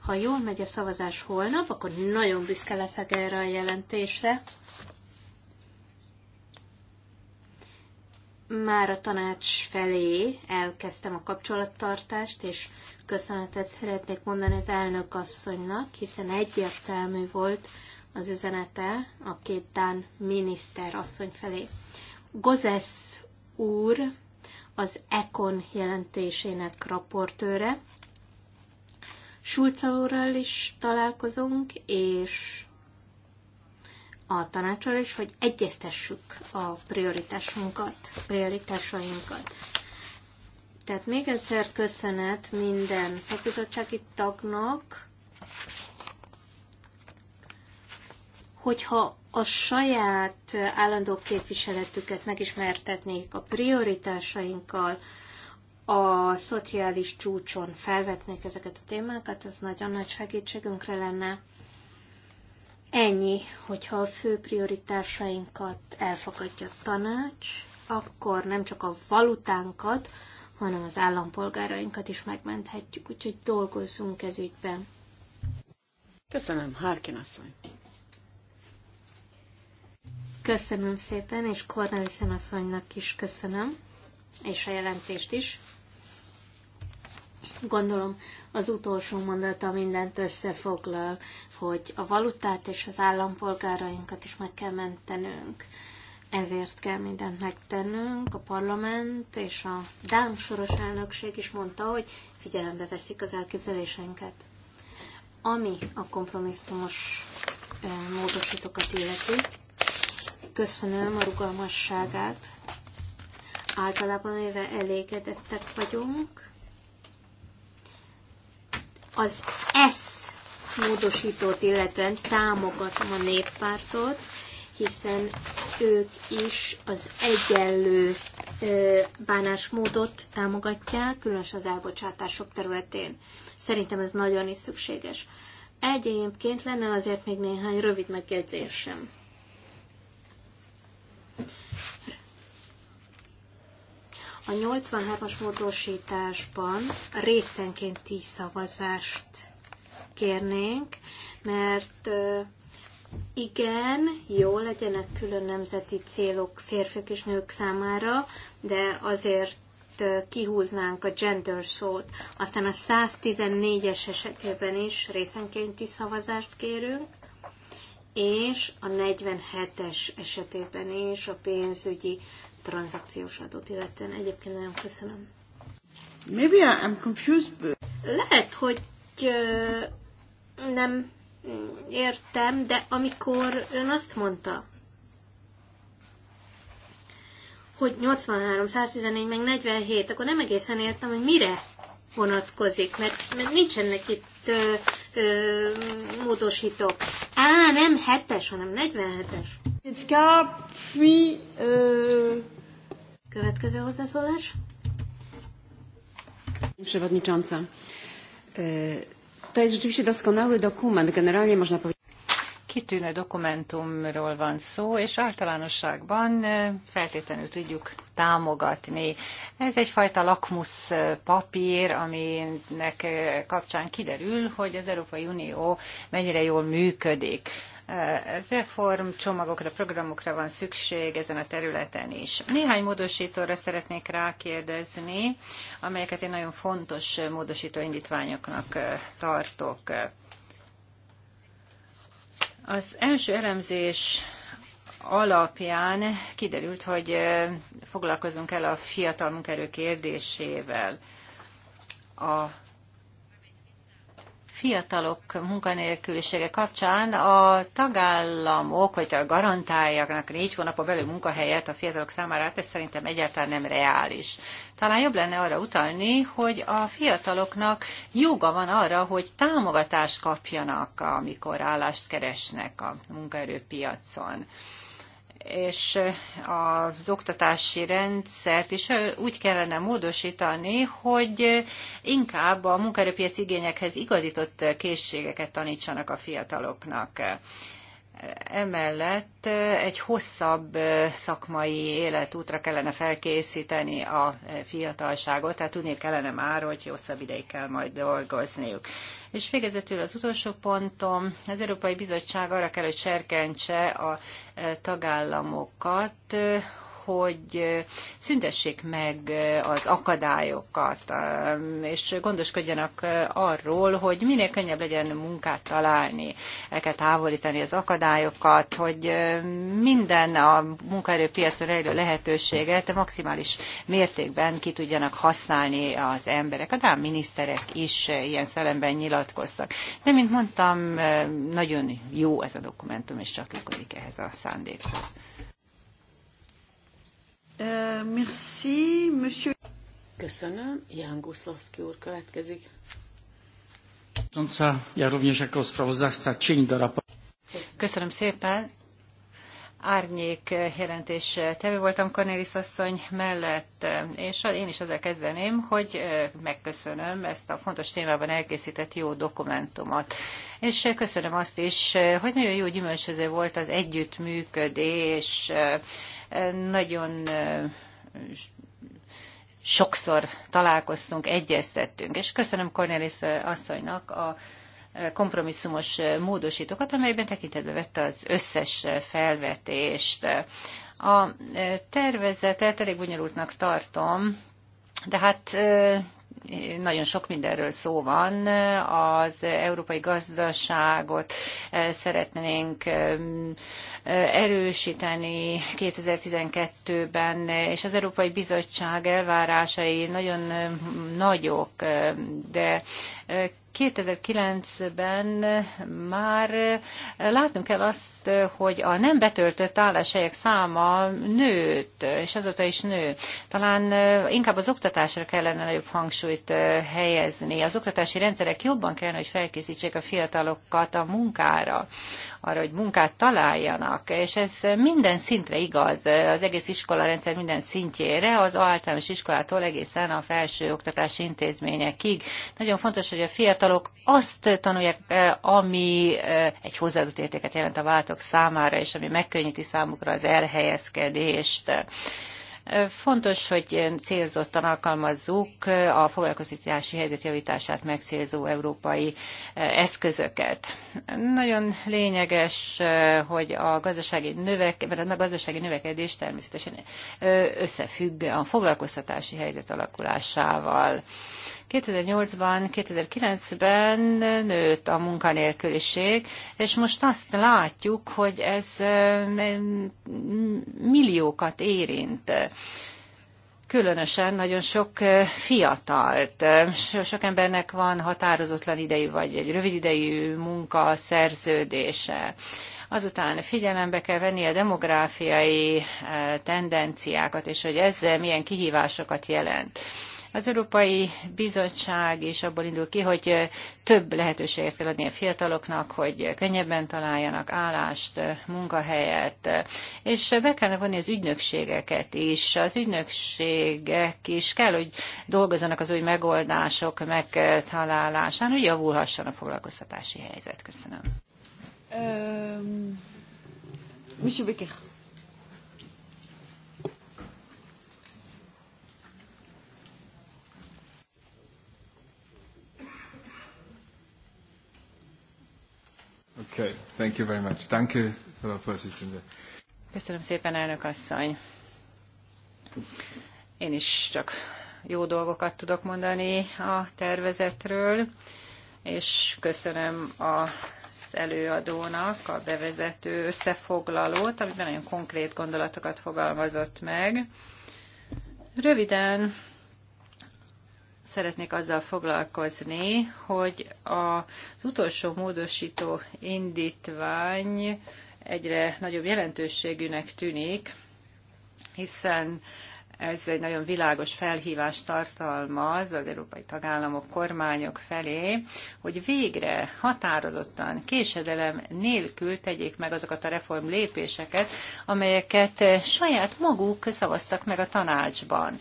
Ha jól megy a szavazás holnap, akkor nagyon büszke leszek erre a jelentésre. Már a tanács felé elkezdtem a kapcsolattartást, és köszönetet szeretnék mondani az elnök asszonynak, hiszen egyértelmű volt az üzenete a két tán miniszter asszony felé. Gozesz úr az ECON jelentésének raportőre. Sulcalóral is találkozunk, és a tanácsal is, hogy egyeztessük a prioritásunkat, prioritásainkat. Tehát még egyszer köszönet minden szakbizottsági tagnak, hogyha a saját állandó képviseletüket megismertetnék a prioritásainkkal, a szociális csúcson felvetnék ezeket a témákat, az nagyon nagy segítségünkre lenne. Ennyi, hogyha a fő prioritásainkat elfogadja a tanács, akkor nem csak a valutánkat, hanem az állampolgárainkat is megmenthetjük, úgyhogy dolgozzunk ez ügyben. Köszönöm, Harkin asszony. Köszönöm szépen, és Kornelisen asszonynak is köszönöm, és a jelentést is. Gondolom az utolsó mondata mindent összefoglal, hogy a valutát és az állampolgárainkat is meg kell mentenünk. Ezért kell mindent megtennünk, a parlament és a Dán soros elnökség is mondta, hogy figyelembe veszik az elképzeléseinket. Ami a kompromisszumos eh, módosítókat illeti, köszönöm a rugalmasságát. Általában éve elégedettek vagyunk. Az S módosítót illetően támogatom a néppártot, hiszen ők is az egyenlő bánásmódot támogatják, különös az elbocsátások területén. Szerintem ez nagyon is szükséges. Egyébként lenne azért még néhány rövid megjegyzésem. A 83-as módosításban részenként 10 szavazást kérnénk, mert igen, jó legyenek külön nemzeti célok férfiak és nők számára, de azért kihúznánk a gender szót. Aztán a 114-es esetében is részenkénti szavazást kérünk, és a 47-es esetében is a pénzügyi tranzakciós adót illetően. Egyébként nagyon köszönöm. Maybe I'm confused. But... Lehet, hogy ö, nem értem, de amikor ön azt mondta, hogy 83, 114, meg 47, akkor nem egészen értem, hogy mire vonatkozik, mert, mert nincsenek itt ö, ö, módosítok. Á, nem 7-es, hanem 47-es. Nicka, puis... Ö... Következő hozzászólás. Przewodnicząca. E, to jest rzeczywiście doskonały dokument. Generalnie można powiedzieć... Kitűnő dokumentumról van szó, és általánosságban e, feltétlenül tudjuk támogatni. Ez egyfajta lakmusz papír, aminek kapcsán kiderül, hogy az Európai Unió mennyire jól működik reform csomagokra, programokra van szükség ezen a területen is. Néhány módosítóra szeretnék rákérdezni, amelyeket én nagyon fontos módosító indítványoknak tartok. Az első elemzés alapján kiderült, hogy foglalkozunk el a fiatal munkerő kérdésével. A fiatalok munkanélkülisége kapcsán a tagállamok, hogy garantáljanak négy hónapon belül munkahelyet a fiatalok számára, hát ez szerintem egyáltalán nem reális. Talán jobb lenne arra utalni, hogy a fiataloknak joga van arra, hogy támogatást kapjanak, amikor állást keresnek a munkaerőpiacon és eh, az oktatási rendszert is eh, úgy kellene módosítani, hogy eh, inkább a munkaerőpiac igényekhez igazított készségeket tanítsanak a fiataloknak. Emellett egy hosszabb szakmai életútra kellene felkészíteni a fiatalságot, tehát tudni kellene már, hogy hosszabb ideig kell majd dolgozniuk. És végezetül az utolsó pontom, az Európai Bizottság arra kell, hogy serkentse a tagállamokat, hogy szüntessék meg az akadályokat, és gondoskodjanak arról, hogy minél könnyebb legyen munkát találni. El kell távolítani az akadályokat, hogy minden a munkaerőpiacon rejlő lehetőséget maximális mértékben ki tudjanak használni az emberek. Hát a dán miniszterek is ilyen szellemben nyilatkoztak. De, mint mondtam, nagyon jó ez a dokumentum, és csatlakozik ehhez a szándékhoz. Euh, merci, monsieur. Köszönöm. Jan Guszlowski úr következik. Ja również jako sprawozdawca Köszönöm szépen árnyék jelentés tevő voltam Cornelis asszony mellett, és én is ezzel kezdeném, hogy megköszönöm ezt a fontos témában elkészített jó dokumentumot. És köszönöm azt is, hogy nagyon jó gyümölcsöző volt az együttműködés, nagyon sokszor találkoztunk, egyeztettünk, és köszönöm Cornelis asszonynak a kompromisszumos módosítókat, amelyben tekintetbe vette az összes felvetést. A tervezetet elég bonyolultnak tartom, de hát nagyon sok mindenről szó van. Az európai gazdaságot szeretnénk erősíteni 2012-ben, és az Európai Bizottság elvárásai nagyon nagyok, de 2009-ben már látnunk kell azt, hogy a nem betöltött álláshelyek száma nőtt, és azóta is nő. Talán inkább az oktatásra kellene nagyobb hangsúlyt helyezni. Az oktatási rendszerek jobban kellene, hogy felkészítsék a fiatalokat a munkára arra, hogy munkát találjanak, és ez minden szintre igaz, az egész iskolarendszer minden szintjére, az általános iskolától egészen a felső oktatási intézményekig. Nagyon fontos, hogy a fiatalok azt tanulják, eh, ami eh, egy hozzáadott értéket jelent a váltok számára, és ami megkönnyíti számukra az elhelyezkedést. Fontos, hogy célzottan alkalmazzuk a foglalkoztatási helyzet javítását megcélzó európai e, eszközöket. Nagyon lényeges, e, hogy a gazdasági, növek, a gazdasági növekedés természetesen e, összefügg a foglalkoztatási helyzet alakulásával. 2008-ban, 2009-ben nőtt a munkanélküliség, és most azt látjuk, hogy ez milliókat érint különösen nagyon sok fiatalt. Sok embernek van határozatlan idejű vagy egy rövid idejű munka szerződése. Azután figyelembe kell venni a demográfiai tendenciákat, és hogy ez milyen kihívásokat jelent. Az Európai Bizottság is abból indul ki, hogy több lehetőséget kell adni a fiataloknak, hogy könnyebben találjanak állást, munkahelyet, és be kellene vonni az ügynökségeket is. Az ügynökségek is kell, hogy dolgozzanak az új megoldások megtalálásán, hogy javulhasson a foglalkoztatási helyzet. Köszönöm. Um, Monsieur Becker. Okay, thank you very much. Danke, Frau Vorsitzende. Köszönöm szépen, elnök asszony. Én is csak jó dolgokat tudok mondani a tervezetről, és köszönöm az előadónak a bevezető összefoglalót, amiben nagyon konkrét gondolatokat fogalmazott meg. Röviden szeretnék azzal foglalkozni, hogy az utolsó módosító indítvány egyre nagyobb jelentőségűnek tűnik, hiszen ez egy nagyon világos felhívást tartalmaz az európai tagállamok, kormányok felé, hogy végre határozottan, késedelem nélkül tegyék meg azokat a reform lépéseket, amelyeket saját maguk szavaztak meg a tanácsban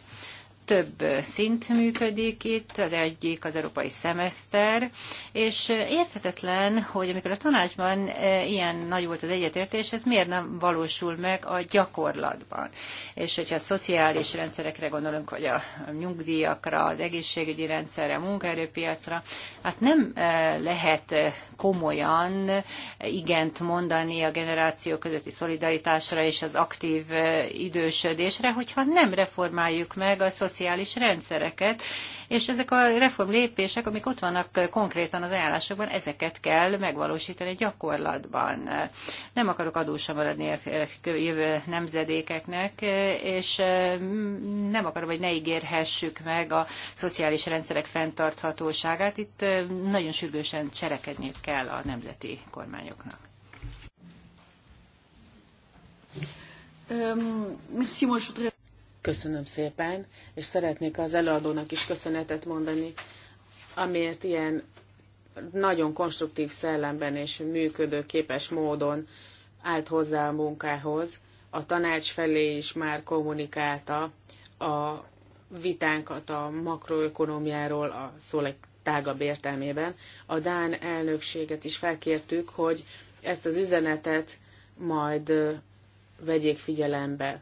több szint működik itt, az egyik az európai szemeszter, és érthetetlen, hogy amikor a tanácsban e, ilyen nagy volt az egyetértés, ez miért nem valósul meg a gyakorlatban. És hogyha a szociális rendszerekre gondolunk, vagy a nyugdíjakra, az egészségügyi rendszerre, a munkaerőpiacra, hát nem e, lehet e, komolyan igent mondani a generáció közötti szolidaritásra és az aktív idősödésre, hogyha nem reformáljuk meg a szociális szociális rendszereket, és ezek a reform lépések, amik ott vannak konkrétan az ajánlásokban, ezeket kell megvalósítani gyakorlatban. Nem akarok adósa maradni a jövő nemzedékeknek, és nem akarom, hogy ne ígérhessük meg a szociális rendszerek fenntarthatóságát. Itt nagyon sürgősen cselekedni kell a nemzeti kormányoknak. Merci, moi je voudrais... Köszönöm szépen, és szeretnék az előadónak is köszönetet mondani, amiért ilyen nagyon konstruktív szellemben és működőképes módon állt hozzá a munkához. A tanács felé is már kommunikálta a vitánkat a makroökonomiáról, a szó legtágabb értelmében. A Dán elnökséget is felkértük, hogy ezt az üzenetet majd vegyék figyelembe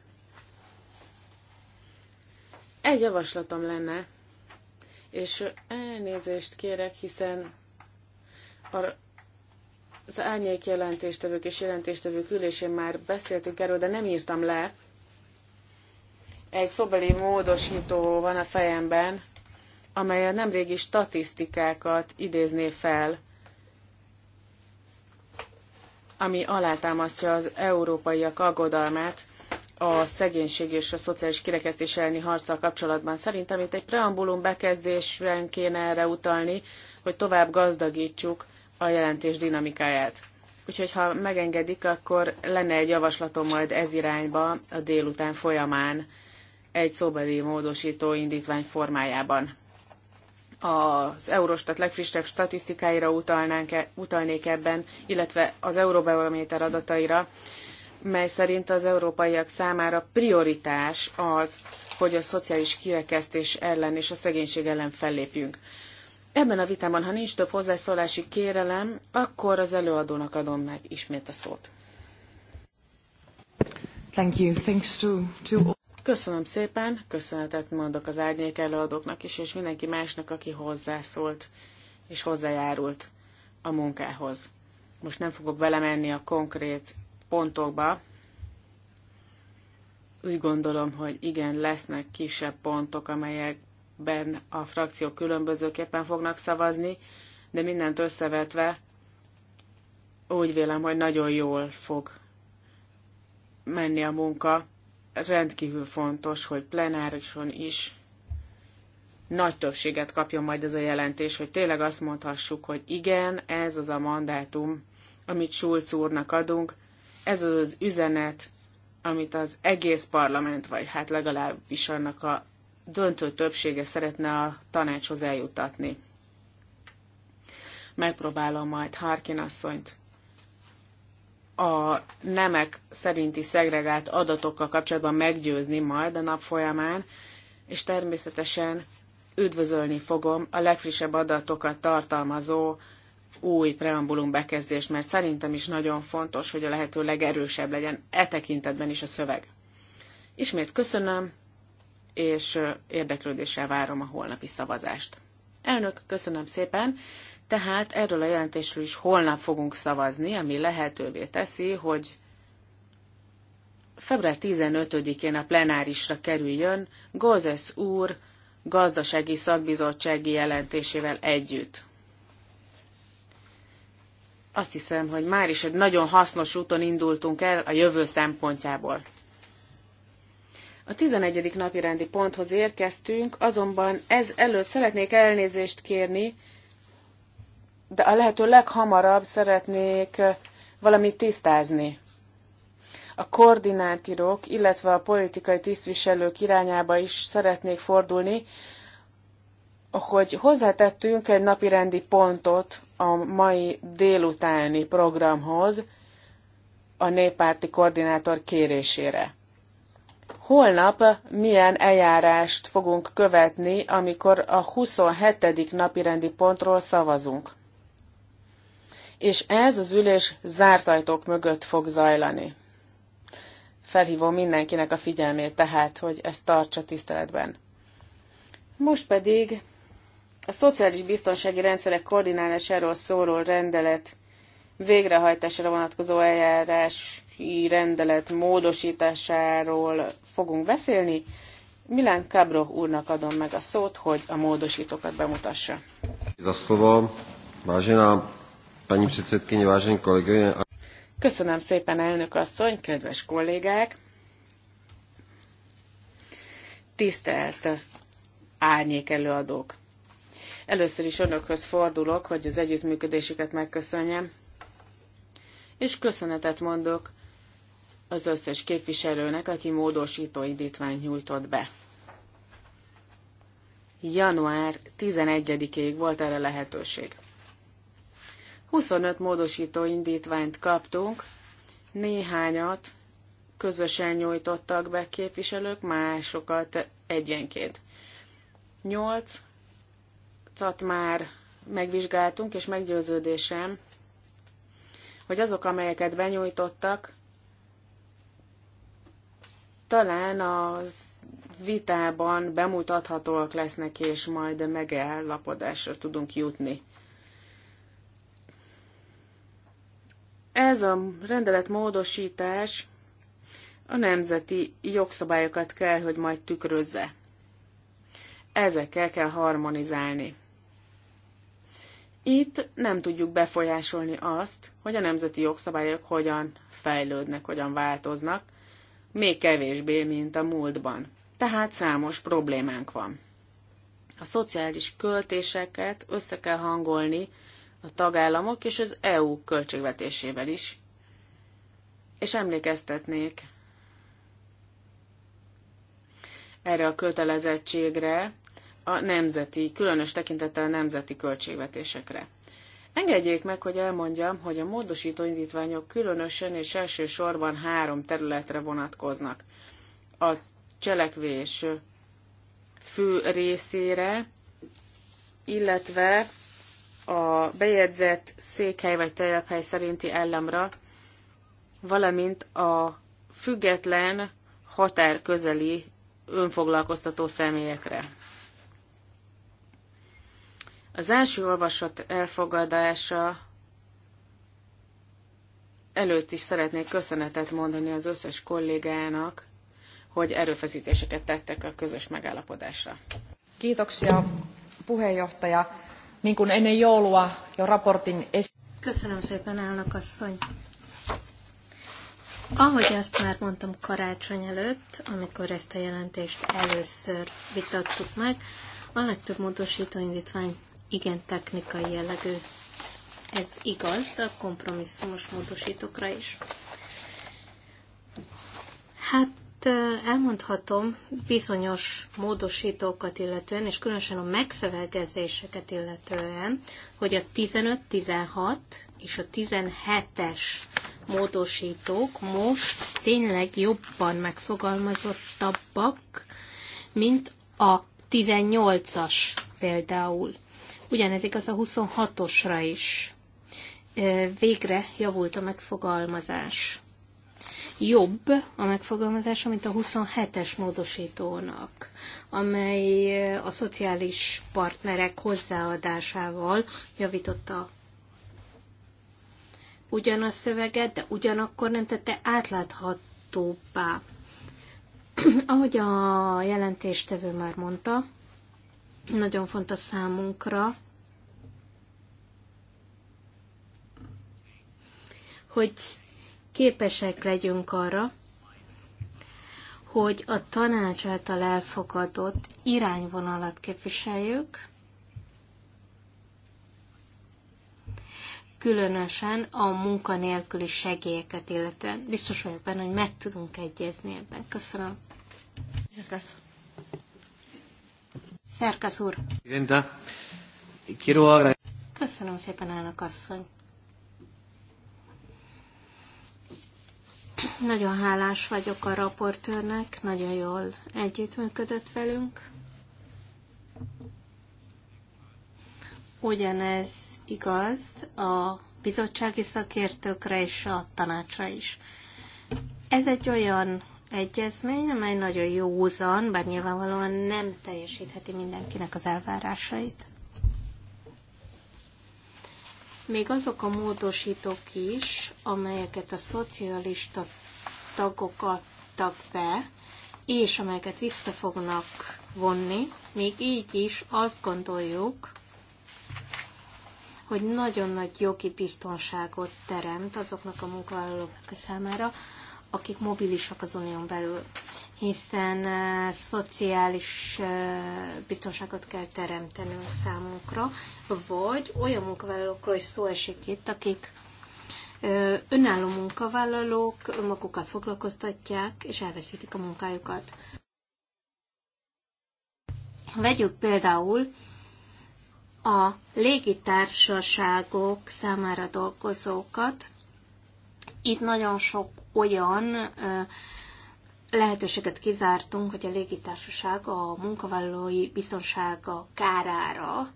egy javaslatom lenne, és elnézést kérek, hiszen az árnyék jelentéstevők és jelentéstevők ülésén már beszéltünk erről, de nem írtam le. Egy szobeli módosító van a fejemben, amely a nemrégi statisztikákat idézné fel, ami alátámasztja az európaiak aggodalmát a szegénység és a szociális kirekesztés elleni harccal kapcsolatban. Szerintem itt egy preambulum bekezdésben kéne erre utalni, hogy tovább gazdagítsuk a jelentés dinamikáját. Úgyhogy ha megengedik, akkor lenne egy javaslatom majd ez irányba a délután folyamán egy szóbeli módosító indítvány formájában. Az Eurostat legfrissebb statisztikáira utalnánk, utalnék ebben, illetve az Euróbarométer adataira, mely szerint az európaiak számára prioritás az, hogy a szociális kirekesztés ellen és a szegénység ellen fellépjünk. Ebben a vitában, ha nincs több hozzászólási kérelem, akkor az előadónak adom meg ismét a szót. Thank you. Thanks to, to... Köszönöm szépen, köszönetet mondok az árnyék előadóknak is, és mindenki másnak, aki hozzászólt és hozzájárult a munkához. Most nem fogok belemenni a konkrét pontokba. Úgy gondolom, hogy igen, lesznek kisebb pontok, amelyekben a frakciók különbözőképpen fognak szavazni, de mindent összevetve úgy vélem, hogy nagyon jól fog menni a munka. Rendkívül fontos, hogy plenárison is nagy többséget kapjon majd ez a jelentés, hogy tényleg azt mondhassuk, hogy igen, ez az a mandátum, amit Schulz úrnak adunk, ez az, az üzenet, amit az egész parlament, vagy hát legalábbis annak a döntő többsége szeretne a tanácshoz eljutatni. Megpróbálom majd Harkin asszonyt a nemek szerinti szegregált adatokkal kapcsolatban meggyőzni majd a nap folyamán, és természetesen üdvözölni fogom a legfrissebb adatokat tartalmazó új preambulum bekezdést, mert szerintem is nagyon fontos, hogy a lehető legerősebb legyen e tekintetben is a szöveg. Ismét köszönöm, és érdeklődéssel várom a holnapi szavazást. Elnök, köszönöm szépen! Tehát erről a jelentésről is holnap fogunk szavazni, ami lehetővé teszi, hogy február 15-én a plenárisra kerüljön Gózes úr gazdasági szakbizottsági jelentésével együtt. Azt hiszem, hogy már is egy nagyon hasznos úton indultunk el a jövő szempontjából. A 11. napi rendi ponthoz érkeztünk, azonban ez előtt szeretnék elnézést kérni, de a lehető leghamarabb szeretnék valamit tisztázni. A koordinátorok, illetve a politikai tisztviselők irányába is szeretnék fordulni, hogy hozzátettünk egy napirendi pontot a mai délutáni programhoz a néppárti koordinátor kérésére. Holnap milyen eljárást fogunk követni, amikor a 27. napirendi pontról szavazunk? És ez az ülés zárt ajtók mögött fog zajlani. Felhívom mindenkinek a figyelmét tehát, hogy ezt tartsa tiszteletben. Most pedig a szociális biztonsági rendszerek koordinálásáról szóló rendelet végrehajtására vonatkozó eljárási rendelet módosításáról fogunk beszélni. Milán Cabro úrnak adom meg a szót, hogy a módosítókat bemutassa. Köszönöm szépen, elnök asszony, kedves kollégák! Tisztelt árnyék előadók! Először is önökhöz fordulok, hogy az együttműködésüket megköszönjem, és köszönetet mondok az összes képviselőnek, aki módosító indítványt nyújtott be. Január 11-ig volt erre lehetőség. 25 módosító indítványt kaptunk, néhányat közösen nyújtottak be képviselők, másokat egyenként. 8 javaslatot már megvizsgáltunk, és meggyőződésem, hogy azok, amelyeket benyújtottak, talán az vitában bemutathatóak lesznek, és majd megállapodásra tudunk jutni. Ez a rendelet módosítás a nemzeti jogszabályokat kell, hogy majd tükrözze. Ezekkel kell harmonizálni. Itt nem tudjuk befolyásolni azt, hogy a nemzeti jogszabályok hogyan fejlődnek, hogyan változnak, még kevésbé, mint a múltban. Tehát számos problémánk van. A szociális költéseket össze kell hangolni a tagállamok és az EU költségvetésével is. És emlékeztetnék erre a kötelezettségre, a nemzeti, különös tekintettel nemzeti költségvetésekre. Engedjék meg, hogy elmondjam, hogy a módosító indítványok különösen és elsősorban három területre vonatkoznak. A cselekvés fő részére, illetve a bejegyzett székhely vagy telephely szerinti ellemra, valamint a független határ közeli önfoglalkoztató személyekre. Az első olvasat elfogadása előtt is szeretnék köszönetet mondani az összes kollégának, hogy erőfeszítéseket tettek a közös megállapodásra. Kiitoksia, puheenjohtaja. Niin kuin ennen joulua jo raportin es- Köszönöm szépen, elnök asszony. Ahogy azt már mondtam karácsony előtt, amikor ezt a jelentést először vitattuk meg, a legtöbb módosító indítvány igen technikai jellegű. Ez igaz a kompromisszumos módosítókra is. Hát elmondhatom bizonyos módosítókat illetően, és különösen a megszövegezéseket illetően, hogy a 15, 16 és a 17-es módosítók most tényleg jobban megfogalmazottabbak, mint a 18-as például. Ugyanez igaz a 26-osra is. Végre javult a megfogalmazás. Jobb a megfogalmazása, mint a 27-es módosítónak, amely a szociális partnerek hozzáadásával javította ugyanaz szöveget, de ugyanakkor nem tette átláthatóbbá. Ahogy a jelentéstevő már mondta, nagyon fontos számunkra, hogy képesek legyünk arra, hogy a tanács által elfogadott irányvonalat képviseljük, különösen a munkanélküli segélyeket illetően. Biztos vagyok benne, hogy meg tudunk egyezni ebben. Köszönöm. Szerkasz. úr. Köszönöm szépen, elnök asszony. Nagyon hálás vagyok a raportőrnek, nagyon jól együttműködött velünk. Ugyanez igaz a bizottsági szakértőkre és a tanácsra is. Ez egy olyan egyezmény, amely nagyon józan, bár nyilvánvalóan nem teljesítheti mindenkinek az elvárásait még azok a módosítók is, amelyeket a szocialista tagok adtak be, és amelyeket vissza fognak vonni, még így is azt gondoljuk, hogy nagyon nagy jogi biztonságot teremt azoknak a munkavállalóknak számára, akik mobilisak az unión belül hiszen eh, szociális eh, biztonságot kell teremtenünk számunkra, vagy olyan munkavállalókról is szó esik itt, akik eh, önálló munkavállalók magukat foglalkoztatják, és elveszítik a munkájukat. Vegyük például a légitársaságok számára dolgozókat. Itt nagyon sok olyan lehetőséget kizártunk, hogy a légitársaság a munkavállalói biztonsága kárára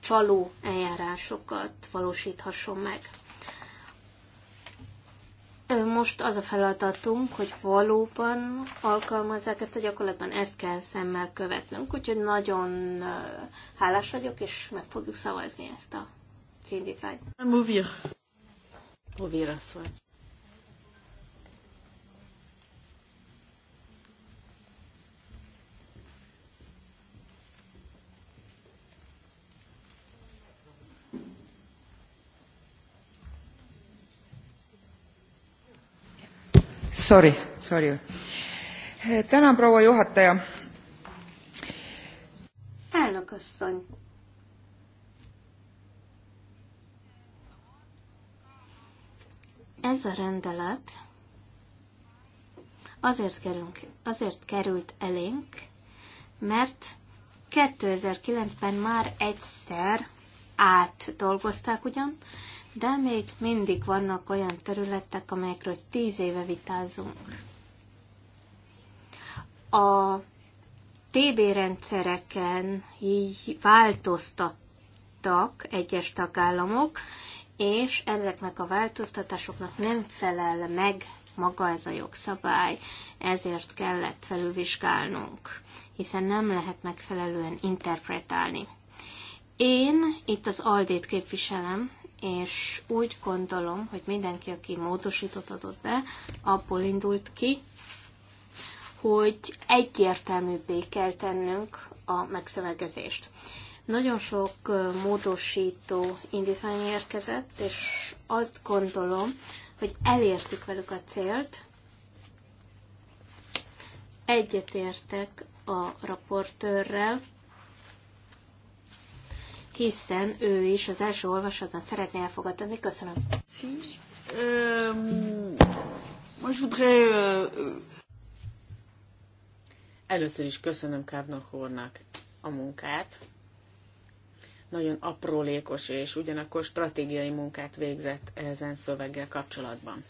csaló eljárásokat valósíthasson meg. Most az a feladatunk, hogy valóban alkalmazzák ezt a gyakorlatban, ezt kell szemmel követnünk, úgyhogy nagyon hálás vagyok, és meg fogjuk szavazni ezt a indítványt. Movir. Movir vagy. Sorry, sorry. Tänan, proua juhataja. Elnök asszony. Ez a rendelet azért, kerünk, azért került elénk, mert 2009-ben már egyszer átdolgozták ugyan, de még mindig vannak olyan területek, amelyekről tíz éve vitázunk. A TB rendszereken így változtattak egyes tagállamok, és ezeknek a változtatásoknak nem felel meg maga ez a jogszabály, ezért kellett felülvizsgálnunk, hiszen nem lehet megfelelően interpretálni. Én itt az Aldét képviselem, és úgy gondolom, hogy mindenki, aki módosított adott be, abból indult ki, hogy egyértelműbbé kell tennünk a megszövegezést. Nagyon sok módosító indítvány érkezett, és azt gondolom, hogy elértük velük a célt. Egyetértek a raportőrrel, hiszen ő is az első olvasatban szeretne elfogadni. Köszönöm. Euh, Először is köszönöm Kávnak Hornak a munkát. Nagyon aprólékos és ugyanakkor stratégiai munkát végzett ezen szöveggel kapcsolatban.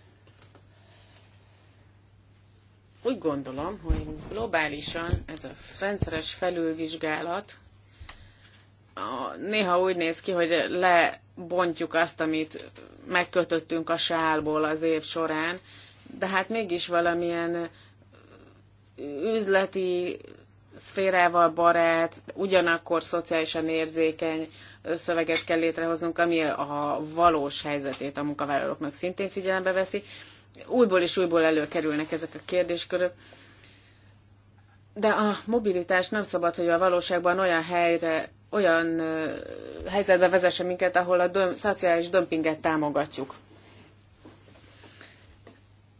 Úgy gondolom, hogy globálisan ez a rendszeres felülvizsgálat néha úgy néz ki, hogy lebontjuk azt, amit megkötöttünk a sálból az év során, de hát mégis valamilyen üzleti szférával barát, ugyanakkor szociálisan érzékeny szöveget kell létrehoznunk, ami a valós helyzetét a munkavállalóknak szintén figyelembe veszi. Újból és újból előkerülnek ezek a kérdéskörök de a mobilitás nem szabad, hogy a valóságban olyan helyre, olyan helyzetbe vezesse minket, ahol a döm, szociális dömpinget támogatjuk.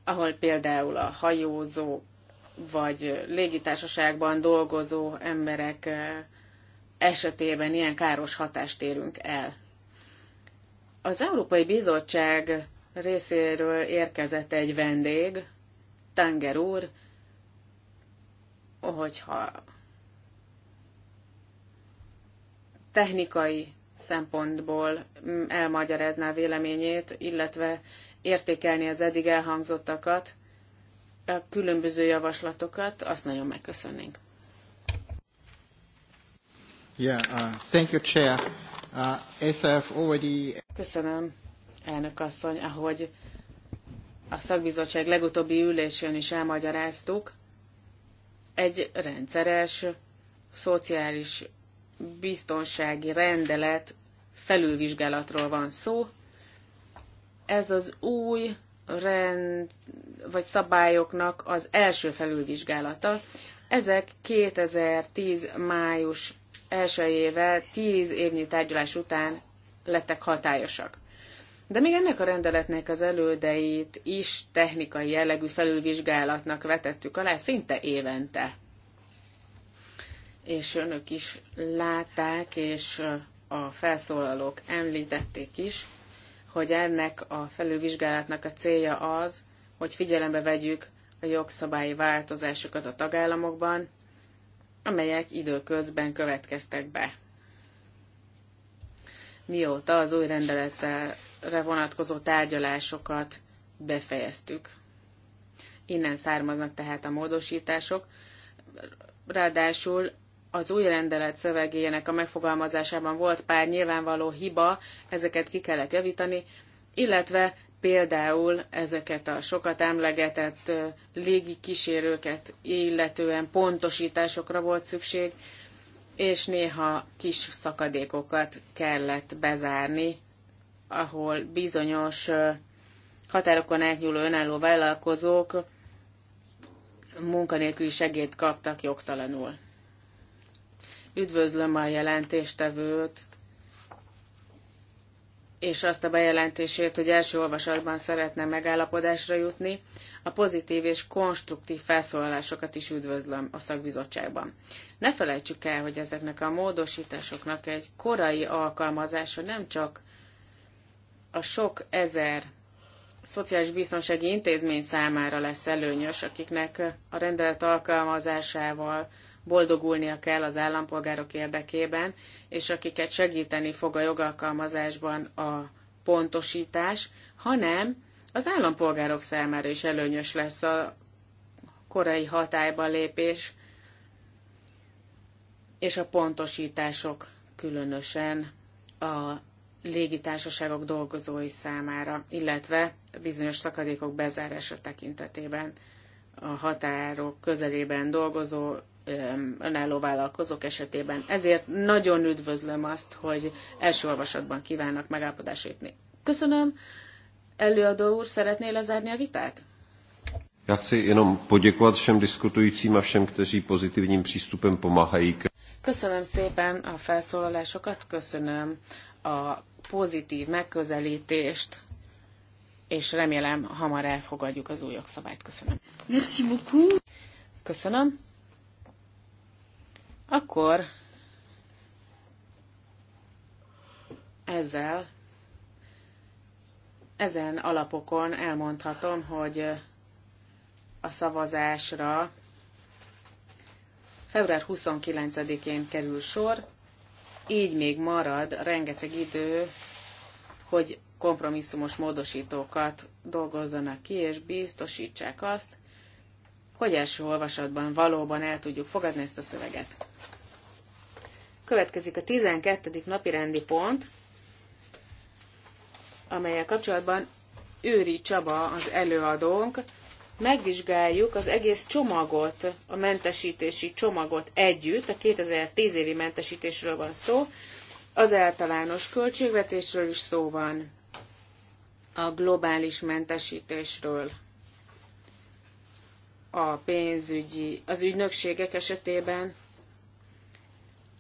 Ahol például a hajózó vagy légitársaságban dolgozó emberek esetében ilyen káros hatást érünk el. Az Európai Bizottság részéről érkezett egy vendég, Tanger úr, hogyha technikai szempontból elmagyarázná véleményét, illetve értékelni az eddig elhangzottakat, a különböző javaslatokat, azt nagyon megköszönnénk. Yeah, uh, thank you, Chair. Uh, SF already... Köszönöm, elnök asszony, ahogy a szakbizottság legutóbbi ülésén is elmagyaráztuk, egy rendszeres szociális biztonsági rendelet felülvizsgálatról van szó. Ez az új rend vagy szabályoknak az első felülvizsgálata. Ezek 2010 május elsőjével 10 évnyi tárgyalás után lettek hatályosak. De még ennek a rendeletnek az elődeit is technikai jellegű felülvizsgálatnak vetettük alá szinte évente. És önök is látták, és a felszólalók említették is, hogy ennek a felülvizsgálatnak a célja az, hogy figyelembe vegyük a jogszabályi változásokat a tagállamokban, amelyek időközben következtek be. Mióta az új rendelettel vonatkozó tárgyalásokat befejeztük. Innen származnak tehát a módosítások. Ráadásul az új rendelet szövegének a megfogalmazásában volt pár nyilvánvaló hiba, ezeket ki kellett javítani, illetve például ezeket a sokat emlegetett légi kísérőket illetően pontosításokra volt szükség, és néha kis szakadékokat kellett bezárni ahol bizonyos határokon átnyúló önálló vállalkozók munkanélküli segélyt kaptak jogtalanul. Üdvözlöm a jelentéstevőt, és azt a bejelentését, hogy első olvasatban szeretne megállapodásra jutni, a pozitív és konstruktív felszólalásokat is üdvözlöm a szakbizottságban. Ne felejtsük el, hogy ezeknek a módosításoknak egy korai alkalmazása nem csak a sok ezer szociális biztonsági intézmény számára lesz előnyös, akiknek a rendelet alkalmazásával boldogulnia kell az állampolgárok érdekében, és akiket segíteni fog a jogalkalmazásban a pontosítás, hanem az állampolgárok számára is előnyös lesz a korai hatályba lépés és a pontosítások különösen a légitársaságok dolgozói számára, illetve bizonyos szakadékok bezárása tekintetében a határok közelében dolgozó önálló vállalkozók esetében. Ezért nagyon üdvözlöm azt, hogy első olvasatban kívánnak megállapodásra jutni. Köszönöm. Előadó úr, szeretné lezárni a vitát? Já chci jenom poděkovat všem diskutujícím a všem, kteří pozitivním přístupem pomáhají. Köszönöm szépen a felszólalásokat, köszönöm a pozitív megközelítést, és remélem hamar elfogadjuk az új jogszabályt. Köszönöm. Merci beaucoup. Köszönöm. Akkor ezzel, ezen alapokon elmondhatom, hogy a szavazásra február 29-én kerül sor, így még marad rengeteg idő, hogy kompromisszumos módosítókat dolgozzanak ki, és biztosítsák azt, hogy első olvasatban valóban el tudjuk fogadni ezt a szöveget. Következik a 12. napi rendi pont, amelyel kapcsolatban Őri Csaba az előadónk megvizsgáljuk az egész csomagot, a mentesítési csomagot együtt, a 2010 évi mentesítésről van szó, az általános költségvetésről is szó van, a globális mentesítésről, a pénzügyi, az ügynökségek esetében,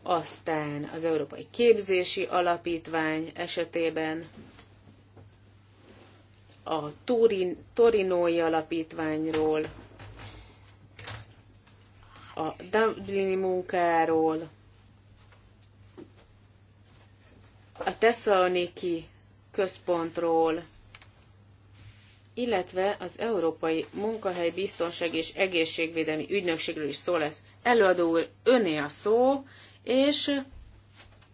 aztán az Európai Képzési Alapítvány esetében, a Turin, Torinói Alapítványról, a Dublini munkáról, a Tesszaloniki központról, illetve az Európai Munkahely Biztonság és Egészségvédelmi Ügynökségről is szó lesz. Előadó úr, öné a szó, és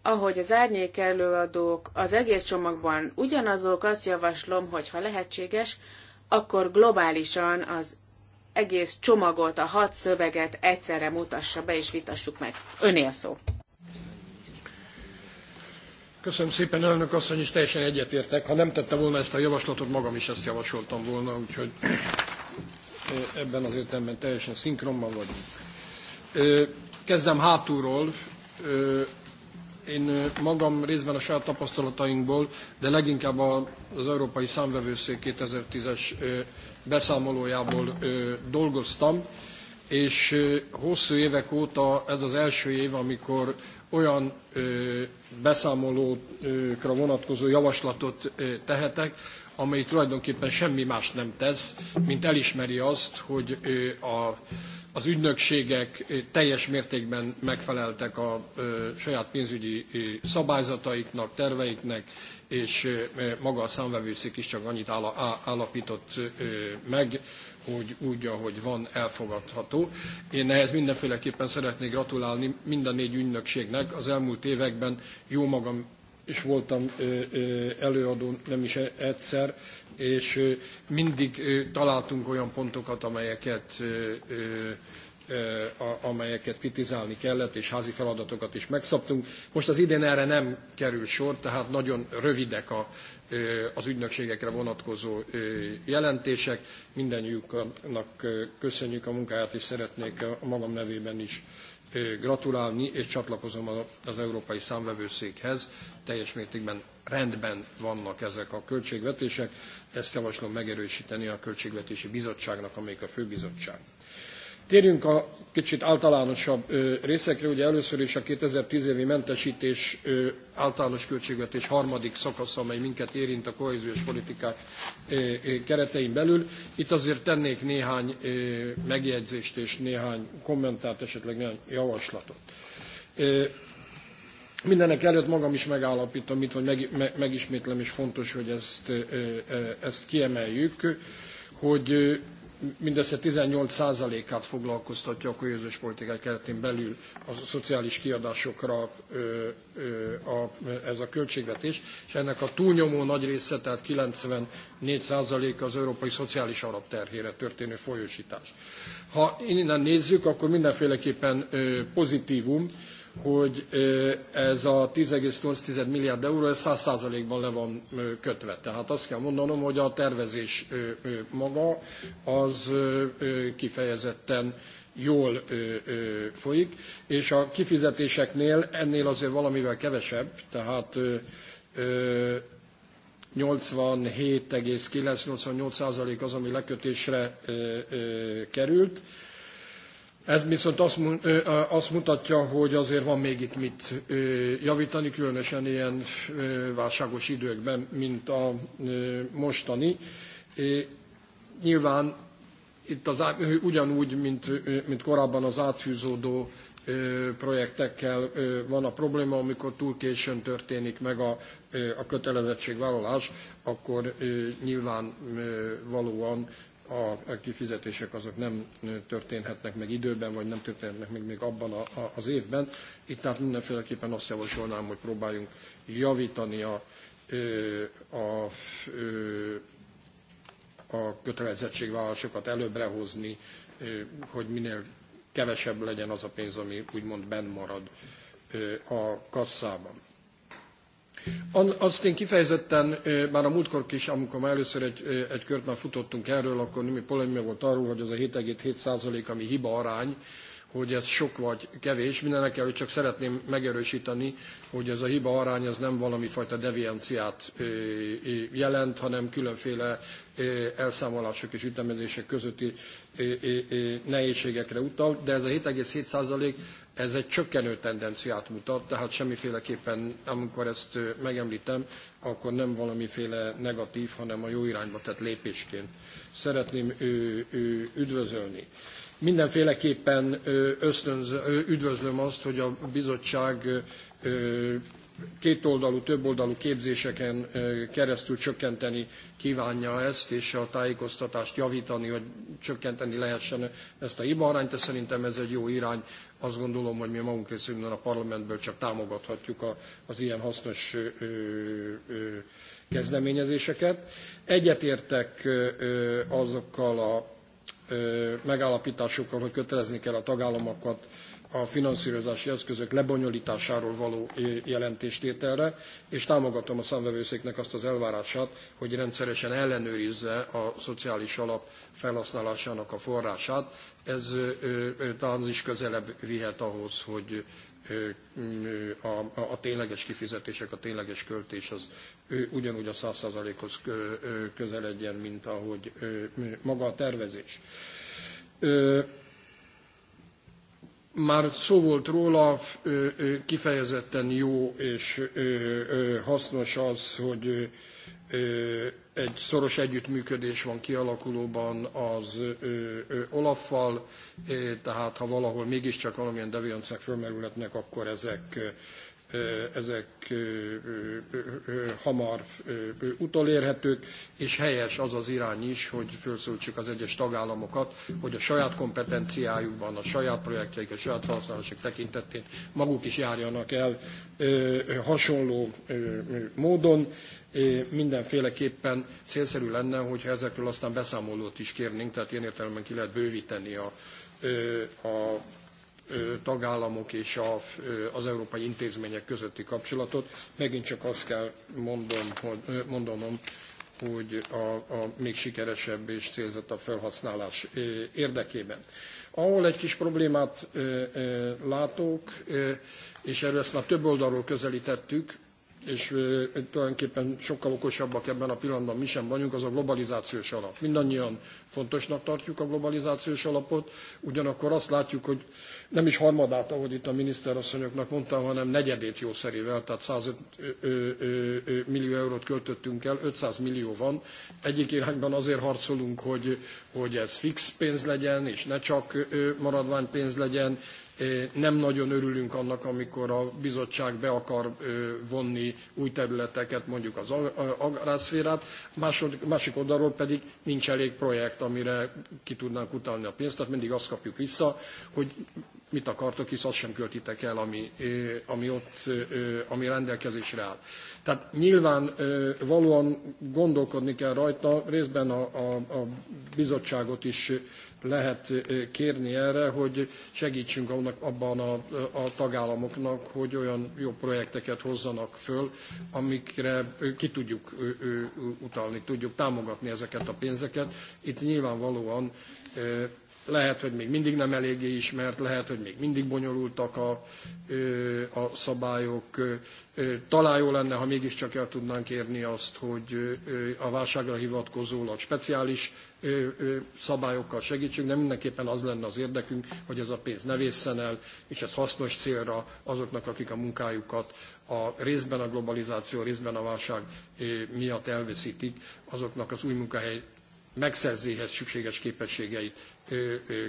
ahogy az árnyék előadók az egész csomagban ugyanazok, azt javaslom, hogy ha lehetséges, akkor globálisan az egész csomagot, a hat szöveget egyszerre mutassa be és vitassuk meg. Önél szó. Köszönöm szépen, elnök asszony, is teljesen egyetértek. Ha nem tette volna ezt a javaslatot, magam is ezt javasoltam volna, úgyhogy eh, ebben az értelemben teljesen szinkronban vagyunk. Eh, kezdem hátulról. Eh, én magam részben a saját tapasztalatainkból, de leginkább az Európai Számvevőszék 2010-es beszámolójából dolgoztam, és hosszú évek óta ez az első év, amikor olyan beszámolókra vonatkozó javaslatot tehetek, amely tulajdonképpen semmi más nem tesz, mint elismeri azt, hogy a az ügynökségek teljes mértékben megfeleltek a saját pénzügyi szabályzataiknak, terveiknek, és maga a számvevőszék is csak annyit állapított meg, hogy úgy, ahogy van, elfogadható. Én ehhez mindenféleképpen szeretnék gratulálni mind a négy ügynökségnek. Az elmúlt években jó magam és voltam előadó nem is egyszer, és mindig találtunk olyan pontokat, amelyeket amelyeket kritizálni kellett, és házi feladatokat is megszabtunk. Most az idén erre nem kerül sor, tehát nagyon rövidek a, az ügynökségekre vonatkozó jelentések. Mindenjüknek köszönjük a munkáját, és szeretnék a magam nevében is gratulálni, és csatlakozom az Európai Számvevőszékhez. Teljes mértékben rendben vannak ezek a költségvetések. Ezt javaslom megerősíteni a Költségvetési Bizottságnak, amelyik a főbizottság. Térjünk a kicsit általánosabb részekre, ugye először is a 2010 évi mentesítés általános költségvetés harmadik szakasza, amely minket érint a kohéziós politikák keretein belül. Itt azért tennék néhány megjegyzést és néhány kommentárt, esetleg néhány javaslatot. Mindenek előtt magam is megállapítom itt, hogy megismétlem, és fontos, hogy ezt, ezt kiemeljük, hogy mindössze 18%-át foglalkoztatja a kohéziós politikák keretén belül a szociális kiadásokra ö, ö, a, ez a költségvetés, és ennek a túlnyomó nagy része, tehát 94% az Európai Szociális Alap terhére történő folyósítás. Ha innen nézzük, akkor mindenféleképpen ö, pozitívum, hogy ez a 10,8 milliárd euró 100%-ban le van kötve. Tehát azt kell mondanom, hogy a tervezés maga az kifejezetten jól folyik, és a kifizetéseknél ennél azért valamivel kevesebb, tehát 87,9-88% az, ami lekötésre került. Ez viszont azt mutatja, hogy azért van még itt mit javítani, különösen ilyen válságos időkben, mint a mostani. Nyilván itt az, ugyanúgy, mint, mint korábban az áthűzódó projektekkel van a probléma, amikor túl későn történik meg a, a kötelezettségvállalás, akkor nyilvánvalóan a kifizetések azok nem történhetnek meg időben, vagy nem történhetnek meg még abban a, a, az évben. Itt tehát mindenféleképpen azt javasolnám, hogy próbáljunk javítani a, a, a, kötelezettségvállalásokat előbbre hozni, hogy minél kevesebb legyen az a pénz, ami úgymond benn marad a kasszában. Azt én kifejezetten már a múltkor is, amikor már először egy, egy kört már futottunk erről, akkor némi polemia volt arról, hogy az a 7,7% ami hiba arány, hogy ez sok vagy kevés. Mindenek előtt csak szeretném megerősíteni, hogy ez a hiba arány ez nem valami fajta devianciát jelent, hanem különféle elszámolások és ütemezések közötti nehézségekre utal, de ez a 7,7% ez egy csökkenő tendenciát mutat, tehát semmiféleképpen, amikor ezt megemlítem, akkor nem valamiféle negatív, hanem a jó irányba tett lépésként szeretném ő, ő, üdvözölni. Mindenféleképpen ösztönz, üdvözlöm azt, hogy a bizottság kétoldalú, többoldalú képzéseken keresztül csökkenteni kívánja ezt, és a tájékoztatást javítani, hogy csökkenteni lehessen ezt a hibaarányt, de szerintem ez egy jó irány, azt gondolom, hogy mi magunk részében a parlamentből csak támogathatjuk a, az ilyen hasznos ö, ö, kezdeményezéseket. Egyetértek azokkal a megállapításokkal, hogy kötelezni kell a tagállamokat a finanszírozási eszközök lebonyolításáról való jelentéstételre, és támogatom a számvevőszéknek azt az elvárását, hogy rendszeresen ellenőrizze a szociális alap felhasználásának a forrását, ez talán is közelebb vihet ahhoz, hogy a, a tényleges kifizetések, a tényleges költés az ugyanúgy a 100%-hoz közeledjen, mint ahogy maga a tervezés. Már szó volt róla, kifejezetten jó és hasznos az, hogy egy szoros együttműködés van kialakulóban az Olaffal, tehát ha valahol mégiscsak valamilyen deviancek fölmerülhetnek, akkor ezek, ezek hamar utolérhetők, és helyes az az irány is, hogy felszólítsuk az egyes tagállamokat, hogy a saját kompetenciájukban, a saját projektjeik, a saját felhasználások tekintetén maguk is járjanak el hasonló módon mindenféleképpen célszerű lenne, hogyha ezekről aztán beszámolót is kérnénk, tehát ilyen értelemben ki lehet bővíteni a, a tagállamok és a, az európai intézmények közötti kapcsolatot. Megint csak azt kell mondom, hogy, mondanom, hogy a, a még sikeresebb és célzottabb felhasználás érdekében. Ahol egy kis problémát látok, és erről ezt már több oldalról közelítettük, és tulajdonképpen sokkal okosabbak ebben a pillanatban mi sem vagyunk, az a globalizációs alap. Mindannyian fontosnak tartjuk a globalizációs alapot, ugyanakkor azt látjuk, hogy nem is harmadát, ahogy itt a miniszterasszonyoknak mondtam, hanem negyedét jószerével, tehát 105 millió eurót költöttünk el, 500 millió van. Egyik irányban azért harcolunk, hogy, hogy ez fix pénz legyen, és ne csak maradványpénz legyen, nem nagyon örülünk annak, amikor a bizottság be akar vonni új területeket, mondjuk az agrárszférát, másik oldalról pedig nincs elég projekt, amire ki tudnánk utalni a pénzt, tehát mindig azt kapjuk vissza, hogy mit akartok, hisz azt sem költitek el, ami, ami ott, ami rendelkezésre áll. Tehát nyilván valóan gondolkodni kell rajta, részben a, a, a bizottságot is lehet kérni erre, hogy segítsünk abban a, a tagállamoknak, hogy olyan jó projekteket hozzanak föl, amikre ki tudjuk utalni, tudjuk támogatni ezeket a pénzeket. Itt nyilvánvalóan lehet, hogy még mindig nem eléggé ismert, lehet, hogy még mindig bonyolultak a, a szabályok. Talán jó lenne, ha mégiscsak el tudnánk érni azt, hogy a válságra hivatkozólag speciális szabályokkal segítsünk, de mindenképpen az lenne az érdekünk, hogy ez a pénz ne vészen el, és ez hasznos célra azoknak, akik a munkájukat a részben a globalizáció, részben a válság miatt elveszítik, azoknak az új munkahely megszerzéhez szükséges képességeit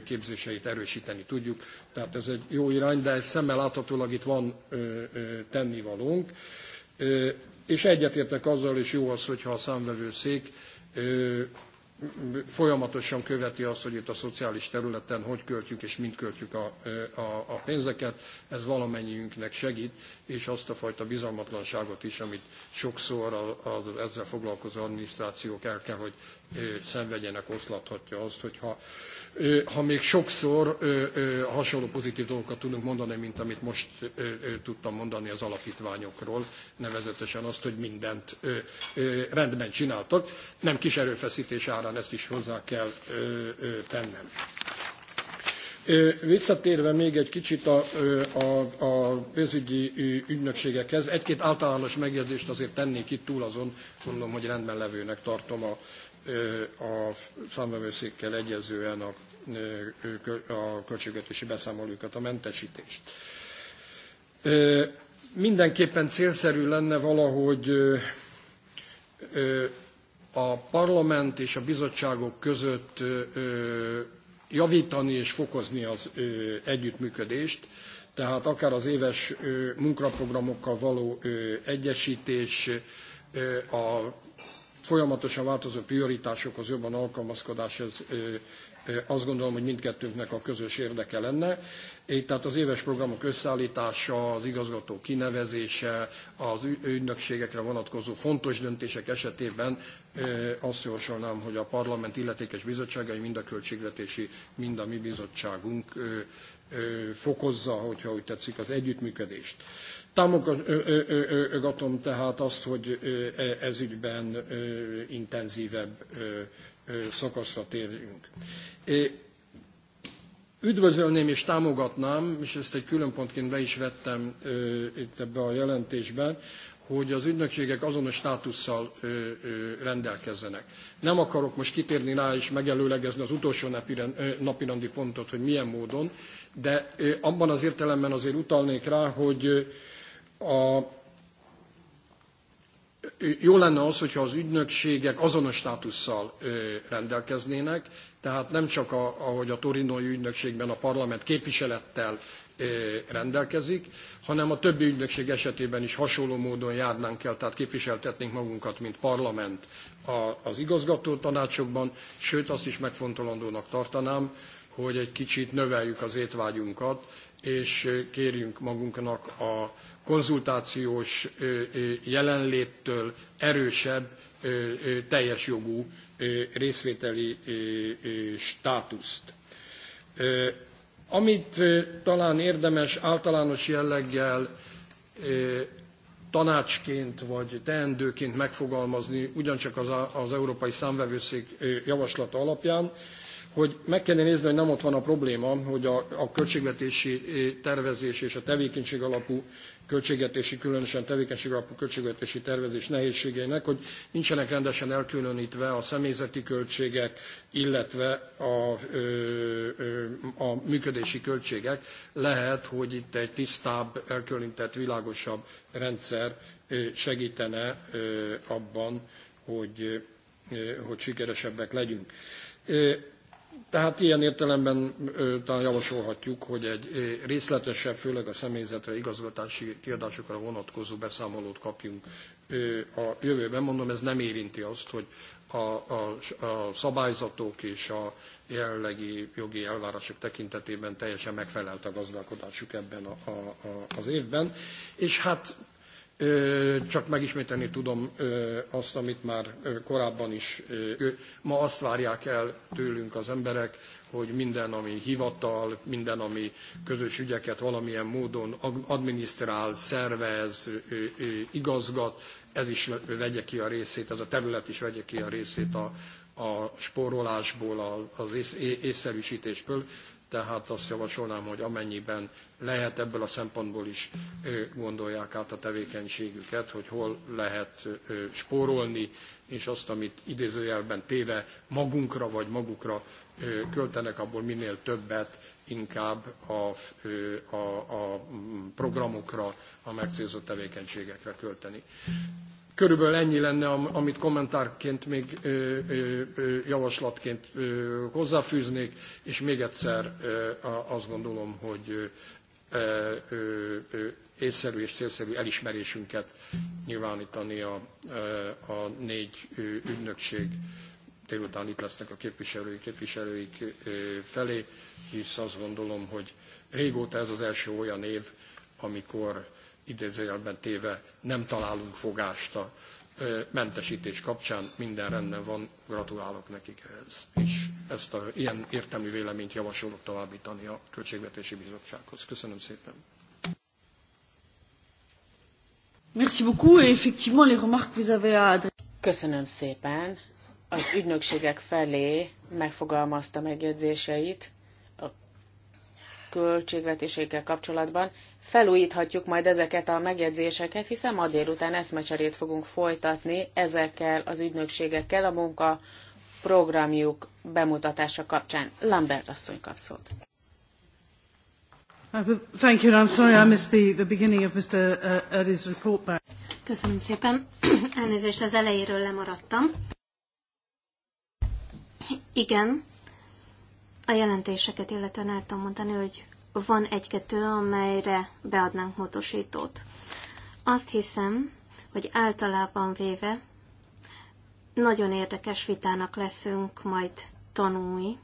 képzéseit erősíteni tudjuk. Tehát ez egy jó irány, de szemmel láthatólag itt van tennivalónk. És egyetértek azzal, és jó az, hogyha a számvevőszék folyamatosan követi azt, hogy itt a szociális területen hogy költjük és mind költjük a, a, a pénzeket. Ez valamennyiünknek segít, és azt a fajta bizalmatlanságot is, amit sokszor az ezzel foglalkozó adminisztrációk el kell, hogy szenvedjenek, oszlathatja azt, hogyha ha még sokszor hasonló pozitív dolgokat tudunk mondani, mint amit most tudtam mondani az alapítványokról, nevezetesen azt, hogy mindent rendben csináltak. Nem kis erőfeszítés árán ezt is hozzá kell tennem. Visszatérve még egy kicsit a, a, a pénzügyi ügynökségekhez, egy-két általános megjegyzést azért tennék itt túl azon, mondom, hogy rendben levőnek tartom a, a számvevőszékkel egyezően a a költségvetési beszámolókat, a mentesítést. Mindenképpen célszerű lenne valahogy a parlament és a bizottságok között javítani és fokozni az együttműködést, tehát akár az éves munkaprogramokkal való egyesítés, a folyamatosan változó prioritásokhoz jobban alkalmazkodás, ez azt gondolom, hogy mindkettőnknek a közös érdeke lenne. Így tehát az éves programok összeállítása, az igazgató kinevezése, az ügynökségekre vonatkozó fontos döntések esetében azt javasolnám, hogy a parlament illetékes bizottságai, mind a költségvetési, mind a mi bizottságunk fokozza, hogyha úgy tetszik, az együttműködést. Támogatom tehát azt, hogy ez ügyben intenzívebb szakaszra térjünk. Üdvözölném és támogatnám, és ezt egy külön pontként be is vettem itt ebbe a jelentésben, hogy az ügynökségek azonos státusszal rendelkezzenek. Nem akarok most kitérni rá és megelőlegezni az utolsó napirendi pontot, hogy milyen módon, de abban az értelemben azért utalnék rá, hogy a jó lenne az, hogyha az ügynökségek azonos státusszal rendelkeznének, tehát nem csak a, ahogy a torinói ügynökségben a parlament képviselettel rendelkezik, hanem a többi ügynökség esetében is hasonló módon járnánk el, tehát képviseltetnénk magunkat, mint parlament az igazgató tanácsokban, sőt azt is megfontolandónak tartanám, hogy egy kicsit növeljük az étvágyunkat, és kérjünk magunknak a konzultációs jelenléttől erősebb, teljes jogú részvételi státuszt. Amit talán érdemes általános jelleggel tanácsként vagy teendőként megfogalmazni, ugyancsak az, az Európai Számvevőszék javaslata alapján, hogy meg kellene nézni, hogy nem ott van a probléma, hogy a, a költségvetési eh, tervezés és a tevékenység alapú költségvetési, különösen tevékenység alapú költségvetési tervezés nehézségeinek, hogy nincsenek rendesen elkülönítve a személyzeti költségek, illetve a, ö, ö, a működési költségek. Lehet, hogy itt egy tisztább, elkülönített, világosabb rendszer segítene abban, hogy, hogy sikeresebbek legyünk. Tehát ilyen értelemben talán javasolhatjuk, hogy egy részletesebb, főleg a személyzetre, igazgatási kiadásokra vonatkozó beszámolót kapjunk a jövőben. Mondom, ez nem érinti azt, hogy a, a, a szabályzatok és a jelenlegi jogi elvárások tekintetében teljesen megfelelt a gazdálkodásuk ebben a, a, a, az évben. És hát csak megismételni tudom azt, amit már korábban is. Ma azt várják el tőlünk az emberek, hogy minden, ami hivatal, minden, ami közös ügyeket valamilyen módon adminisztrál, szervez, igazgat, ez is vegye ki a részét, ez a terület is vegye ki a részét a, a spórolásból, az ész, észszerűsítésből tehát azt javasolnám, hogy amennyiben lehet ebből a szempontból is gondolják át a tevékenységüket, hogy hol lehet spórolni, és azt, amit idézőjelben téve magunkra vagy magukra költenek, abból minél többet inkább a, a, a programokra, a megcélzott tevékenységekre költeni. Körülbelül ennyi lenne, amit kommentárként még javaslatként hozzáfűznék, és még egyszer azt gondolom, hogy észszerű és célszerű elismerésünket nyilvánítani a, a négy ügynökség délután itt lesznek a képviselői képviselőik felé, hisz azt gondolom, hogy régóta ez az első olyan év, amikor idézőjelben téve nem találunk fogást a mentesítés kapcsán, minden rendben van, gratulálok nekik ehhez. És ezt a ilyen értelmi véleményt javasolok továbbítani a Költségvetési Bizottsághoz. Köszönöm szépen. Merci beaucoup, et effectivement les remarques vous avez Köszönöm szépen. Az ügynökségek felé megfogalmazta megjegyzéseit, költségvetésékkel kapcsolatban. Felújíthatjuk majd ezeket a megjegyzéseket, hiszen ma délután eszmecserét fogunk folytatni ezekkel az ügynökségekkel a munka programjuk bemutatása kapcsán. Lambert asszony kap szót. Uh, thank you. I'm sorry I missed the, the beginning of Mr. Uh, report Köszönöm szépen. Elnézést az elejéről lemaradtam. Igen, a jelentéseket, illetve el tudom mondani, hogy van egy-kettő, amelyre beadnánk módosítót. Azt hiszem, hogy általában véve nagyon érdekes vitának leszünk majd tanulni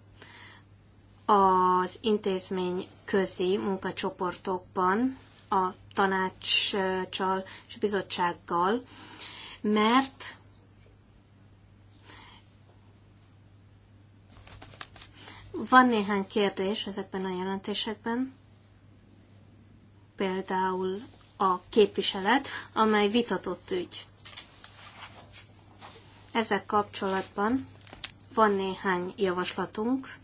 az intézmény közi munkacsoportokban, a tanácssal és bizottsággal, mert Van néhány kérdés ezekben a jelentésekben, például a képviselet, amely vitatott ügy. Ezzel kapcsolatban van néhány javaslatunk,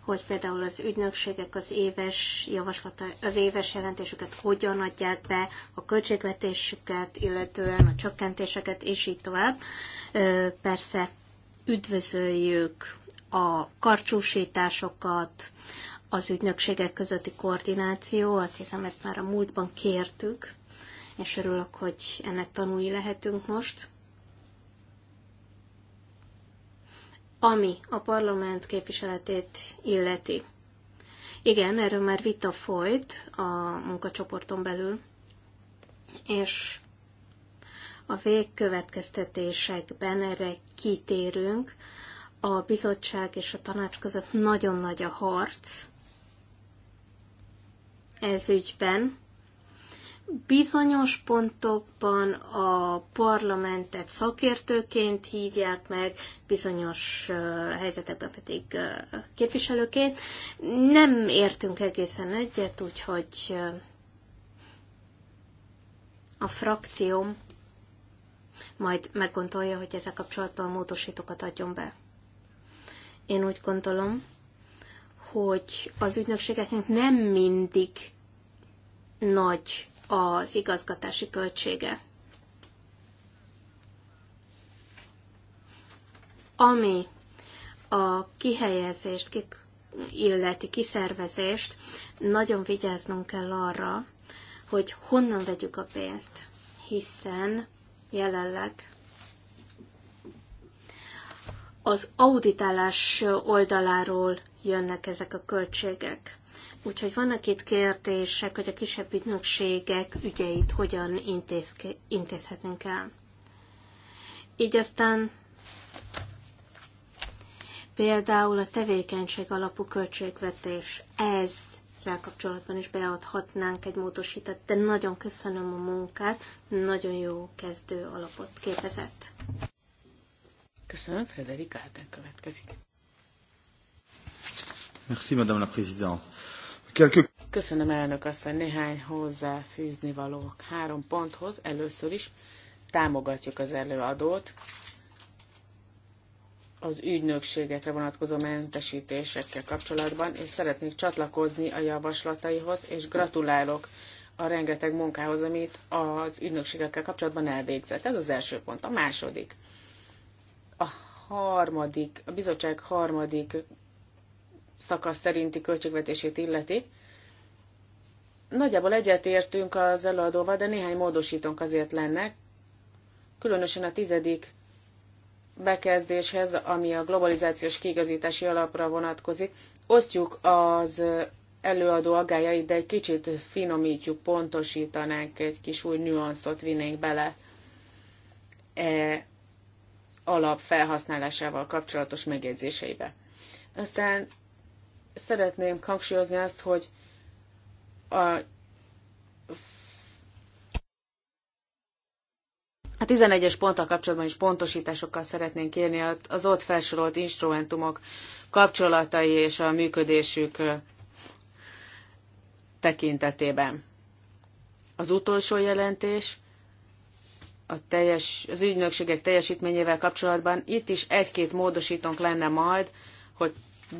hogy például az ügynökségek az éves, javaslata, az éves jelentésüket hogyan adják be, a költségvetésüket, illetően a csökkentéseket, és így tovább. Persze üdvözöljük a karcsúsításokat, az ügynökségek közötti koordináció, azt hiszem ezt már a múltban kértük, és örülök, hogy ennek tanúi lehetünk most. Ami a parlament képviseletét illeti. Igen, erről már vita folyt a munkacsoporton belül, és a végkövetkeztetésekben erre kitérünk, a bizottság és a tanács között nagyon nagy a harc ez ügyben. Bizonyos pontokban a parlamentet szakértőként hívják meg, bizonyos helyzetekben pedig képviselőként. Nem értünk egészen egyet, úgyhogy a frakcióm majd meggondolja, hogy ezzel kapcsolatban módosítókat adjon be. Én úgy gondolom, hogy az ügynökségeknek nem mindig nagy az igazgatási költsége. Ami a kihelyezést, illeti kiszervezést, nagyon vigyáznunk kell arra, hogy honnan vegyük a pénzt, hiszen jelenleg az auditálás oldaláról jönnek ezek a költségek. Úgyhogy vannak itt kérdések, hogy a kisebb ügynökségek ügyeit hogyan intéz, intézhetnénk el. Így aztán például a tevékenység alapú költségvetés, ezzel kapcsolatban is beadhatnánk egy módosítat, de nagyon köszönöm a munkát, nagyon jó kezdő alapot képezett. Köszönöm, Frederik Árden következik. Merci, Madame la Présidente. Quelque... Köszönöm, elnök asszony, néhány hozzáfűzni való három ponthoz. Először is támogatjuk az előadót. Az ügynökségekre vonatkozó mentesítésekkel kapcsolatban, és szeretnék csatlakozni a javaslataihoz, és gratulálok a rengeteg munkához, amit az ügynökségekkel kapcsolatban elvégzett. Ez az első pont. A második harmadik, a bizottság harmadik szakasz szerinti költségvetését illeti. Nagyjából egyetértünk az előadóval, de néhány módosítónk azért lenne, különösen a tizedik bekezdéshez, ami a globalizációs kiigazítási alapra vonatkozik. Osztjuk az előadó agájait, de egy kicsit finomítjuk, pontosítanánk, egy kis új nüanszot vinnénk bele e alap felhasználásával kapcsolatos megjegyzéseibe. Aztán szeretném hangsúlyozni azt, hogy a a 11-es ponttal kapcsolatban is pontosításokkal szeretnénk kérni az ott felsorolt instrumentumok kapcsolatai és a működésük tekintetében. Az utolsó jelentés a teljes, az ügynökségek teljesítményével kapcsolatban. Itt is egy-két módosítónk lenne majd, hogy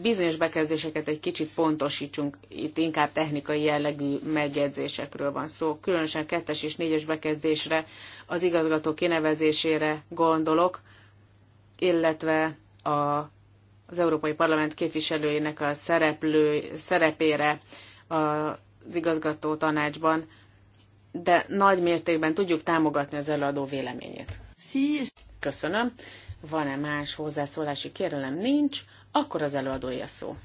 bizonyos bekezdéseket egy kicsit pontosítsunk. Itt inkább technikai jellegű megjegyzésekről van szó. Különösen kettes és négyes bekezdésre, az igazgató kinevezésére gondolok, illetve a, az Európai Parlament képviselőjének a szereplő, szerepére az igazgató tanácsban de nagy mértékben tudjuk támogatni az előadó véleményét. Köszönöm. Van-e más hozzászólási kérelem? Nincs. Akkor az a szó.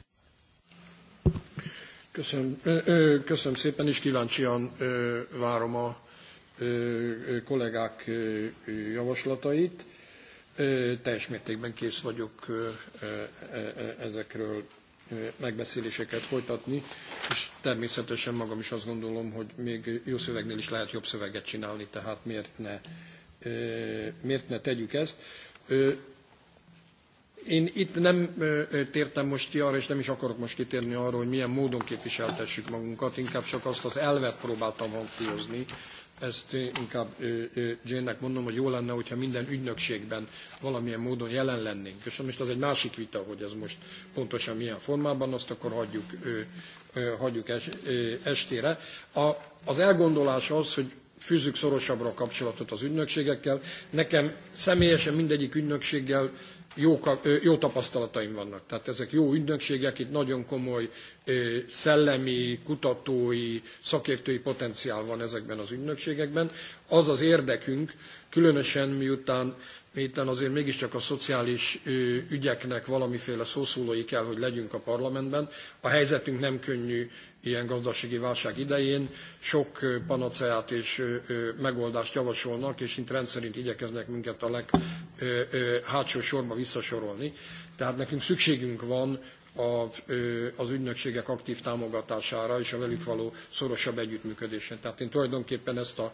Köszönöm, köszönöm szépen, és kíváncsian várom a kollégák javaslatait. Teljes mértékben kész vagyok ezekről megbeszéléseket folytatni, és természetesen magam is azt gondolom, hogy még jó szövegnél is lehet jobb szöveget csinálni, tehát miért ne, miért ne tegyük ezt. Én itt nem tértem most ki arra, és nem is akarok most kitérni arra, hogy milyen módon képviseltessük magunkat, inkább csak azt az elvet próbáltam hangsúlyozni, ezt inkább Jane-nek mondom, hogy jó lenne, hogyha minden ügynökségben valamilyen módon jelen lennénk. És most az egy másik vita, hogy ez most pontosan milyen formában, azt akkor hagyjuk, hagyjuk estére. A, az elgondolás az, hogy fűzzük szorosabbra a kapcsolatot az ügynökségekkel. Nekem személyesen mindegyik ügynökséggel jó, jó tapasztalataim vannak. Tehát ezek jó ügynökségek, itt nagyon komoly szellemi, kutatói, szakértői potenciál van ezekben az ügynökségekben. Az az érdekünk, különösen miután miután azért mégiscsak a szociális ügyeknek valamiféle szószólói kell, hogy legyünk a parlamentben. A helyzetünk nem könnyű ilyen gazdasági válság idején sok panaceát és megoldást javasolnak, és itt rendszerint igyekeznek minket a leghátsó sorba visszasorolni. Tehát nekünk szükségünk van az ügynökségek aktív támogatására és a velük való szorosabb együttműködésre. Tehát én tulajdonképpen ezt a,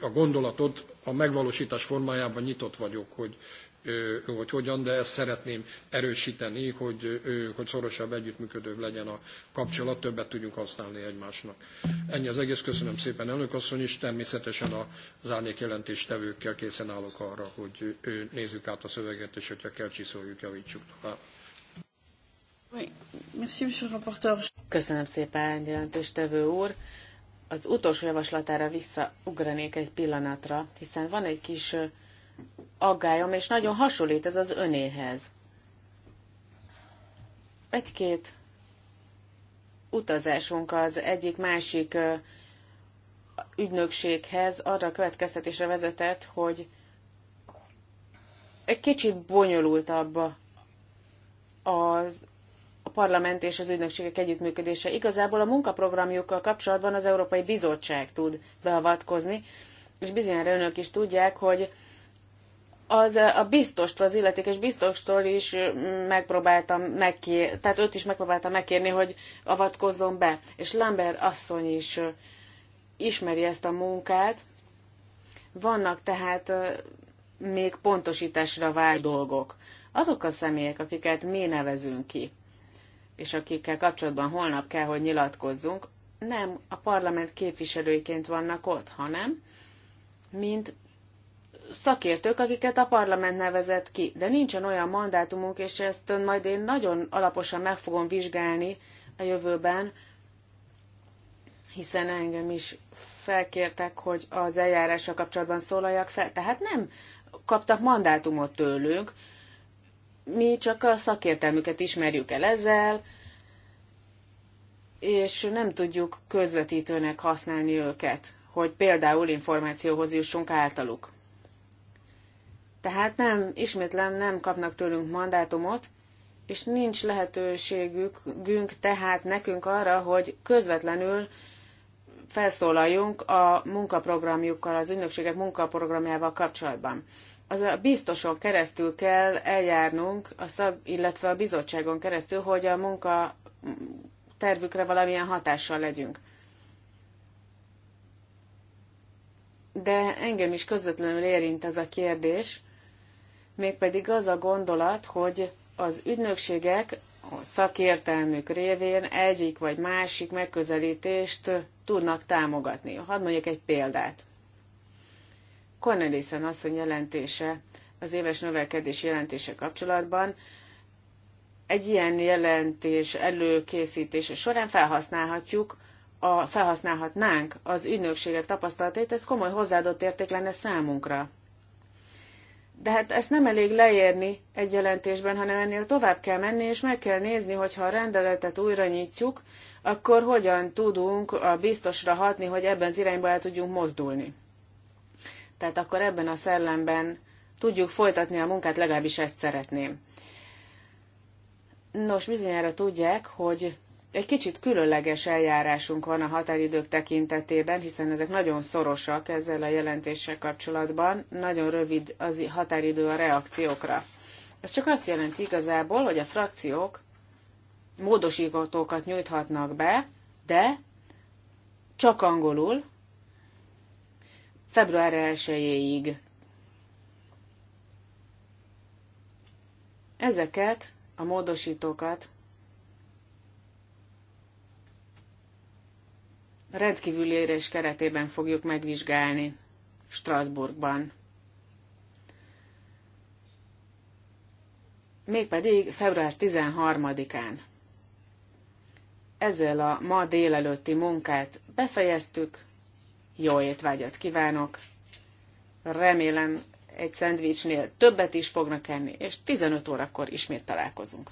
a gondolatot a megvalósítás formájában nyitott vagyok, hogy hogy hogyan, de ezt szeretném erősíteni, hogy, hogy szorosabb együttműködőbb legyen a kapcsolat, többet tudjunk használni egymásnak. Ennyi az egész, köszönöm szépen elnök asszony, és természetesen az árnyék jelentéstevőkkel készen állok arra, hogy nézzük át a szöveget, és hogyha kell csiszoljuk, javítsuk tovább. Köszönöm szépen, jelentéstevő úr. Az utolsó javaslatára visszaugranék egy pillanatra, hiszen van egy kis aggályom, és nagyon hasonlít ez az önéhez. Egy-két utazásunk az egyik másik ügynökséghez arra a következtetésre vezetett, hogy egy kicsit bonyolultabb az a parlament és az ügynökségek együttműködése. Igazából a munkaprogramjukkal kapcsolatban az Európai Bizottság tud beavatkozni, és bizonyára önök is tudják, hogy az a biztost, az illetékes biztostól is megpróbáltam megkérni, tehát őt is megpróbáltam megkérni, hogy avatkozzon be. És Lambert asszony is ismeri ezt a munkát. Vannak tehát még pontosításra vár dolgok. Azok a személyek, akiket mi nevezünk ki, és akikkel kapcsolatban holnap kell, hogy nyilatkozzunk, nem a parlament képviselőiként vannak ott, hanem mint szakértők, akiket a parlament nevezett ki, de nincsen olyan mandátumunk, és ezt majd én nagyon alaposan meg fogom vizsgálni a jövőben, hiszen engem is felkértek, hogy az eljárással kapcsolatban szólaljak fel. Tehát nem kaptak mandátumot tőlünk, mi csak a szakértelmüket ismerjük el ezzel, és nem tudjuk közvetítőnek használni őket, hogy például információhoz jussunk általuk. Tehát nem, ismétlem, nem kapnak tőlünk mandátumot, és nincs lehetőségünk tehát nekünk arra, hogy közvetlenül felszólaljunk a munkaprogramjukkal, az ügynökségek munkaprogramjával kapcsolatban. Az a biztoson keresztül kell eljárnunk, a szab, illetve a bizottságon keresztül, hogy a munka tervükre valamilyen hatással legyünk. De engem is közvetlenül érint ez a kérdés, mégpedig az a gondolat, hogy az ügynökségek a szakértelmük révén egyik vagy másik megközelítést tudnak támogatni. Hadd mondjak egy példát. Cornelissen asszony jelentése az éves növekedés jelentése kapcsolatban egy ilyen jelentés előkészítése során felhasználhatjuk, a, felhasználhatnánk az ügynökségek tapasztalatait, ez komoly hozzáadott érték lenne számunkra. De hát ezt nem elég leérni egy jelentésben, hanem ennél tovább kell menni, és meg kell nézni, hogyha a rendeletet újra nyitjuk, akkor hogyan tudunk a biztosra hatni, hogy ebben az irányba el tudjunk mozdulni. Tehát akkor ebben a szellemben tudjuk folytatni a munkát, legalábbis ezt szeretném. Nos, bizonyára tudják, hogy egy kicsit különleges eljárásunk van a határidők tekintetében, hiszen ezek nagyon szorosak ezzel a jelentéssel kapcsolatban, nagyon rövid az határidő a reakciókra. Ez csak azt jelenti igazából, hogy a frakciók módosítókat nyújthatnak be, de csak angolul, február 1-ig. Ezeket a módosítókat rendkívüli érés keretében fogjuk megvizsgálni Strasbourgban. Mégpedig február 13-án. Ezzel a ma délelőtti munkát befejeztük. Jó étvágyat kívánok! Remélem egy szendvicsnél többet is fognak enni, és 15 órakor ismét találkozunk.